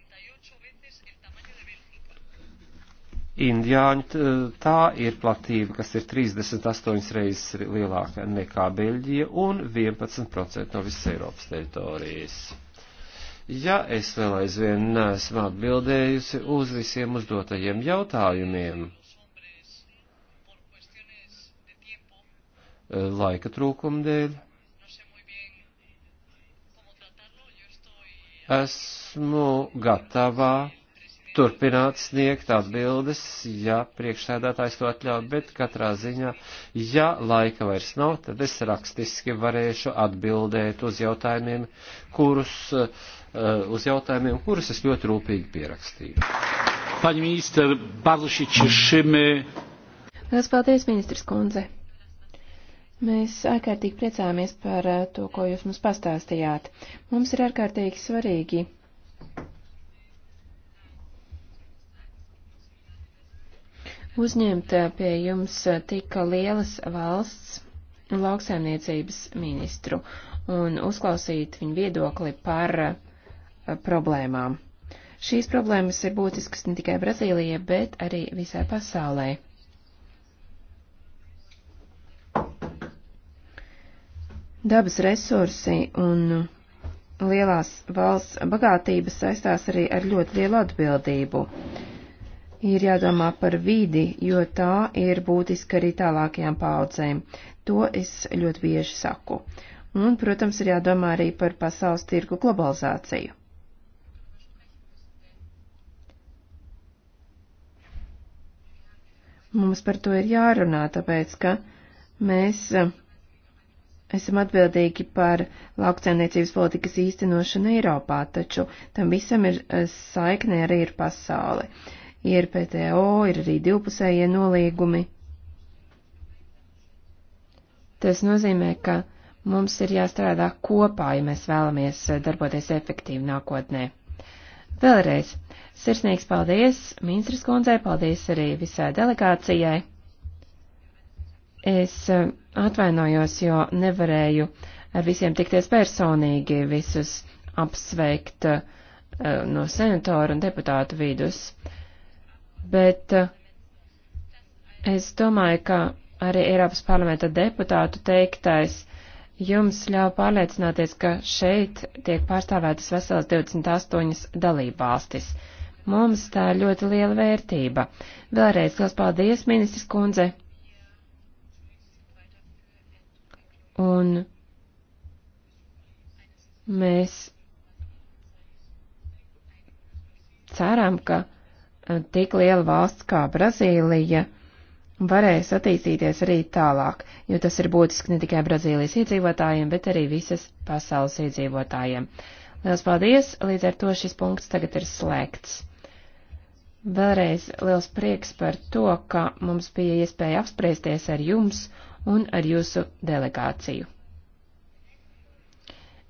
indiāņu tā ir platība, kas ir 38 reizes lielāka nekā Beļģija un 11% no visas Eiropas teritorijas. Ja es vēl aizvien neesmu atbildējusi uz visiem uzdotajiem jautājumiem, Eh, laika trūkuma dēļ. Esmu gatavā turpināt sniegt atbildes, ja priekšsēdētājs to atļauj, bet katrā ziņā, ja laika vairs nav, tad es rakstiski varēšu atbildēt uz jautājumiem, kurus, eh, uz jautājumiem, kurus es ļoti rūpīgi pierakstīju. Paņi ministra, bardzo się cieszymy. Liels paldies, ministrs kundze. Mēs ārkārtīgi priecāmies par eh, to, ko jūs mums pastāstījāt. Mums ir ārkārtīgi svarīgi. Uzņemt eh, pie jums eh, tika lielas valsts lauksaimniecības ministru un uzklausīt viņu viedokli par problēmām. Šīs problēmas ir būtiskas ne tikai Brazīlijai, bet arī visai pasaulē. Dabas resursi un lielās valsts bagātības saistās arī ar ļoti lielu atbildību. Ir jādomā par vidi, jo tā ir būtiska arī tālākajām paudzēm. To es ļoti bieži saku. Un, protams, ir jādomā arī par pasaules tirgu globalizāciju. Mums par to ir jārunā, tāpēc, ka mēs Esam atbildīgi par lauksaimniecības politikas īstenošanu Eiropā, taču tam visam ir eh, saiknē arī ir pasauli. Ir PTO, ir arī divpusējie nolīgumi. Tas nozīmē, ka mums ir jāstrādā kopā, ja mēs vēlamies eh, darboties efektīvi nākotnē. Vēlreiz sirsnīgs paldies ministras kundzei, paldies arī visai delegācijai. Es e, atvainojos, jo nevarēju ar visiem tikties personīgi, visus apsveikt uh, no senatora un deputātu vidus, bet uh, es domāju, ka arī Eiropas parlamenta deputātu teiktais jums ļauj pārliecināties, ka šeit tiek pārstāvētas veselas 28 dalībvalstis. Mums tā ir ļoti liela vērtība. Vēlreiz liels paldies, ministrs kundze! un mēs ceram, ka eh, tik liela valsts kā Brazīlija varēs attīstīties arī tālāk, jo tas ir būtiski ne tikai Brazīlijas iedzīvotājiem, bet arī visas pasaules iedzīvotājiem. Liels paldies! Līdz ar to šis punkts tagad ir slēgts. Vēlreiz liels prieks par to, ka mums bija iespēja apspriesties ar jums un ar jūsu delegāciju.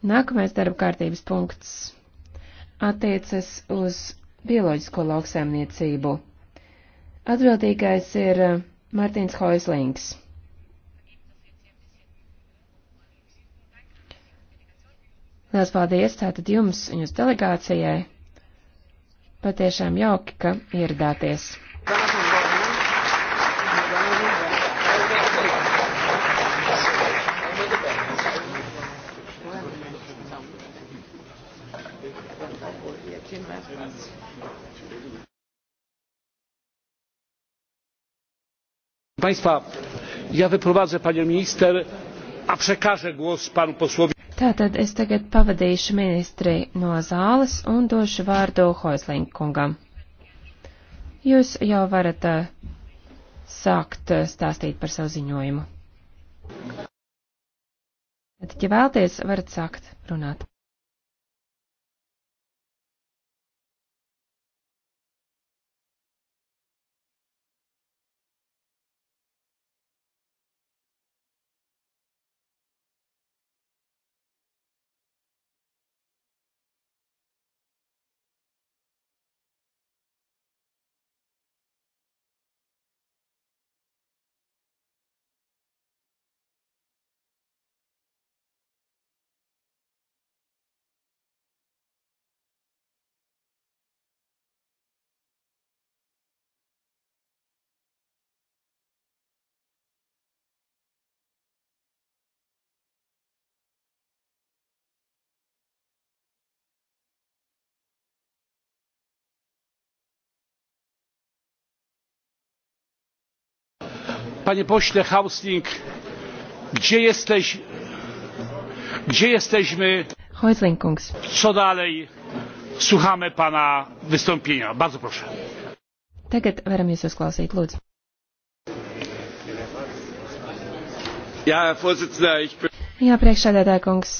Nākamais darba kārtības punkts attiecas uz bioloģisko lauksaimniecību. Atbildīgais ir eh, Martins Hoislings. Lielas paldies tātad jums un jūsu delegācijai. Patiešām jauki, ka ieradāties. Paldies. Państwa, ja wyprowadzę panią minister, a przekażę głos panu posłowi. Tātad es tagad pavadīšu ministri no zāles un došu vārdu Hoislinkungam. Jūs jau varat uh, sākt uh, stāstīt par savu ziņojumu. Tad, ja vēlties, varat sākt runāt. Panie pośle Hausling, gdzie jesteś? Gdzie jesteśmy? Häuslinkungs. Co dalej? Słuchamy pana wystąpienia. Bardzo proszę. Tagad varam jūs uzklausīt, lūdzu. Jā, Herr Vorsitzender, ich bin. Jā, priekšsēdētāj kungs.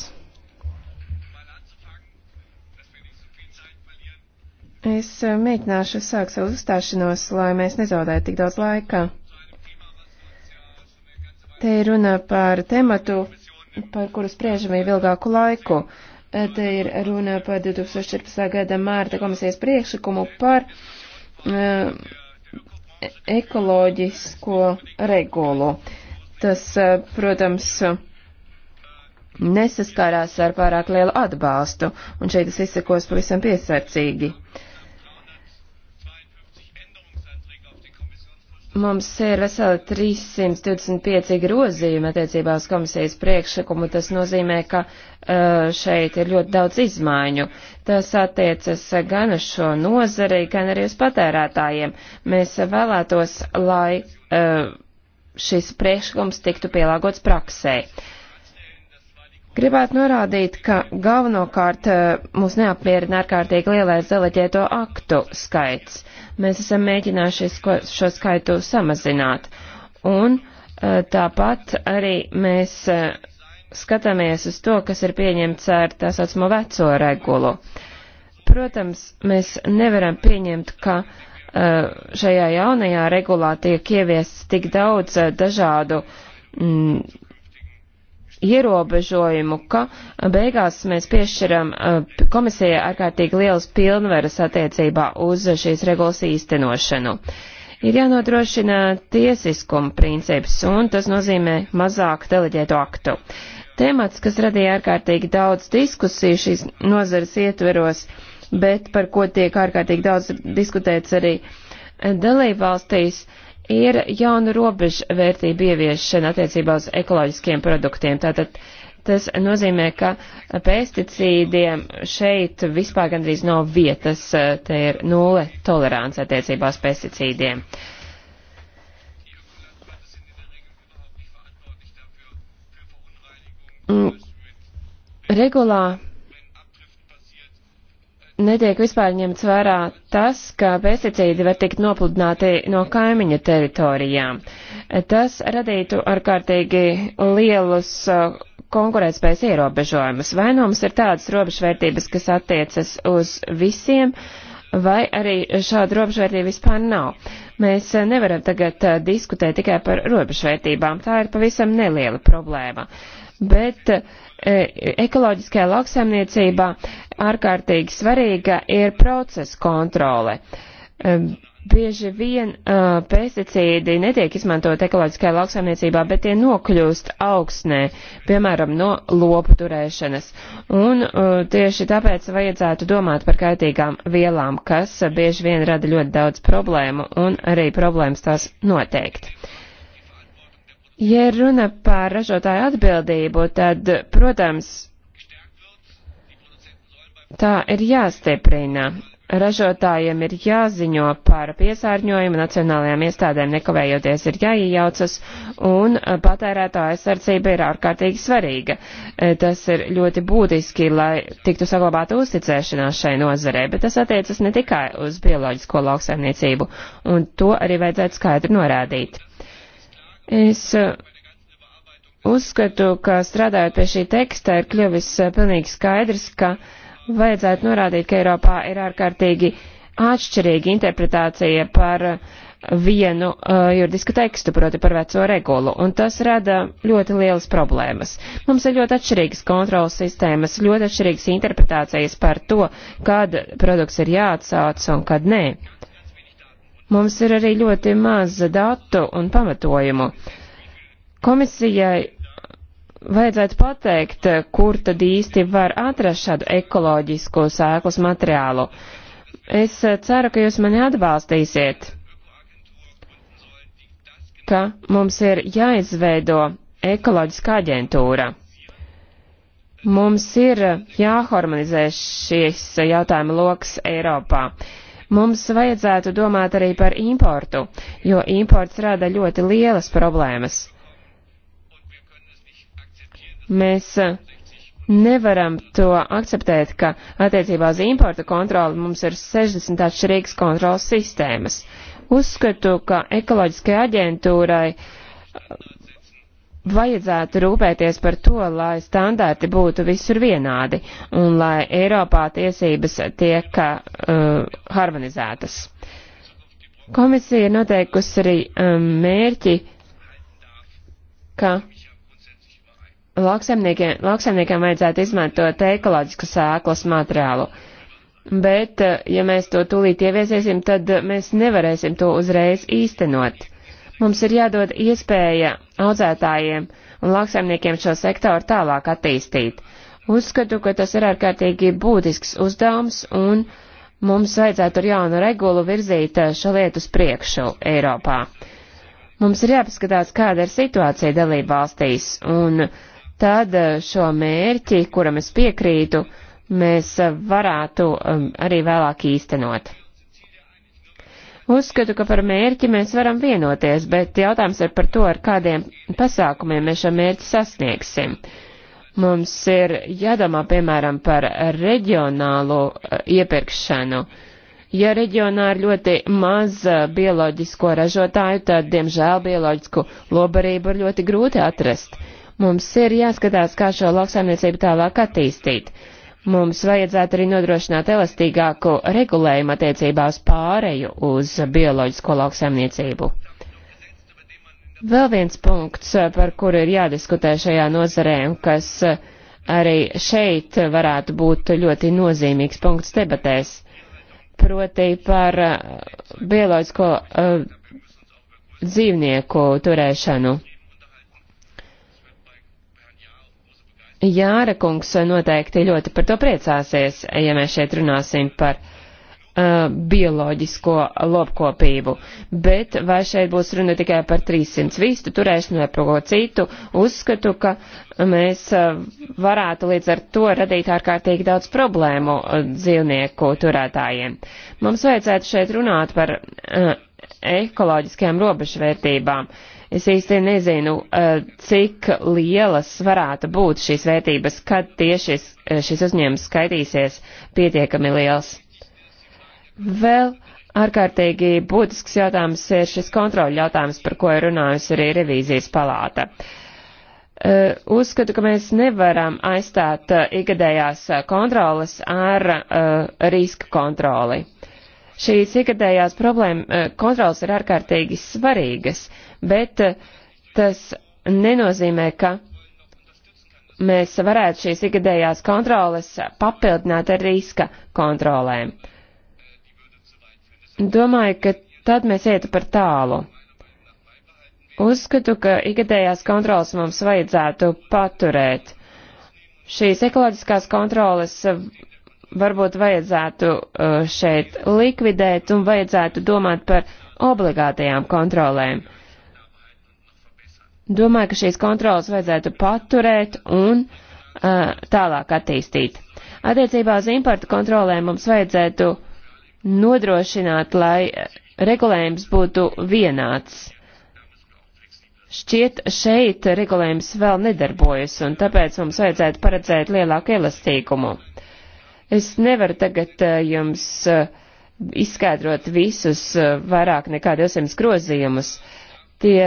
Es eh, mēģināšu sākt savu uzstāšanos, lai mēs nezaudētu tik daudz laika. Te ir runa par tematu, par kuru spriežam jau ilgāku laiku. Te ir runa par 2014. gada mārta komisijas priekšlikumu par uh, ekoloģisko regulu. Tas, uh, protams, nesaskārās ar pārāk lielu atbalstu, un šeit es izsakos pavisam piesardzīgi. Uh, Mums ir veseli 325 grozījumi attiecībā uz komisijas priekšlikumu. Tas nozīmē, ka uh, šeit ir ļoti daudz izmaiņu. Tas attiecas gan uz šo nozari, gan arī uz patērētājiem. Mēs vēlētos, lai uh, šis priekšlikums tiktu pielāgots praksē. Gribētu norādīt, ka galvenokārt uh, mūs neapmierina ārkārtīgi lielais deleģēto aktu skaits. Mēs esam mēģinājuši šo, šo skaitu samazināt. Un eh, tāpat arī mēs eh, skatāmies uz to, kas ir pieņemts ar tā saucamo veco regulu. Protams, mēs nevaram pieņemt, ka eh, šajā jaunajā regulā tiek ieviests tik daudz dažādu mm, ierobežojumu, ka beigās mēs piešķiram eh, komisijai ārkārtīgi lielas pilnvaras attiecībā uz šīs regulas īstenošanu. Ir jānodrošina tiesiskuma princips, un tas nozīmē mazāk deleģētu aktu. Temats, kas radīja ārkārtīgi daudz diskusiju šīs nozares ietveros, bet par ko tiek ārkārtīgi daudz diskutēts arī dalībvalstīs, uh, ir jauna robežvērtība ieviešana attiecībā uz ekoloģiskiem produktiem. Tātad tas nozīmē, ka pesticīdiem šeit vispār gandrīz nav vietas, te ir nulle tolerants attiecībās pesticīdiem. Mm. Regulā netiek vispār ņemts vērā tas, ka pesticīdi var tikt nopludināti no kaimiņa teritorijām. Tas radītu ārkārtīgi lielus uh, konkurētspējas ierobežojumus. Vai nu mums ir tādas robežvērtības, kas attiecas uz visiem, vai arī šāda robežvērtība vispār nav. Mēs eh, nevaram tagad eh, diskutēt tikai par robežvērtībām. Tā ir pavisam neliela problēma. Bet eh, ekoloģiskajā lauksaimniecībā ārkārtīgi svarīga ir procesa kontrole ehm, Bieži vien uh, pesticīdi netiek izmantot ekoloģiskajā lauksaimniecībā, bet tie nokļūst augsnē, piemēram, no lopu turēšanas. Un uh, tieši tāpēc vajadzētu domāt par kaitīgām vielām, kas uh, bieži vien rada ļoti daudz problēmu un arī problēmas tās noteikti. Ja runa par ražotāju atbildību, tad, protams, tā ir jāstiprina ražotājiem ir jāziņo par piesārņojumu, nacionālajām iestādēm nekavējoties ir jāiejaucas, un eh, patērētāja aizsardzība ir ārkārtīgi svarīga. Eh, tas ir ļoti būtiski, lai tiktu saglabāta uzticēšanās šai nozarē, bet tas attiecas ne tikai uz bioloģisko lauksaimniecību, un to arī vajadzētu skaidri norādīt. Es eh, uzskatu, ka strādājot pie šī teksta ir kļuvis pilnīgi skaidrs, ka uh, vajadzētu norādīt, ka Eiropā ir ārkārtīgi atšķirīga interpretācija par vienu uh, juridisku tekstu, proti par veco regulu, un tas rada ļoti lielas problēmas. Mums ir ļoti atšķirīgas kontrolas sistēmas, ļoti atšķirīgas interpretācijas par to, kad produkts ir jāatsauc un kad nē. Mums ir arī ļoti maz datu un pamatojumu. Komisijai vajadzētu pateikt, eh, kur tad īsti var atrast šādu ekoloģisko sēklas materiālu. Es eh, ceru, ka jūs mani atbalstīsiet, ka mums ir jāizveido ekoloģiska aģentūra. Mums ir jāharmonizē šīs jautājuma lokas Eiropā. Mums vajadzētu domāt arī par importu, jo imports rada ļoti lielas problēmas. Mēs eh, nevaram to akceptēt, ka attiecībā uz importa kontroli mums ir 60 atšķirīgas kontrolas sistēmas. Uzskatu, ka ekoloģiskajai aģentūrai eh, vajadzētu rūpēties par to, lai standarti būtu visur vienādi un lai Eiropā tiesības tiek uh, harmonizētas. Komisija ir noteikusi arī um, mērķi, ka lauksaimniekiem, lauksaimniekiem vajadzētu izmantot ekoloģiskas sēklas materiālu. Bet, eh, ja mēs to tūlīt ieviesiesim, tad mēs nevarēsim to uzreiz īstenot. Mums ir jādod iespēja audzētājiem un lauksaimniekiem šo sektoru tālāk attīstīt. Uzskatu, ka tas ir ārkārtīgi būtisks uzdevums un mums vajadzētu ar jaunu regulu virzīt eh, šo lietu uz priekšu Eiropā. Mums ir jāpaskatās, kāda ir situācija dalība valstīs un uh, tad eh, šo mērķi, kuram es piekrītu, mēs eh, varētu um, arī vēlāk īstenot. Uzskatu, ka par mērķi mēs varam vienoties, bet jautājums ir par to, ar kādiem pasākumiem mēs šo mērķi sasniegsim. Mums ir jādomā, piemēram, par reģionālu eh, iepirkšanu. Ja reģionā ir ļoti maz bioloģisko ražotāju, tad, diemžēl, bioloģisku lobarību ir ļoti grūti atrast. Mums ir jāskatās, kā šo lauksaimniecību tālāk attīstīt. Mums vajadzētu arī nodrošināt elastīgāku regulējumu attiecībā uz pāreju uz bioloģisko lauksaimniecību. Vēl viens punkts, par kuru ir jādiskutē šajā nozarē, un kas arī šeit varētu būt ļoti nozīmīgs punkts debatēs, proti par eh, bioloģisko uh, dzīvnieku turēšanu. Jāra kungs noteikti ļoti par to priecāsies, ja mēs šeit runāsim par uh, bioloģisko lopkopību, bet vai šeit būs runa tikai par 300 vistu turēšanu vai par ko citu, uzskatu, ka mēs uh, varētu līdz ar to radīt ārkārtīgi daudz problēmu uh, dzīvnieku turētājiem. Mums vajadzētu šeit runāt par uh, ekoloģiskajām robežvērtībām. Es īsti nezinu, eh, cik lielas varētu būt šīs vērtības, kad tieši šis, eh, šis uzņēmums skaitīsies pietiekami liels. Vēl ārkārtīgi būtisks jautājums ir šis kontroļu jautājums, par ko ir runājusi arī revīzijas palāta. Uh, uzskatu, ka mēs nevaram aizstāt uh, ikgadējās kontroles ar uh, riska kontroli. Šīs ikgadējās problēma eh, kontrols ir ārkārtīgi svarīgas, bet eh, tas nenozīmē, ka mēs varētu šīs ikgadējās kontroles papildināt ar riska kontrolēm. Domāju, ka tad mēs ietu par tālu. Uzskatu, ka ikgadējās kontrolas mums vajadzētu paturēt. Šīs ekoloģiskās kontrolas varbūt vajadzētu uh, šeit likvidēt un vajadzētu domāt par obligātajām kontrolēm. Domāju, ka šīs kontrolas vajadzētu paturēt un uh, tālāk attīstīt. Attiecībā uz importu kontrolēm mums vajadzētu nodrošināt, lai uh, regulējums būtu vienāds. Šķiet, šeit regulējums vēl nedarbojas, un tāpēc mums vajadzētu paredzēt lielāku elastīgumu. Uh, Es nevaru tagad eh, jums eh, izskaidrot visus eh, vairāk nekā 200 grozījumus. Tie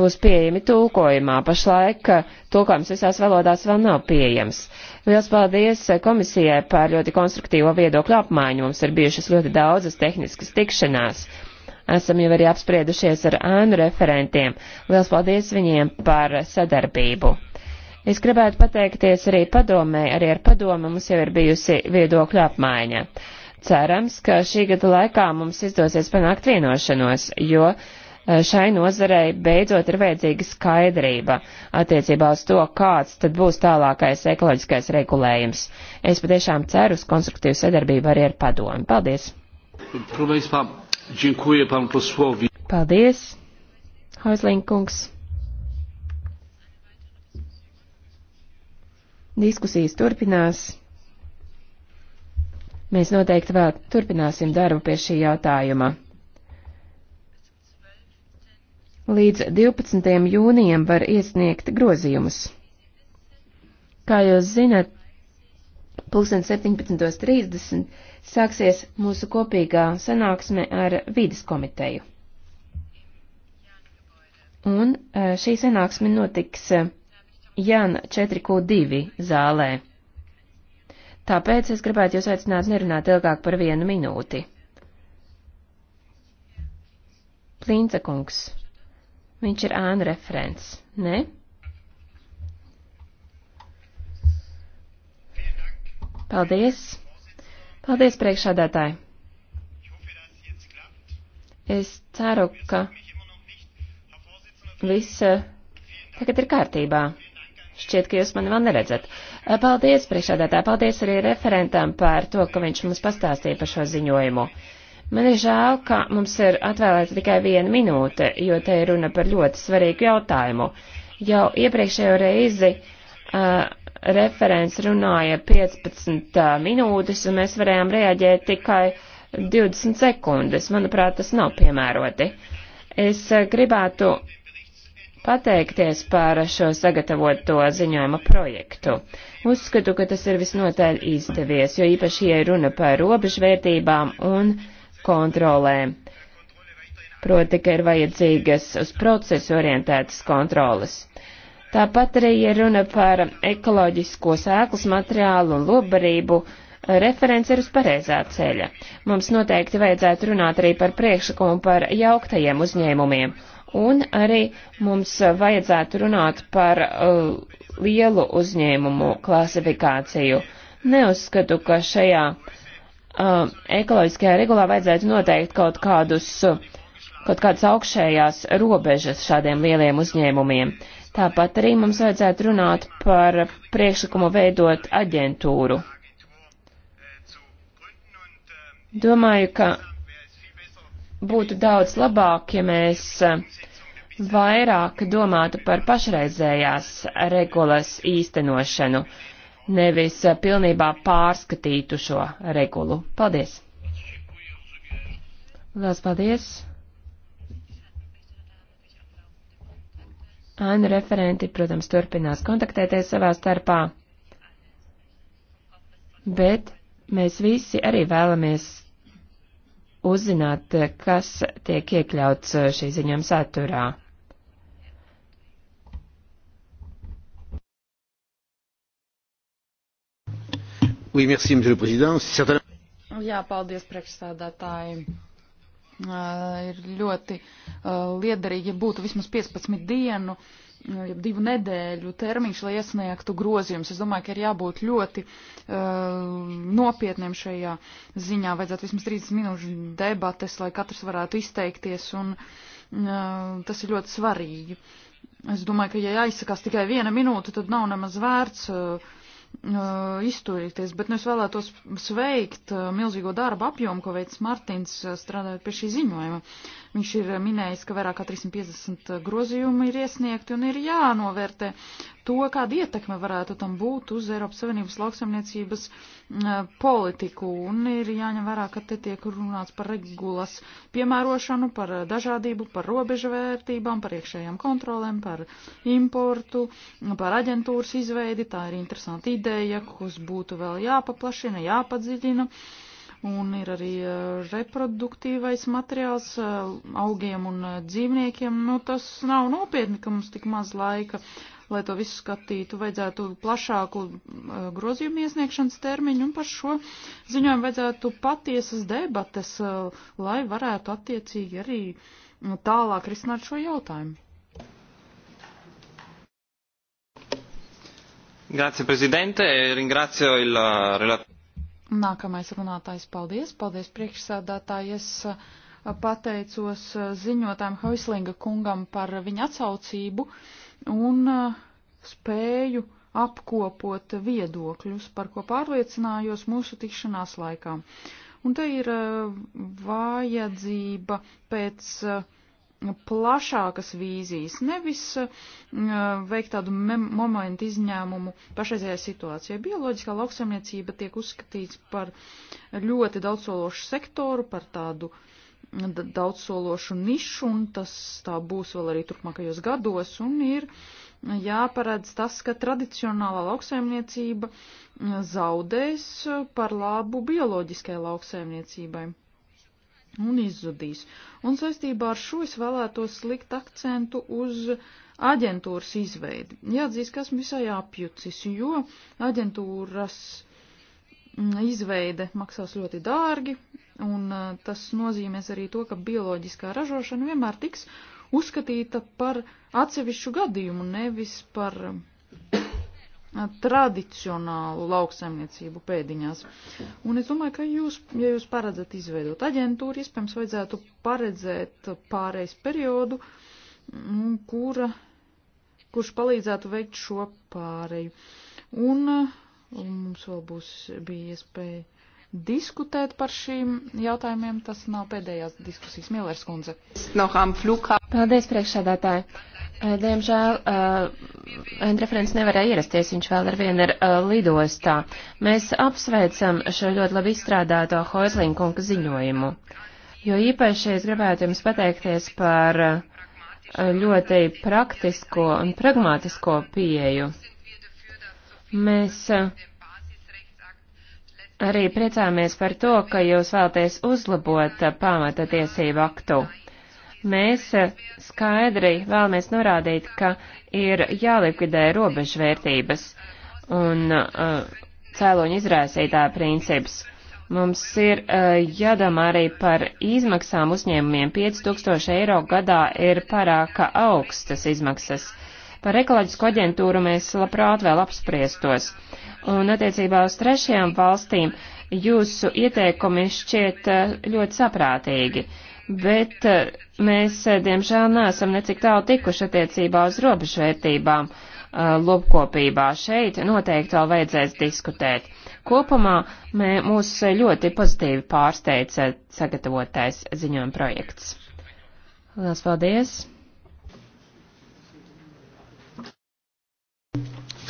būs pieejami tulkojumā. Pašlaik tulkojums visās valodās vēl nav pieejams. Liels paldies komisijai par ļoti konstruktīvo viedokļu apmaiņu. Mums ir bijušas ļoti daudzas tehniskas tikšanās. Esam jau arī apspriedušies ar ēnu referentiem. Liels paldies viņiem par sadarbību. Es gribētu pateikties arī padomē, arī ar padomu mums jau ir bijusi viedokļu apmaiņa. Cerams, ka šī gada laikā mums izdosies panākt vienošanos, jo eh, šai nozarei beidzot ir vajadzīga skaidrība attiecībā uz to, kāds tad būs tālākais ekoloģiskais regulējums. Es patiešām ceru uz konstruktīvu sadarbību arī ar padomu. Paldies! Paldies, Hoizlinkungs! Diskusijas turpinās. Mēs noteikti vēl turpināsim darbu pie šī jautājuma. Līdz 12. jūnijam var iesniegt grozījumus. Kā jūs zinat, 17.30 sāksies mūsu kopīgā sanāksme ar vīdes komiteju. Un eh, šī sanāksme notiks eh, Jan 4Q2 zālē. Tāpēc es gribētu jūs aicināt nerunāt ilgāk par vienu minūti. Plīnca kungs. Viņš ir āna referents, ne? Paldies. Paldies, priekšādātāji. Es ceru, ka viss eh, tagad ir kārtībā. Šķiet, ka jūs mani vēl neredzat. Eh, paldies, priekšādātā, paldies arī referentam par to, ka viņš mums pastāstīja par šo ziņojumu. Man ir žēl, ka mums ir atvēlēta tikai viena minūte, jo te ir runa par ļoti svarīgu jautājumu. Jau iepriekšējo reizi uh, referents runāja 15 uh, eh, minūtes, un mēs varējām reaģēt tikai 20 sekundes. Manuprāt, tas nav piemēroti. Es uh, gribētu pateikties par šo sagatavoto ziņojuma projektu. Uzskatu, ka tas ir visnotaļ izdevies, jo īpaši, ja runa par robežvērtībām un kontrolēm. Proti, ka ir vajadzīgas uz procesu orientētas kontrolas. Tāpat arī, ja runa par ekoloģisko sēklas materiālu un lobarību, referents ir uz pareizā ceļa. Mums noteikti vajadzētu runāt arī par priekšlikumu par jauktajiem uzņēmumiem Un arī mums vajadzētu runāt par uh, lielu uzņēmumu klasifikāciju. Neuzskatu, ka šajā uh, ekoloģiskajā regulā vajadzētu noteikt kaut kādus, kaut kādas augšējās robežas šādiem lieliem uzņēmumiem. Tāpat arī mums vajadzētu runāt par priekšlikumu veidot aģentūru. Domāju, ka būtu daudz labāk, ja mēs e, vairāk domātu par pašreizējās regulas īstenošanu, nevis e, pilnībā pārskatītu šo regulu. Paldies! Lielas paldies! Ainu referenti, protams, turpinās kontaktēties savā starpā, bet mēs visi arī vēlamies uzzināt, kas tiek iekļauts eh, šī ziņojuma saturā. Oui, merci, monsieur le président. Certain... Jā, paldies priekšsādātājiem. Uh, ir ļoti uh, liederīgi, ja būtu vismaz 15 dienu uh, Nu, divu nedēļu termiņš, lai iesniegtu grozījumus. Es domāju, ka ir jābūt ļoti uh, nopietniem šajā ziņā. Vajadzētu vismaz 30 minūšu debates, lai katrs varētu izteikties, un uh, tas ir ļoti svarīgi. Es domāju, ka ja aizsakās tikai viena minūte, tad nav nemaz vērts. Uh, uh izturīties, bet nu, es vēlētos sveikt uh, milzīgo darbu apjomu, ko veids Martins uh, strādājot pie šī ziņojuma. Viņš ir minējis, ka vairāk kā 350 grozījumi ir iesniegti un ir jānovērtē to, kāda ietekme varētu tam būt uz Eiropas Savienības lauksaimniecības politiku. Un ir jāņem vērā, ka te tiek runāts par regulas piemērošanu, par dažādību, par robežu vērtībām, par iekšējām kontrolēm, par importu, par aģentūras izveidi. Tā ir interesanta ideja, kas būtu vēl jāpaplašina, jāpadziļina. Uh, Un ir arī reproduktīvais materiāls augiem un dzīvniekiem. Nu, tas nav nopietni, ka mums tik maz laika, lai to visu skatītu. Vajadzētu plašāku grozījumu iesniegšanas termiņu un par šo ziņojumu vajadzētu patiesas debates, lai varētu attiecīgi arī nu, tālāk risināt šo jautājumu. Grazie Presidente, ringrazio il relatore. Nākamais runātājs paldies. Paldies priekšsādātāji. Es pateicos ziņotājiem Hoislinga kungam par viņa atsaucību un spēju apkopot viedokļus, par ko pārliecinājos mūsu tikšanās laikā. Un te ir vajadzība pēc uh, plašākas vīzijas, nevis uh, veikt tādu momentu izņēmumu pašreizējā situācijā. Bioloģiskā lauksaimniecība tiek uzskatīts par ļoti daudzsološu sektoru, par tādu mm, daudzsološu nišu, un tas tā būs vēl arī turpmākajos gados, un ir jāparedz tas, ka tradicionālā lauksaimniecība mm, zaudēs par labu bioloģiskai lauksaimniecībai un izzudīs. Un saistībā ar šo es vēlētos likt akcentu uz aģentūras izveidi. Jāatzīst, ka esmu visai apjucis, jo aģentūras mm, izveide maksās ļoti dārgi, un eh, tas nozīmēs arī to, ka bioloģiskā ražošana vienmēr tiks uzskatīta par atsevišķu gadījumu, nevis par tradicionālu lauksaimniecību pēdiņās. Un es domāju, ka jūs, ja jūs paredzat izveidot aģentūru, iespējams, vajadzētu paredzēt pārejas periodu, mm, kura, kurš palīdzētu veikt šo pāreju. Un, un mums vēl būs bija iespēja diskutēt par šīm jautājumiem. Tas nav pēdējās diskusijas. Mielers kundze. Paldies, priekšsēdētāji. Eh, diemžēl uh, eh, referents nevarēja ierasties, viņš vēl ar vienu ir uh, lidostā. Mēs apsveicam šo ļoti labi izstrādāto Hoizlinkunga ziņojumu, jo īpaši es gribētu jums pateikties par uh, ļoti praktisko un pragmatisko pieeju. Mēs uh, arī priecāmies par to, ka jūs vēlties uzlabot uh, pamata tiesību aktu. Uh, Mēs eh, skaidri vēlamies norādīt, ka ir jālikvidē robežvērtības un uh, eh, cēloņu izraisītāja princips. Mums ir uh, jādomā arī par izmaksām uzņēmumiem. 5000 eiro gadā ir parāka augstas izmaksas. Par ekoloģisko aģentūru mēs labprāt vēl apspriestos. Un attiecībā uz trešajām valstīm jūsu ieteikumi šķiet uh, ļoti saprātīgi. Uh, bet eh, mēs, eh, diemžēl, neesam necik tālu tikuši attiecībā uz robežvērtībām eh, lopkopībā. Šeit noteikti vēl vajadzēs diskutēt. Kopumā mē, mūs ļoti pozitīvi pārsteidz sagatavotais ziņojuma projekts. Lielas paldies!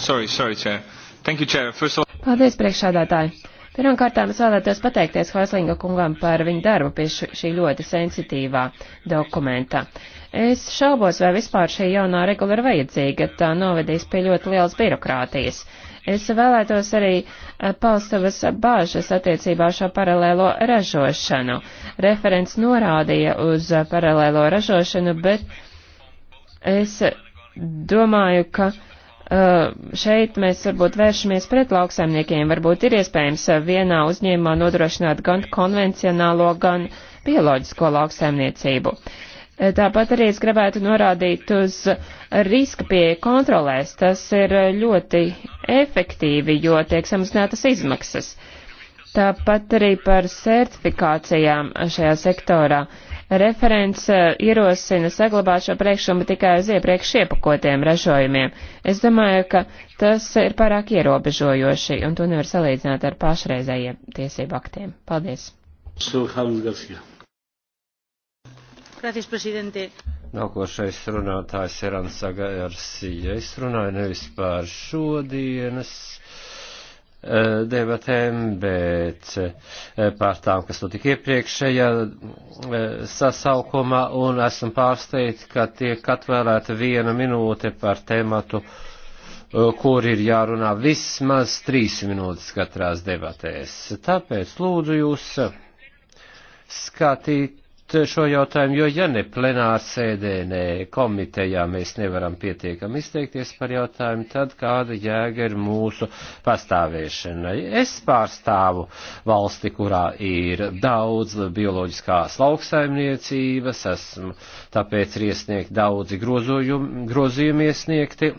Sorry, sorry, chair. Thank you, chair. First of all... Paldies, priekšādātāji! Pirmkārtām es vēlētos pateikties Hoislinga kungam par viņu darbu pie šī ļoti sensitīvā dokumenta. Es šaubos, vai vispār šī jaunā regula ir vajadzīga, tā novedīs pie ļoti lielas birokrātijas. Es vēlētos arī eh, paust savas bāžas attiecībā šo paralēlo ražošanu. Referents norādīja uz paralēlo ražošanu, bet es domāju, ka Eh, šeit mēs varbūt vēršamies pret lauksaimniekiem. Varbūt ir iespējams eh, vienā uzņēmumā nodrošināt gan konvencionālo, gan bioloģisko lauksaimniecību. Eh, tāpat arī es gribētu norādīt uz riska pie kontrolēs. Tas ir ļoti efektīvi, jo tiek samazinātas izmaksas. Tāpat arī par certifikācijām šajā sektorā. Uh, Referents eh, ierosina saglabāt šo priekšlikumu tikai uz iepriekš iepakotiem ražojumiem. Es domāju, ka tas ir pārāk ierobežojoši, un to nevar salīdzināt ar pašreizējiem tiesību aktiem. Paldies! Gracias, presidente. Nākošais runātājs ir Ansagars. Es runāju nevis par šodienas Eh, debatēm, bet eh, pār tām, kas notika iepriekšējā eh, sasaukumā, un esam pārsteigti, ka tiek atvēlēta viena minūte par tēmatu, kur ir jārunā vismaz trīs minūtes katrās debatēs. Tāpēc lūdzu jūs skatīt šo jautājumu, jo ja ne plenāra sēdē, ne komitejā mēs nevaram pietiekam izteikties par jautājumu, tad kāda jēga ir mūsu pastāvēšanai? Es pārstāvu valsti, kurā ir daudz bioloģiskās lauksaimniecības, esmu tāpēc ir iesniegt daudzi grozījumi iesniegti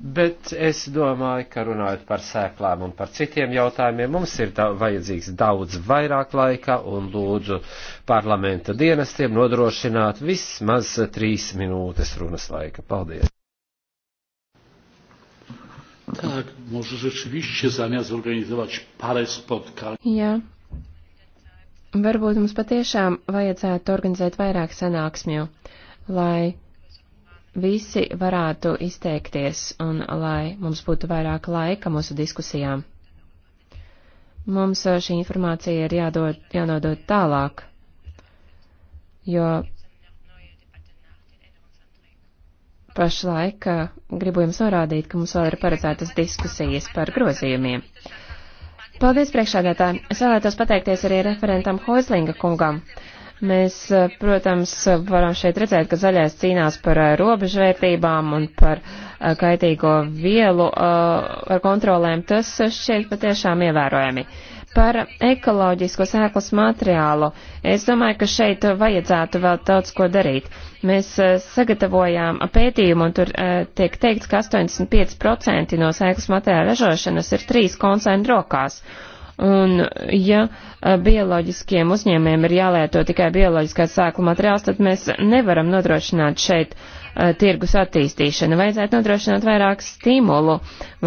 Bet es domāju, ka runājot par sēklām un par citiem jautājumiem, mums ir da vajadzīgs daudz vairāk laika un lūdzu parlamenta dienestiem nodrošināt vismaz trīs minūtes runas laika. Paldies! Tak, może rzeczywiście zamiast zorganizować parę spotkań. Ja. Varbūt mums patiešām vajadzētu organizēt vairāk sanāksmju, lai visi varētu izteikties un lai mums būtu vairāk laika mūsu diskusijām. Mums uh, šī informācija ir jādod, jānodod tālāk, jo pašlaik uh, gribu jums norādīt, ka mums vēl ir paredzētas diskusijas par grozījumiem. Paldies priekšādētāji! Es vēlētos pateikties arī referentam Hoislinga kungam. Mēs, eh, protams, varam šeit redzēt, ka zaļais cīnās par eh, robežvērtībām un par eh, kaitīgo vielu ar kontrolēm. Tas šķiet patiešām ievērojami. Par ekoloģisko sēklas materiālu. Es domāju, ka šeit vajadzētu vēl daudz ko darīt. Mēs sagatavojām pētījumu, un tur tiek teikts, ka 85% no sēklas materiāla ražošanas ir trīs koncernu rokās. Uh, Un ja bioloģiskiem uzņēmējiem ir jālieto tikai bioloģiskās sēklu materiāls, tad mēs nevaram nodrošināt šeit uh, tirgus attīstīšanu. Vajadzētu nodrošināt vairāk stimulu,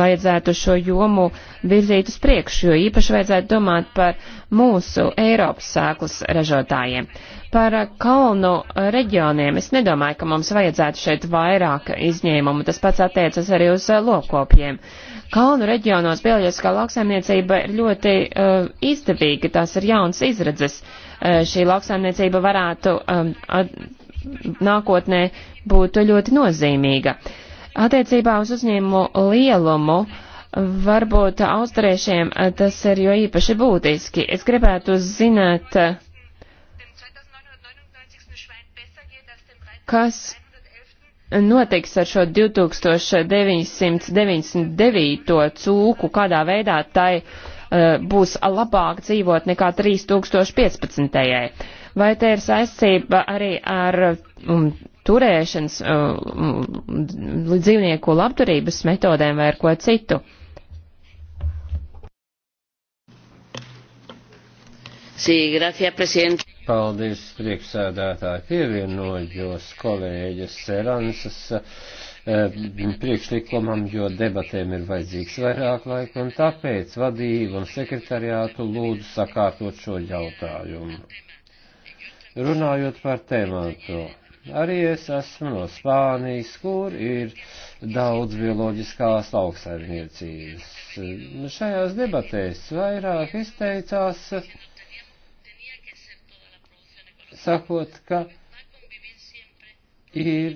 vajadzētu šo jomu virzīt uz priekšu, jo īpaši vajadzētu domāt par mūsu Eiropas sēklas ražotājiem. Par kalnu reģioniem es nedomāju, ka mums vajadzētu šeit vairāk izņēmumu. Tas pats attiecas arī uz lokopiem. Uh, Kalnu reģionos bioloģiskā lauksaimniecība ir ļoti uh, izdevīga, tās ir jauns izredzes. Uh, šī lauksaimniecība varētu um, at, nākotnē būt ļoti nozīmīga. Attiecībā uz uzņēmumu lielumu varbūt austeriešiem uh, tas ir jo īpaši būtiski. Es gribētu zināt, uh, kas notiks ar šo 2999. cūku, kādā veidā tai uh, būs labāk dzīvot nekā 3015. Vai te ir saistība arī ar um, turēšanas uh, um, dzīvnieku labturības metodēm vai ar ko citu? Sí, gracias, presidente. Paldies, priekšsēdētāji, pievienojos kolēģis Seransas eh, priekšlikumam, jo debatēm ir vajadzīgs vairāk laika, un tāpēc vadību un sekretariātu lūdzu sakārtot šo jautājumu. Runājot par tēmātu, arī es esmu no Spānijas, kur ir daudz bioloģiskās lauksaimniecības. Šajās debatēs vairāk izteicās sakot, ka ir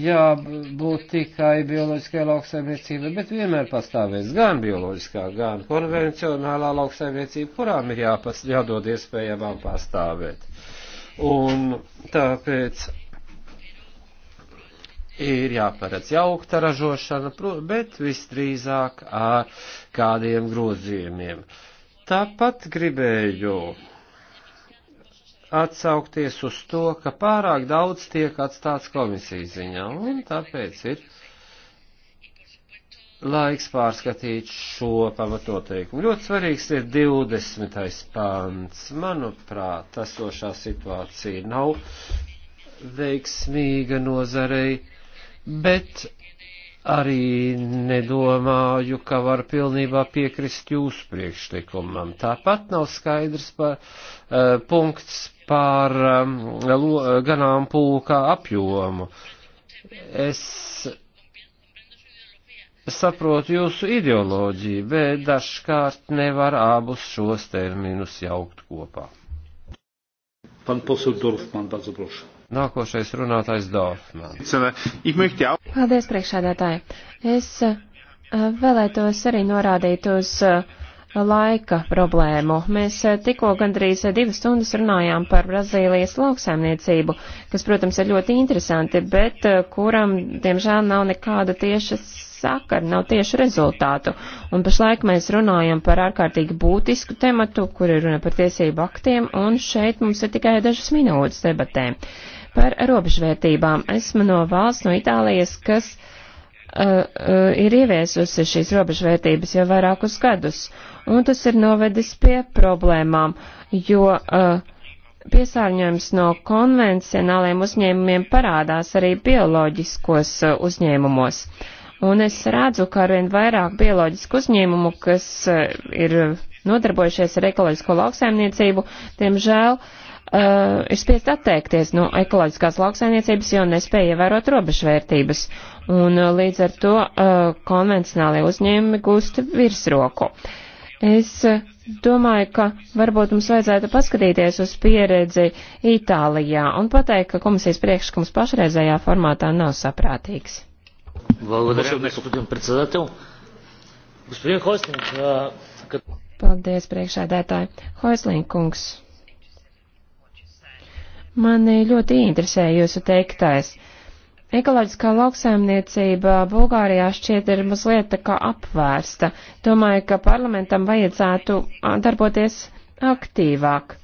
jābūt tikai bioloģiskai lauksaimniecībai, bet vienmēr pastāvēs gan bioloģiskā, gan konvencionālā lauksaimniecība, kurām ir jāpas, jādod iespēja abām pastāvēt. Un tāpēc ir jāparedz jaukta ražošana, bet visdrīzāk ar kādiem grozījumiem. Tāpat gribēju atsaukties uz to, ka pārāk daudz tiek atstāts komisijas ziņā, un tāpēc ir laiks pārskatīt šo pamatnoteikumu. Ļoti svarīgs ir 20. pāns. Manuprāt, esošā situācija nav veiksmīga nozarei, bet arī nedomāju, ka var pilnībā piekrist jūsu priekšlikumam. Tāpat nav skaidrs par, uh, eh, punkts par um, ganāmpulka apjomu. Es saprotu jūsu ideoloģiju, bet dažkārt nevar abus šos terminus jaukt kopā. Pan posel Dorfman, bardzo prošu. Nākošais runātājs Dorfman. Paldies, priekšādātāji. Es uh, vēlētos arī norādīt uz uh, laika problēmu. Mēs eh, tikko gandrīz eh, divas stundas runājām par Brazīlijas lauksaimniecību, kas, protams, ir ļoti interesanti, bet eh, kuram, diemžēl, nav nekāda tieša sakara, nav tieši rezultātu. Un pašlaik mēs runājam par ārkārtīgi būtisku tematu, kur ir runa par tiesību aktiem, un šeit mums ir tikai dažas minūtes debatēm. Par robežvērtībām. Esmu no valsts, no Itālijas, kas uh, Uh, uh, ir ieviesusi šīs robežvērtības jau vairākus gadus, un tas ir novedis pie problēmām, jo uh, piesārņojums no konvencionāliem uzņēmumiem parādās arī bioloģiskos uzņēmumos. Un es redzu, ka arvien vairāk bioloģisku uzņēmumu, kas ir nodarbojušies ar ekoloģisko lauksaimniecību, diemžēl uh, uh, eh, ir spiest atteikties no ekoloģiskās lauksainiecības, jo nespēja ievērot robežvērtības. Un uh, līdz ar to uh, konvencionālie uzņēmumi gūst virsroku. Es uh, domāju, ka varbūt mums vajadzētu paskatīties uz pieredzi Itālijā un pateikt, ka komisijas priekšlikums pašreizējā formātā nav saprātīgs. Paldies, priekšēdētāji. Hoislinkungs. Mani ļoti interesē jūsu teiktais. Ekoloģiskā lauksaimniecība Bulgārijā šķiet ir mazliet tā kā apvērsta. Domāju, ka parlamentam vajadzētu darboties aktīvāk.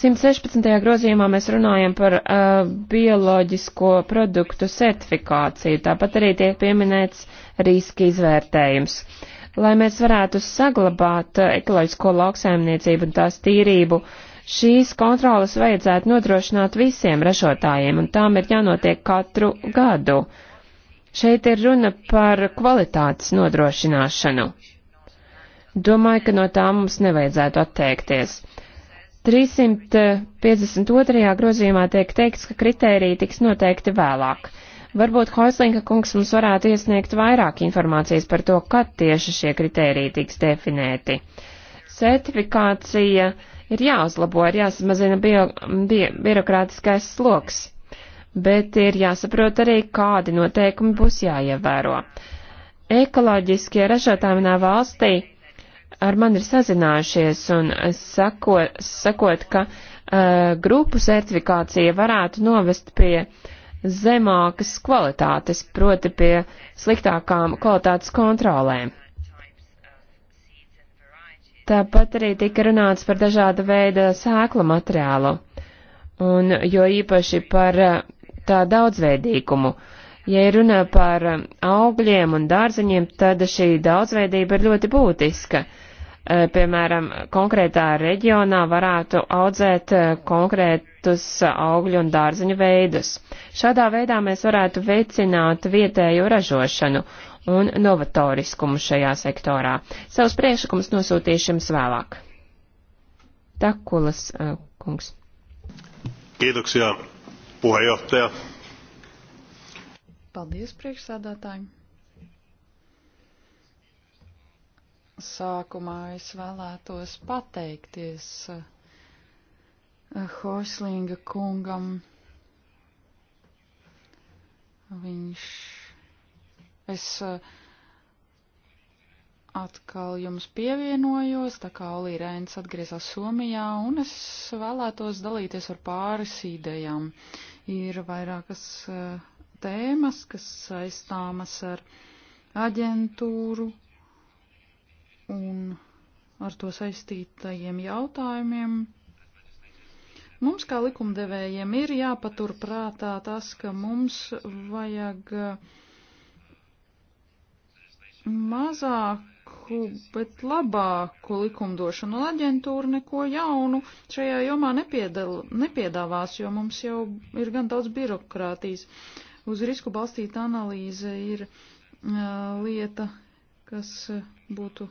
116. grozījumā mēs runājam par uh, bioloģisko produktu certifikāciju, tāpat arī tiek pieminēts riski izvērtējums. Lai mēs varētu saglabāt ekoloģisko lauksaimniecību un tās tīrību, uh, Šīs kontrolas vajadzētu nodrošināt visiem ražotājiem, un tām ir jānotiek katru gadu. Šeit ir runa par kvalitātes nodrošināšanu. Domāju, ka no tā mums nevajadzētu atteikties. 352. grozījumā tiek teikts, ka kritēriji tiks noteikti vēlāk. Varbūt Hoislinga kungs mums varētu iesniegt vairāk informācijas par to, kad tieši šie kritēriji tiks definēti. Certifikācija uh, ir jāuzlabo, ir jāsamazina bio, bio, birokrātiskais sloks, bet ir jāsaprot arī, kādi noteikumi būs jāievēro. Ekoloģiskie ražotāji manā valstī ar mani ir sazinājušies un sako, sakot, ka uh, grupu certifikācija varētu novest pie zemākas kvalitātes, proti pie sliktākām kvalitātes kontrolēm. Tāpat arī tika runāts par dažāda veida sēklu materiālu, un jo īpaši par eh, tā daudzveidīgumu. Ja runā par eh, augļiem un dārzeņiem, tad šī daudzveidība ir ļoti būtiska. Eh, piemēram, konkrētā reģionā varētu audzēt konkrētus augļu un dārzeņu veidus. Šādā veidā mēs varētu veicināt vietējo ražošanu un novatoriskumu šajā sektorā. Savus priekšlikumus nosūtīšu jums vēlāk. Takulas uh, kungs. Kiitoksia, puheenjohtaja. Paldies priekšsēdētājiem. Sākumā es vēlētos pateikties eh, Hoislinga kungam. Viņš Es eh, atkal jums pievienojos, tā kā Olī Rēns atgriezās Somijā, un es vēlētos dalīties ar pāris idejām. Ir vairākas eh, tēmas, kas saistāmas ar aģentūru un ar to saistītajiem jautājumiem. Mums kā likumdevējiem ir jāpatur prātā tas, ka mums vajag uh, mazāku, bet labāku likumdošanu. Aģentūra neko jaunu šajā jomā nepiedal, nepiedāvās, jo mums jau ir gan daudz birokrātijas. Uz risku balstīta analīze ir uh, lieta, kas būtu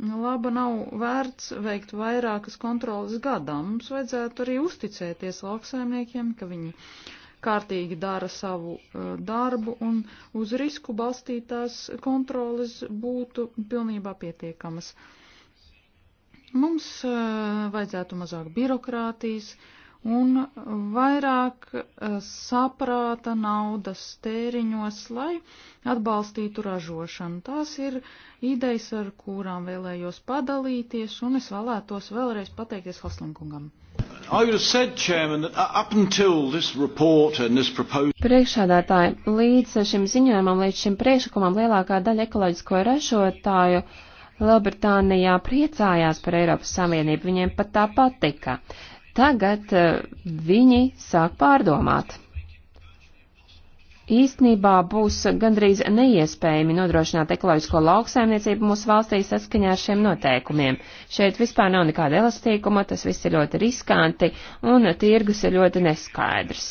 laba, nav vērts veikt vairākas kontrolas gadā. Mums vajadzētu arī uzticēties lauksaimniekiem, ka viņi uh, kārtīgi dara savu uh, darbu un uz risku balstītās kontroles būtu pilnībā pietiekamas. Mums uh, vajadzētu mazāk birokrātijas un vairāk uh, saprāta naudas tēriņos, lai atbalstītu ražošanu. Tās ir idejas, ar kurām vēlējos padalīties, un es vēlētos vēlreiz pateikties Haslinkungam. Said, Chairman, proposal... Priekšādātāji, līdz šim ziņojumam, līdz šim priekšlikumam lielākā daļa ekoloģisko ražotāju Lielbritānijā priecājās par Eiropas Savienību, viņiem pat tā patika. Tagad uh, viņi sāk pārdomāt īstenībā būs gandrīz neiespējami nodrošināt ekoloģisko lauksaimniecību mūsu valstī saskaņā ar šiem noteikumiem. Šeit vispār nav nekāda elastīguma, tas viss ir ļoti riskanti un tirgus ir ļoti neskaidrs.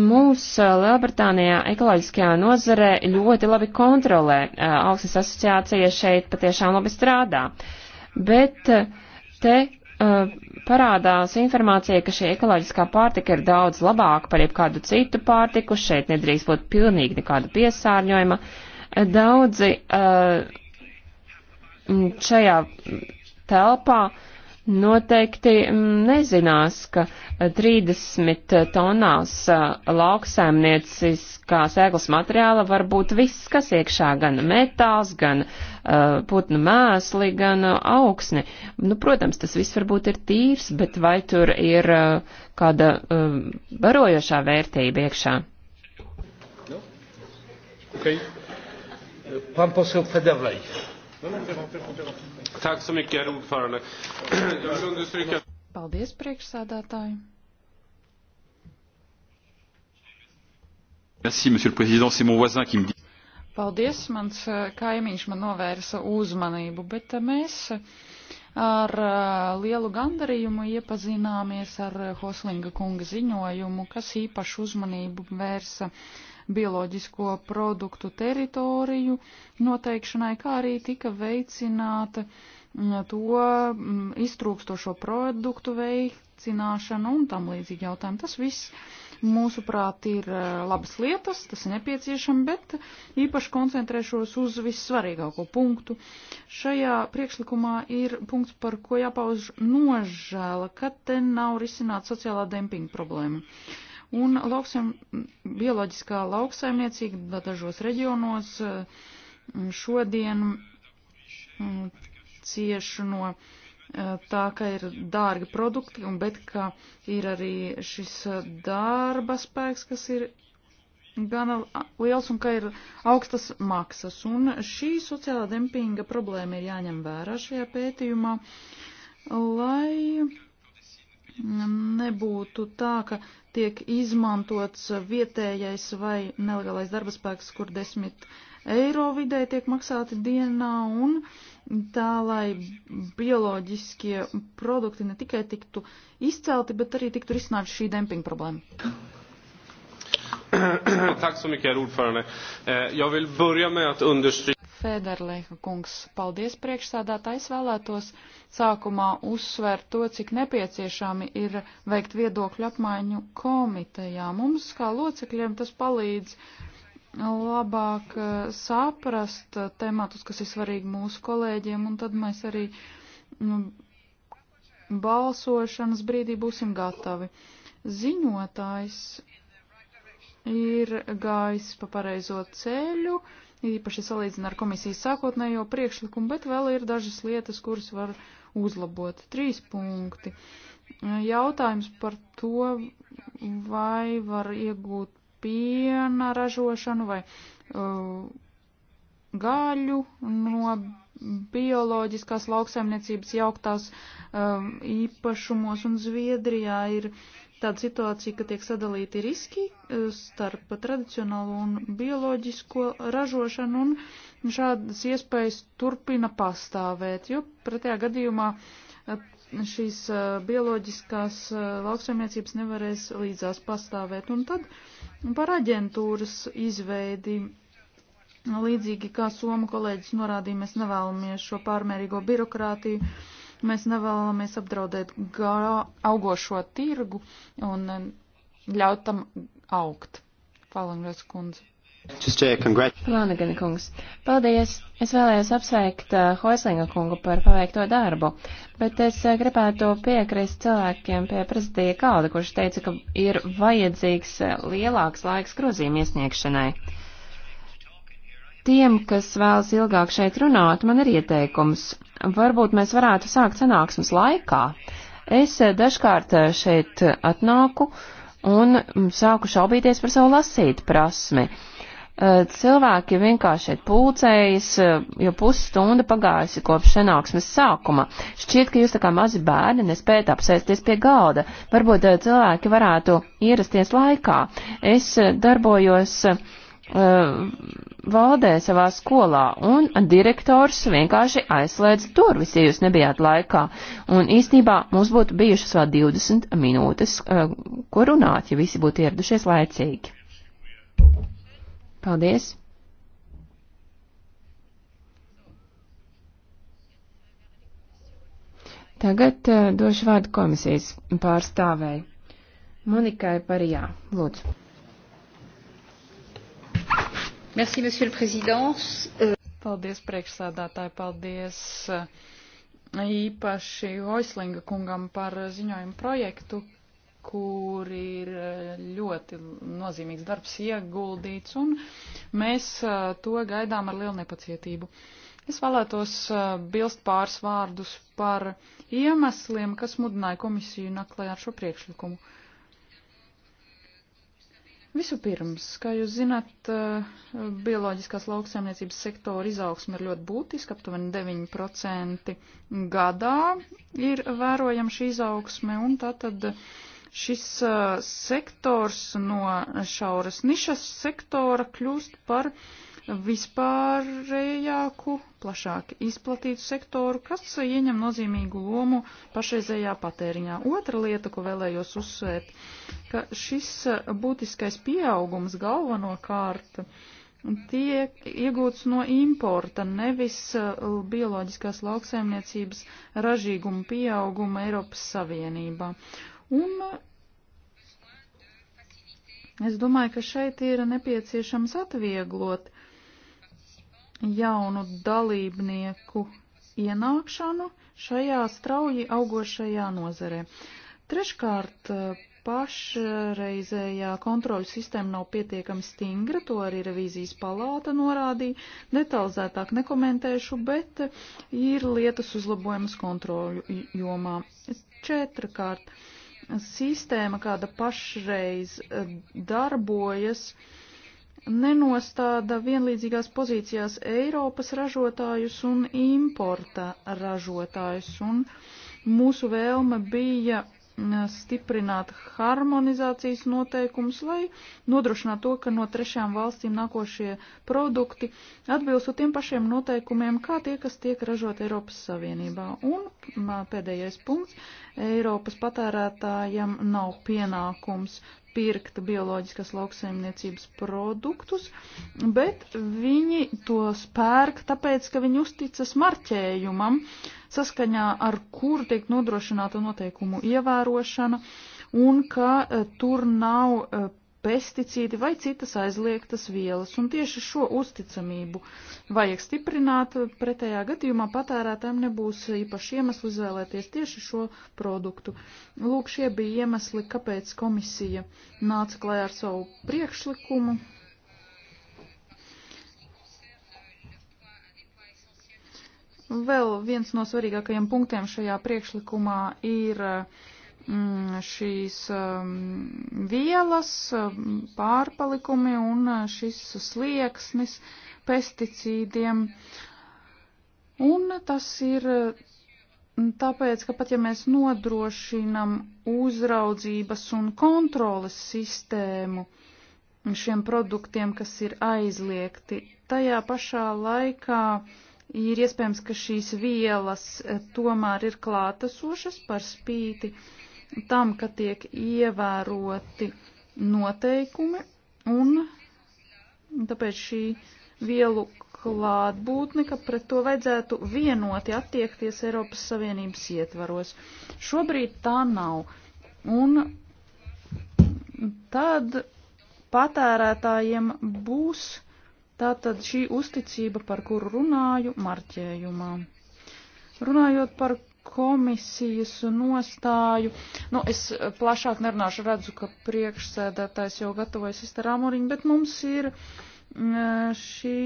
Mūs eh, Lielbritānijā ekoloģiskajā nozarē ļoti labi kontrolē. Eh, augsnes asociācija šeit patiešām labi strādā. Bet eh, te parādās informācija, ka šī ekoloģiskā pārtika ir daudz labāka par jebkādu citu pārtiku, šeit nedrīkst būt pilnīgi nekāda piesārņojuma. Daudzi uh, šajā telpā uh, noteikti mm, nezinās, ka 30 eh, tonās eh, lauksaimnieciskās ēglas materiāla var būt viss, kas iekšā gan metāls, gan uh, putnu mēsli, gan augsne. Nu, protams, tas viss varbūt ir tīrs, bet vai tur ir uh, kāda uh, barojošā vērtība iekšā? Okay. Pan poseł Federlej. Tack så mycket, herr ordförande. Jag vill understryka... Paldies, priekšsādātāji. Merci, monsieur le président. C'est mon voisin qui me dit... Paldies, mans eh, kaimiņš man novērsa uzmanību, bet eh, mēs eh, ar lielu gandarījumu iepazināmies ar Hoslinga kunga ziņojumu, kas īpašu uzmanību vērsa uh, bioloģisko produktu teritoriju noteikšanai, kā arī tika veicināta mm, to mm, iztrūkstošo produktu veicināšana un tam līdzīgi jautājumi. Tas viss, mūsuprāt, ir eh, labas lietas, tas ir nepieciešami, bet īpaši koncentrēšos uz vissvarīgāko punktu. Šajā priekšlikumā ir punkts, par ko jāpauž nožēla, ka te nav risināta sociālā dempinga problēma. Uh, un lauksaim, bioloģiskā lauksaimniecība dažos reģionos mm, šodien mm, cieši no eh, tā, ka ir dārgi produkti, bet ka ir arī šis eh, darba spēks, kas ir gana liels un ka ir augstas maksas. Un šī sociālā dempinga problēma ir jāņem vērā šajā pētījumā, lai nebūtu tā, ka tiek izmantots vietējais vai nelegālais darbaspēks, kur 10 eiro vidē tiek maksāti dienā, un tā, lai bioloģiskie produkti ne tikai tiktu izcelti, bet arī tiktu risināta šī dempinga problēma. Tack så mycket, herr ordförande. Eh, jag vill börja med att understryka Fēderleha kungs. Paldies priekšsādātā. Es vēlētos sākumā uzsvērt to, cik nepieciešami ir veikt viedokļu apmaiņu komitejā. Mums kā locekļiem tas palīdz labāk eh, saprast tematus, kas ir svarīgi mūsu kolēģiem, un tad mēs arī nu, balsošanas brīdī būsim gatavi. Ziņotājs ir gājis pa pareizo ceļu, īpaši salīdzina ar komisijas sākotnējo priekšlikumu, bet vēl ir dažas lietas, kuras var uzlabot. Trīs punkti. Jautājums par to, vai var iegūt piena ražošanu vai uh, gaļu no bioloģiskās lauksaimniecības jauktās uh, īpašumos, un Zviedrijā ir tāda situācija, ka tiek sadalīti riski e, starp tradicionālo un bioloģisko ražošanu, un šādas iespējas turpina pastāvēt, jo pretējā gadījumā e, šīs e, bioloģiskās lauksaimniecības nevarēs līdzās pastāvēt. Un tad par aģentūras izveidi. Līdzīgi kā Soma kolēģis norādīja, mēs nevēlamies šo pārmērīgo birokrātiju Mēs nevēlamies apdraudēt augošo tirgu un eh, ļaut tam augt. Palangres kundze. Lanagani kungs, paldies! Es vēlējos apsveikt uh, Hoislinga kungu par paveikto darbu, bet es uh, gribētu piekrist cilvēkiem pie prezidija kalda, kurš teica, ka ir vajadzīgs uh, lielāks laiks grozījuma iesniegšanai. Tiem, kas vēlas ilgāk šeit runāt, man ir ieteikums. Varbūt mēs varētu sākt sanāksmes laikā. Es eh, dažkārt eh, šeit eh, atnāku un mm, sāku šaubīties par savu lasīt prasmi. Cilvēki vienkārši šeit pulcējas, jo pusstunda pagājusi kopš senāksmes sākuma. Šķiet, ka jūs tā kā mazi bērni nespējat apsēsties pie galda. Varbūt cilvēki varētu ierasties laikā. Es darbojos uh, Uh, valdē savā skolā, un direktors vienkārši aizslēdz durvis, ja jūs nebijāt laikā. Un īstenībā mums būtu bijušas vēl 20 minūtes, uh, ko runāt, ja visi būtu ieradušies laicīgi. Paldies! Tagad uh, došu vārdu komisijas pārstāvēji Monikai Parijā. Lūdzu. Merci, monsieur le président. Paldies, priekšsādātāji, paldies uh, īpaši Oislinga kungam par ziņojumu projektu, kur ir uh, ļoti nozīmīgs darbs ieguldīts, un mēs uh, to gaidām ar lielu nepacietību. Es vēlētos bilst pāris vārdus par iemesliem, kas mudināja komisiju naklē ar šo priekšlikumu. Uh, Vispirms, kā jūs zināt, eh, bioloģiskās lauksaimniecības sektora izaugsme ir ļoti būtiska, aptuveni 9% gadā ir vērojama šī izaugsme, un tātad šis eh, sektors no šauras nišas sektora kļūst par uh, vispārējāku, plašāk izplatītu sektoru, kas ieņem nozīmīgu lomu pašreizējā patēriņā. Otra lieta, ko vēlējos uzsvērt, ka šis būtiskais pieaugums galvenokārt tiek iegūts no importa, nevis bioloģiskās lauksaimniecības ražīguma pieauguma Eiropas Savienībā. Un es domāju, ka šeit ir nepieciešams atvieglot uh, jaunu dalībnieku ienākšanu šajā strauji augošajā nozarē. Treškārt, pašreizējā kontroļu sistēma nav pietiekami stingra, to arī revīzijas palāta norādīja, detalizētāk nekomentēšu, bet ir lietas uzlabojamas kontroļu jomā. Četrakārt, sistēma, kāda pašreiz darbojas, uh, nenostāda vienlīdzīgās pozīcijās Eiropas ražotājus un importa ražotājus, un mūsu vēlme bija stiprināt harmonizācijas noteikumus, lai nodrošinātu to, ka no trešām valstīm nākošie produkti atbilstu tiem pašiem noteikumiem, kā tie, kas tiek ražot Eiropas Savienībā. Un pēdējais punkts - Eiropas patērētājiem nav pienākums pirkt bioloģiskas lauksaimniecības produktus, bet viņi tos pērk tāpēc, ka viņi uzticas marķējumam, saskaņā ar kur tiek nodrošināta noteikumu ievērošana, un ka eh, tur nav eh, pesticīdi vai citas aizliegtas vielas, un tieši šo uzticamību vajag stiprināt, pretējā gadījumā patērētājiem nebūs īpaši iemesli izvēlēties tieši šo produktu. Lūk, šie bija iemesli, kāpēc komisija nāca klajā ar savu priekšlikumu. Vēl viens no svarīgākajiem punktiem šajā priekšlikumā ir uh, Mm, šīs um, vielas um, pārpalikumi un uh, šis slieksnis pesticīdiem. Un tas ir mm, tāpēc, ka pat ja mēs nodrošinam uzraudzības un kontroles sistēmu šiem produktiem, kas ir aizliegti, tajā pašā laikā ir iespējams, ka šīs vielas eh, tomēr ir klātesošas par spīti uh, tam, ka tiek ievēroti noteikumi un tāpēc šī vielu klātbūtne, ka pret to vajadzētu vienoti attiekties Eiropas Savienības ietvaros. Šobrīd tā nav. Un tad patērētājiem būs tātad šī uzticība, par kuru runāju marķējumā. Runājot par komisijas nostāju. Nu, es plašāk nerunāšu, redzu, ka priekšsēdētājs jau gatavojas iztara āmuriņu, bet mums ir mm, šī.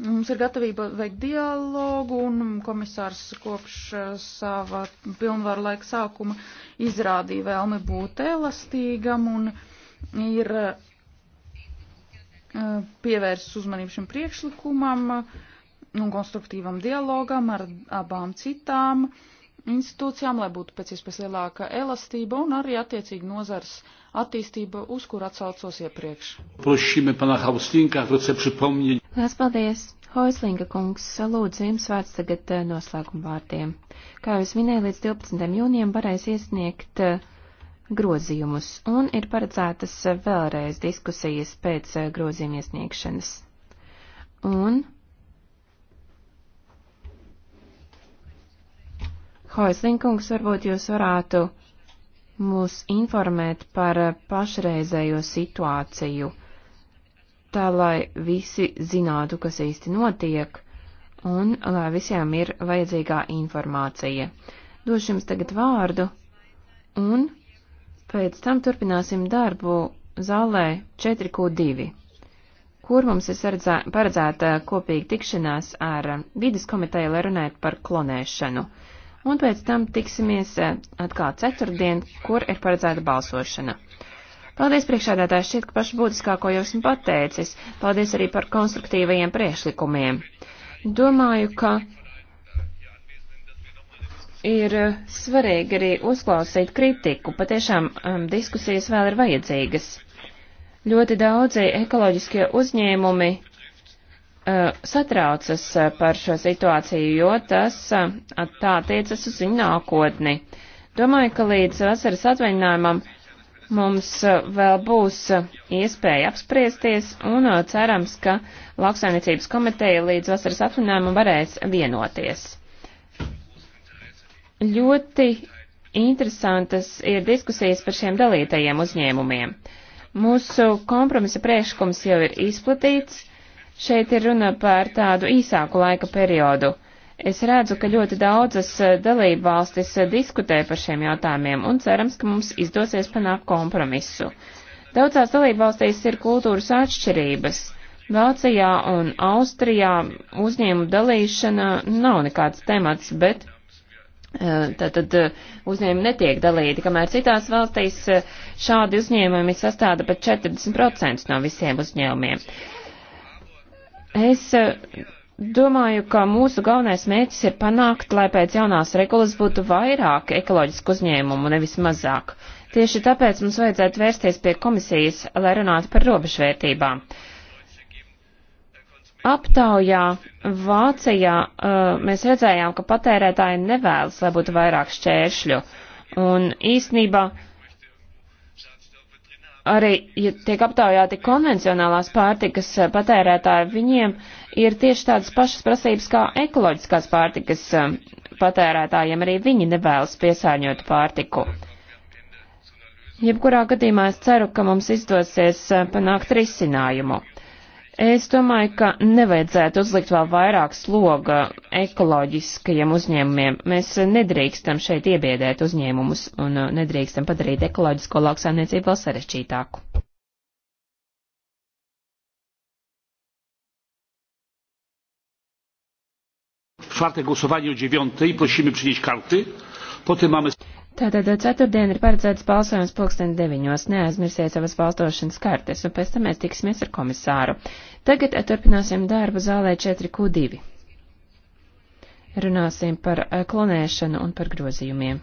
Mums ir gatavība veikt dialogu, un komisārs kopš sava pilnvaru laika sākuma izrādīja vēlmi būt elastīgam un ir eh, pievērsts uzmanību šim priekšlikumam. Uh, un konstruktīvam dialogam ar abām citām institūcijām, lai būtu pēc iespējas lielāka elastība un arī attiecīgi nozars attīstība, uz kur atsaucos iepriekš. Lās paldies! Hoislinga kungs, lūdzu jums vārds tagad eh, noslēguma vārdiem. Kā jau es minēju, līdz 12. jūnijam varēs iesniegt eh, grozījumus, un ir paredzētas eh, vēlreiz diskusijas pēc grozījuma iesniegšanas. Un Hoislinkungs, varbūt jūs varētu mūs informēt par pašreizējo situāciju, tā lai visi zinātu, kas īsti notiek, un lai visiem ir vajadzīgā informācija. Došu jums tagad vārdu, un pēc tam turpināsim darbu zālē 4Q2 kur mums ir sardzā, paredzēta kopīga tikšanās ar vidas komiteju, lai runātu par klonēšanu un pēc tam tiksimies eh, atkal ceturtdien, kur ir paredzēta balsošana. Paldies priekšādātājs, šķiet, ka pašu būtiskāko jau esmu pateicis. Paldies arī par konstruktīvajiem priešlikumiem. Domāju, ka ir eh, svarīgi arī uzklausīt kritiku. Patiešām um, diskusijas vēl ir vajadzīgas. Ļoti daudzi ekoloģiskie uzņēmumi satraucas par šo situāciju, jo tas tā attiecas uz viņu nākotni. Domāju, ka līdz vasaras atvaļinājumam mums vēl būs iespēja apspriesties un cerams, ka lauksaimniecības komiteja līdz vasaras atvaļinājumam varēs vienoties. Ļoti interesantas ir diskusijas par šiem dalītajiem uzņēmumiem. Mūsu kompromisa priekšlikums jau ir izplatīts, Šeit ir runa par tādu īsāku laika periodu. Es redzu, ka ļoti daudzas eh, dalību valstis eh, diskutē par šiem jautājumiem un cerams, ka mums izdosies panākt kompromisu. Daudzās dalību valstīs ir kultūras atšķirības. Vācijā un Austrijā uzņēmumu dalīšana nav nekāds temats, bet tātad eh, uzņēmumi netiek dalīti, kamēr citās valstīs šādi uzņēmumi sastāda pat 40% no visiem uzņēmumiem. Es eh, domāju, ka mūsu galvenais mērķis ir panākt, lai pēc jaunās regulas būtu vairāk ekoloģisku uzņēmumu, nevis mazāk. Tieši tāpēc mums vajadzētu vērsties pie komisijas, lai runātu par robežvērtībām. Aptaujā Vācijā uh, mēs redzējām, ka patērētāji nevēlas, lai būtu vairāk šķēršļu. Un īsnībā uh, arī, ja tiek aptaujāti konvencionālās pārtikas eh, patērētāji, viņiem ir tieši tādas pašas prasības kā ekoloģiskās pārtikas eh, patērētājiem, arī viņi nevēlas piesārņot pārtiku. Jebkurā gadījumā es ceru, ka mums izdosies eh, panākt risinājumu. Es domāju, ka nevajadzētu uzlikt vēl vairāk sloga ekoloģiskajiem uzņēmumiem. Mēs nedrīkstam šeit iebiedēt uzņēmumus un uh, nedrīkstam padarīt ekoloģisko lauksaimniecību vēl sarežģītāku. Čwartek głosowanie o dziewiątej. Prosimy przynieść karty. Potem mamy... Tātad uh, ceturtdien ir paredzēts balsojums pulksten deviņos. Neaizmirsiet savas balsošanas kartes, un pēc tam mēs tiksimies ar komisāru. Tagad eh, turpināsim darbu zālē 4Q2. Runāsim par eh, klonēšanu un par grozījumiem.